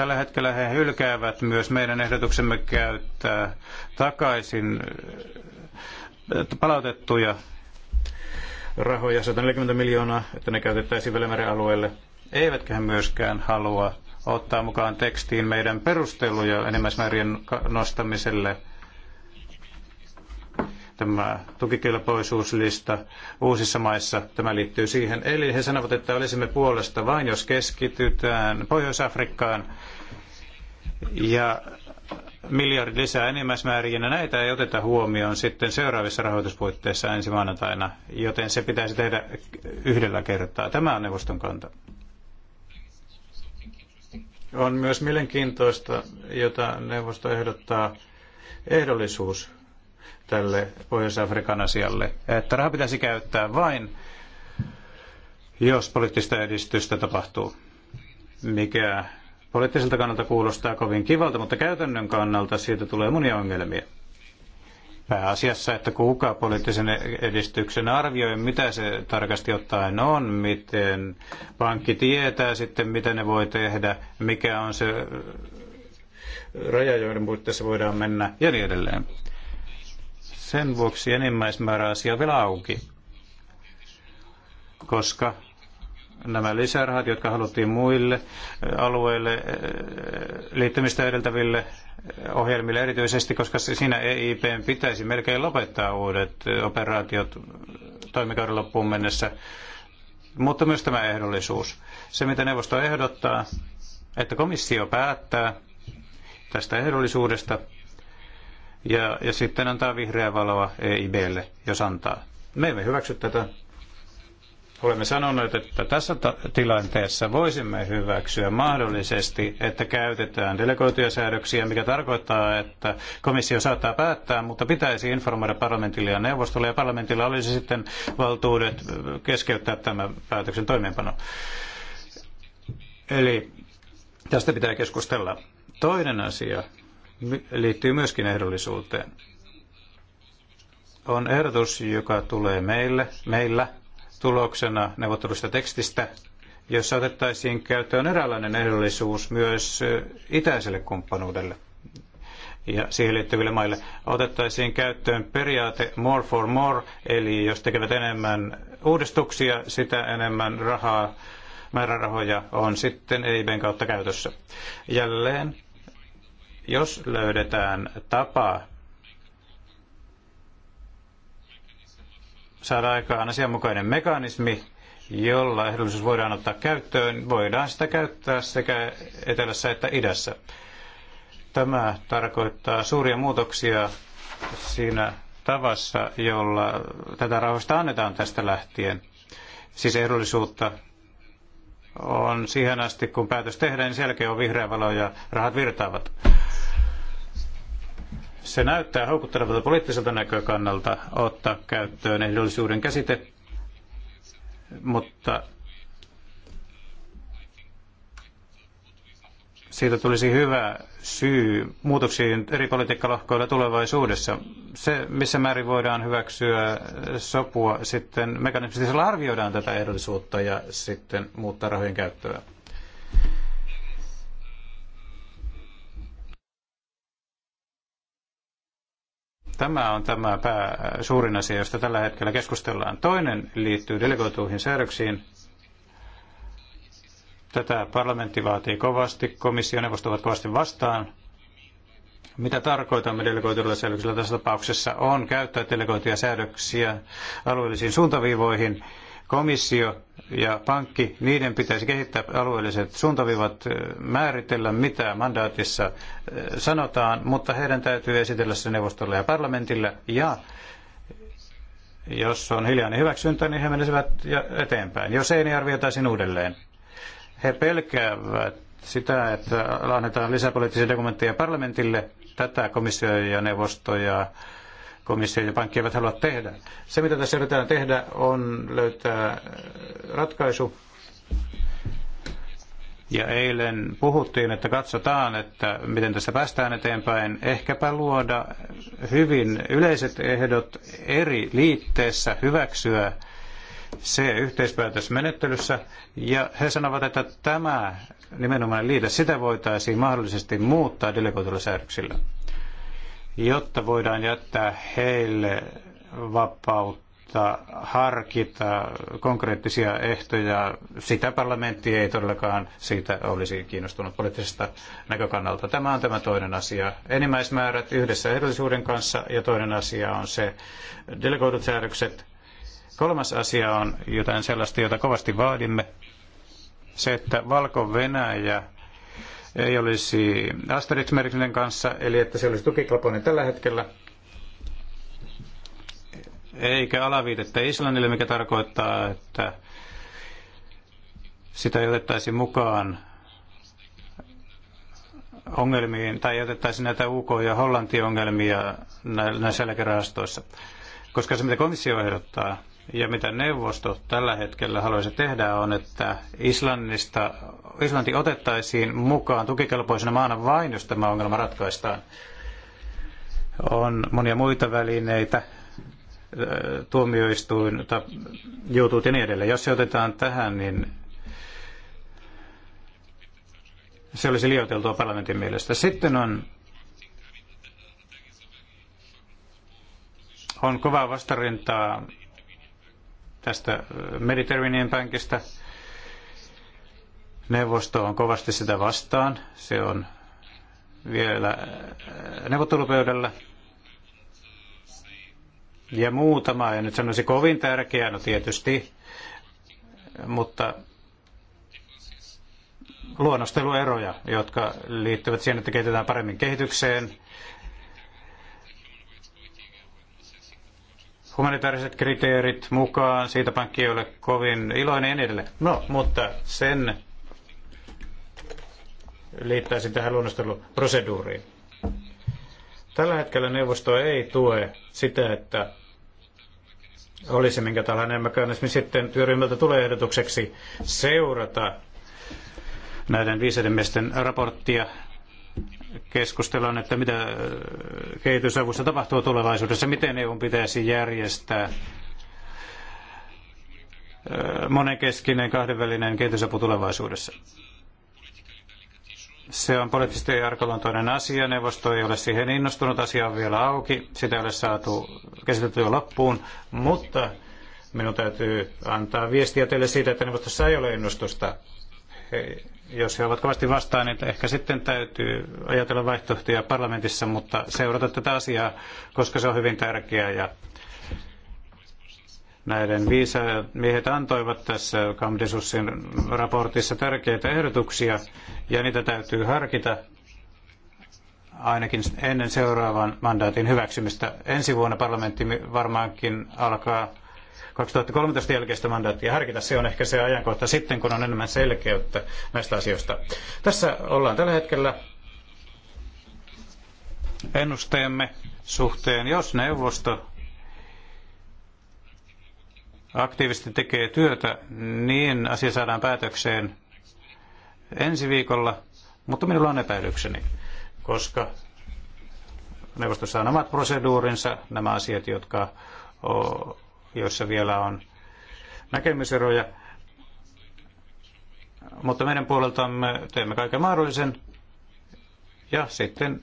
Tällä hetkellä he hylkäävät myös meidän ehdotuksemme käyttää takaisin äh, palautettuja rahoja, 140 miljoonaa, että ne käytettäisiin Välimeren alueelle. Eivätkä he myöskään halua ottaa mukaan tekstiin meidän perusteluja enimmäismäärien nostamiselle – tämä tukikelpoisuuslista uusissa maissa. Tämä liittyy siihen. Eli he sanovat, että olisimme puolesta vain, jos keskitytään Pohjois-Afrikkaan ja miljardi lisää enimmäismääriin, ja näitä ei oteta huomioon sitten seuraavissa rahoituspuitteissa ensi maanantaina, joten se pitäisi tehdä yhdellä kertaa. Tämä on neuvoston kanta. On myös mielenkiintoista, jota neuvosto ehdottaa ehdollisuus tälle Pohjois-Afrikan asialle, että raha pitäisi käyttää vain, jos poliittista edistystä tapahtuu, mikä poliittiselta kannalta kuulostaa kovin kivalta, mutta käytännön kannalta siitä tulee monia ongelmia. Pääasiassa, että kuka poliittisen edistyksen arvioi, mitä se tarkasti ottaen on, miten pankki tietää sitten, mitä ne voi tehdä, mikä on se raja, joiden puitteissa voidaan mennä ja niin edelleen. Sen vuoksi enimmäismäärä asia vielä auki, koska nämä lisärahat, jotka haluttiin muille äh, alueille äh, liittymistä edeltäville äh, ohjelmille erityisesti, koska siinä EIP pitäisi melkein lopettaa uudet operaatiot toimikauden loppuun mennessä, mutta myös tämä ehdollisuus. Se, mitä neuvosto ehdottaa, että komissio päättää tästä ehdollisuudesta – ja, ja sitten antaa vihreää valoa EIBlle, jos antaa. Me emme hyväksy tätä. Olemme sanoneet, että tässä tilanteessa voisimme hyväksyä mahdollisesti, että käytetään delegoituja säädöksiä, mikä tarkoittaa, että komissio saattaa päättää, mutta pitäisi informoida parlamentille ja neuvostolle, ja parlamentilla olisi sitten valtuudet keskeyttää tämä päätöksen toimeenpano. Eli tästä pitää keskustella. Toinen asia, liittyy myöskin ehdollisuuteen. On ehdotus, joka tulee meille, meillä tuloksena neuvottelusta tekstistä, jossa otettaisiin käyttöön eräänlainen ehdollisuus myös itäiselle kumppanuudelle ja siihen liittyville maille. Otettaisiin käyttöön periaate more for more, eli jos tekevät enemmän uudistuksia, sitä enemmän rahaa, määrärahoja on sitten EIBn kautta käytössä. Jälleen jos löydetään tapa saada aikaan asianmukainen mekanismi, jolla ehdollisuus voidaan ottaa käyttöön, voidaan sitä käyttää sekä etelässä että idässä. Tämä tarkoittaa suuria muutoksia siinä tavassa, jolla tätä rahoista annetaan tästä lähtien. Siis ehdollisuutta on siihen asti, kun päätös tehdään, niin selkeä on vihreä valo ja rahat virtaavat. Se näyttää houkuttelevalta poliittiselta näkökannalta ottaa käyttöön ehdollisuuden käsite, mutta siitä tulisi hyvä syy muutoksiin eri politiikkalohkoilla tulevaisuudessa. Se, missä määrin voidaan hyväksyä sopua sitten mekanismisella arvioidaan tätä ehdollisuutta ja sitten muuttaa rahojen käyttöä. Tämä on tämä pää, suurin asia, josta tällä hetkellä keskustellaan. Toinen liittyy delegoituihin säädöksiin. Tätä parlamentti vaatii kovasti, komissioneuvosto ovat kovasti vastaan. Mitä tarkoitamme delegoidulla säädöksellä tässä tapauksessa on käyttää delegoituja säädöksiä alueellisiin suuntaviivoihin. Komissio ja pankki, niiden pitäisi kehittää alueelliset suuntaviivat, määritellä mitä mandaatissa sanotaan, mutta heidän täytyy esitellä se neuvostolle ja parlamentille ja jos on hiljainen hyväksyntä, niin he menisivät eteenpäin. Jos ei, niin arvioitaisiin uudelleen he pelkäävät sitä, että annetaan lisäpoliittisia dokumentteja parlamentille. Tätä komissio ja neuvosto ja komissio ja pankki eivät halua tehdä. Se, mitä tässä yritetään tehdä, on löytää ratkaisu. Ja eilen puhuttiin, että katsotaan, että miten tässä päästään eteenpäin. Ehkäpä luoda hyvin yleiset ehdot eri liitteessä hyväksyä se yhteispäätösmenettelyssä. Ja he sanovat, että tämä nimenomaan liite, sitä voitaisiin mahdollisesti muuttaa delegoituilla säädöksillä, jotta voidaan jättää heille vapautta harkita konkreettisia ehtoja. Sitä parlamentti ei todellakaan siitä olisi kiinnostunut poliittisesta näkökannalta. Tämä on tämä toinen asia. Enimmäismäärät yhdessä ehdollisuuden kanssa ja toinen asia on se delegoidut säädökset, Kolmas asia on jotain sellaista, jota kovasti vaadimme. Se, että Valko-Venäjä ei olisi asterix kanssa, eli että se olisi tukikelpoinen tällä hetkellä, eikä alaviitettä Islannille, mikä tarkoittaa, että sitä ei otettaisi mukaan ongelmiin, tai ei otettaisi näitä UK- ja Hollanti-ongelmia näissä eläkerahastoissa. Koska se, mitä komissio ehdottaa, ja mitä neuvosto tällä hetkellä haluaisi tehdä on, että Islannista, Islanti otettaisiin mukaan tukikelpoisena maana vain, jos tämä ongelma ratkaistaan. On monia muita välineitä, tuomioistuin, jutut ja niin edelleen. Jos se otetaan tähän, niin se olisi liioiteltua parlamentin mielestä. Sitten on, on kovaa vastarintaa tästä Mediterranean Bankista. Neuvosto on kovasti sitä vastaan. Se on vielä neuvottelupöydällä. Ja muutama, en nyt sanoisi kovin tärkeää, no tietysti, mutta luonnostelueroja, jotka liittyvät siihen, että kehitetään paremmin kehitykseen, humanitaariset kriteerit mukaan, siitä pankki ei ole kovin iloinen niin edelleen. No, mutta sen liittäisin tähän luonnosteluproseduuriin. Tällä hetkellä neuvosto ei tue sitä, että olisi minkä tällainen mekanismi sitten työryhmältä tulee ehdotukseksi seurata näiden viisaiden miesten raporttia keskustellaan, että mitä äh, kehitysavussa tapahtuu tulevaisuudessa, miten EU pitäisi järjestää äh, monenkeskinen kahdenvälinen kehitysapu tulevaisuudessa. Se on poliittisesti arkaluontoinen asia. Neuvosto ei ole siihen innostunut. Asia on vielä auki. Sitä ei ole saatu käsiteltyä loppuun. Mutta minun täytyy antaa viestiä teille siitä, että neuvostossa ei ole innostusta. Hei. Jos he ovat kovasti vastaan, niin ehkä sitten täytyy ajatella vaihtoehtoja parlamentissa, mutta seurata tätä asiaa, koska se on hyvin tärkeää. Ja näiden viisaat miehet antoivat tässä Kamdisussin raportissa tärkeitä ehdotuksia, ja niitä täytyy harkita ainakin ennen seuraavan mandaatin hyväksymistä. Ensi vuonna parlamentti varmaankin alkaa 2013 jälkeistä mandaattia harkita. Se on ehkä se ajankohta sitten, kun on enemmän selkeyttä näistä asioista. Tässä ollaan tällä hetkellä ennusteemme suhteen, jos neuvosto aktiivisesti tekee työtä, niin asia saadaan päätökseen ensi viikolla, mutta minulla on epäilykseni, koska neuvostossa on omat proseduurinsa, nämä asiat, jotka joissa vielä on näkemyseroja. Mutta meidän puoleltamme teemme kaiken mahdollisen ja sitten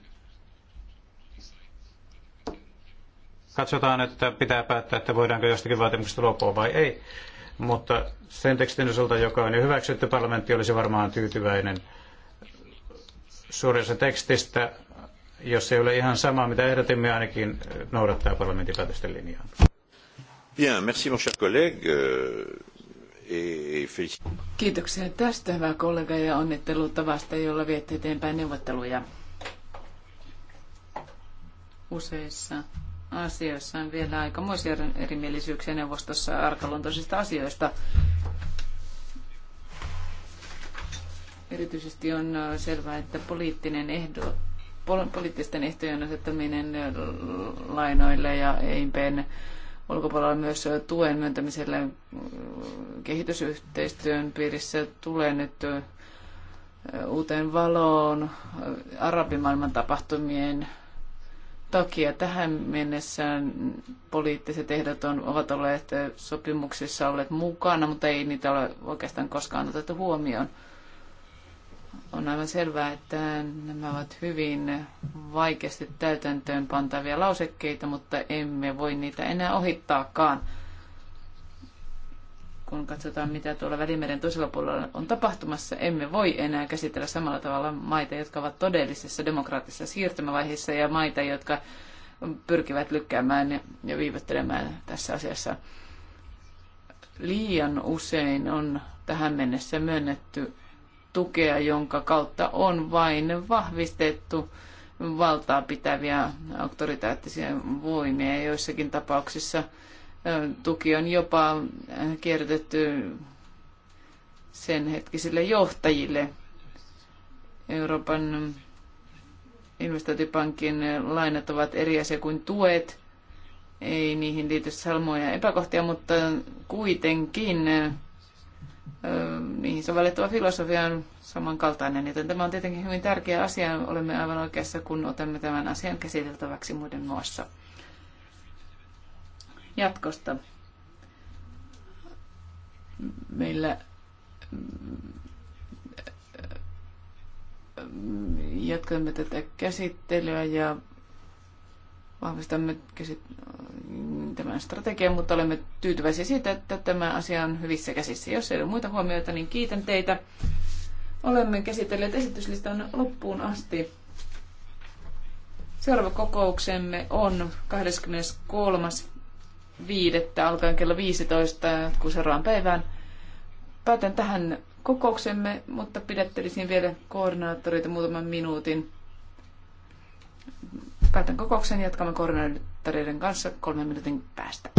katsotaan, että pitää päättää, että voidaanko jostakin vaatimuksesta luopua vai ei. Mutta sen tekstin osalta, joka on jo hyväksytty, parlamentti olisi varmaan tyytyväinen suuressa tekstistä, jos ei ole ihan sama, mitä ehdotimme, ainakin noudattaa parlamentin päätösten linjaa. Bien, merci mon cher collègue. Euh, Kiitoksia tästä, hyvä kollega, ja onnittelut tavasta, jolla viette eteenpäin neuvotteluja. Useissa asioissa on vielä aikamoisia erimielisyyksiä neuvostossa arkaluontoisista asioista. Erityisesti on äh, selvää, että poliittinen ehdo, poliittisten ehtojen asettaminen äh, lainoille ja EIMPn ulkopuolella myös tuen myöntämiselle kehitysyhteistyön piirissä tulee nyt uuteen valoon arabimaailman tapahtumien takia tähän mennessä poliittiset ehdot on, ovat olleet sopimuksissa olleet mukana, mutta ei niitä ole oikeastaan koskaan otettu huomioon. On aivan selvää, että nämä ovat hyvin vaikeasti täytäntöön pantavia lausekkeita, mutta emme voi niitä enää ohittaakaan. Kun katsotaan, mitä tuolla Välimeren toisella puolella on tapahtumassa, emme voi enää käsitellä samalla tavalla maita, jotka ovat todellisessa demokraattisessa siirtymävaiheessa ja maita, jotka pyrkivät lykkäämään ja viivyttelemään tässä asiassa. Liian usein on tähän mennessä myönnetty tukea, jonka kautta on vain vahvistettu valtaa pitäviä auktoritaattisia voimia. Joissakin tapauksissa tuki on jopa äh, kierrätetty sen hetkisille johtajille. Euroopan investointipankin lainat ovat eri asia kuin tuet. Ei niihin liity salmoja epäkohtia, mutta kuitenkin niihin sovellettava filosofia on samankaltainen, joten tämä on tietenkin hyvin tärkeä asia. Olemme aivan oikeassa, kun otamme tämän asian käsiteltäväksi muiden muassa. Jatkosta. Meillä jatkamme tätä käsittelyä ja vahvistamme tämän strategian, mutta olemme tyytyväisiä siitä, että tämä asia on hyvissä käsissä. Jos ei ole muita huomioita, niin kiitän teitä. Olemme käsitelleet esityslistan loppuun asti. Seuraava kokouksemme on 23.5. alkaen kello 15 jatkuu seuraavaan päivään. Päätän tähän kokouksemme, mutta pidättelisin vielä koordinaattoreita muutaman minuutin Päätän kokouksen. Jatkamme koordinaattoreiden kanssa kolmen minuutin päästä.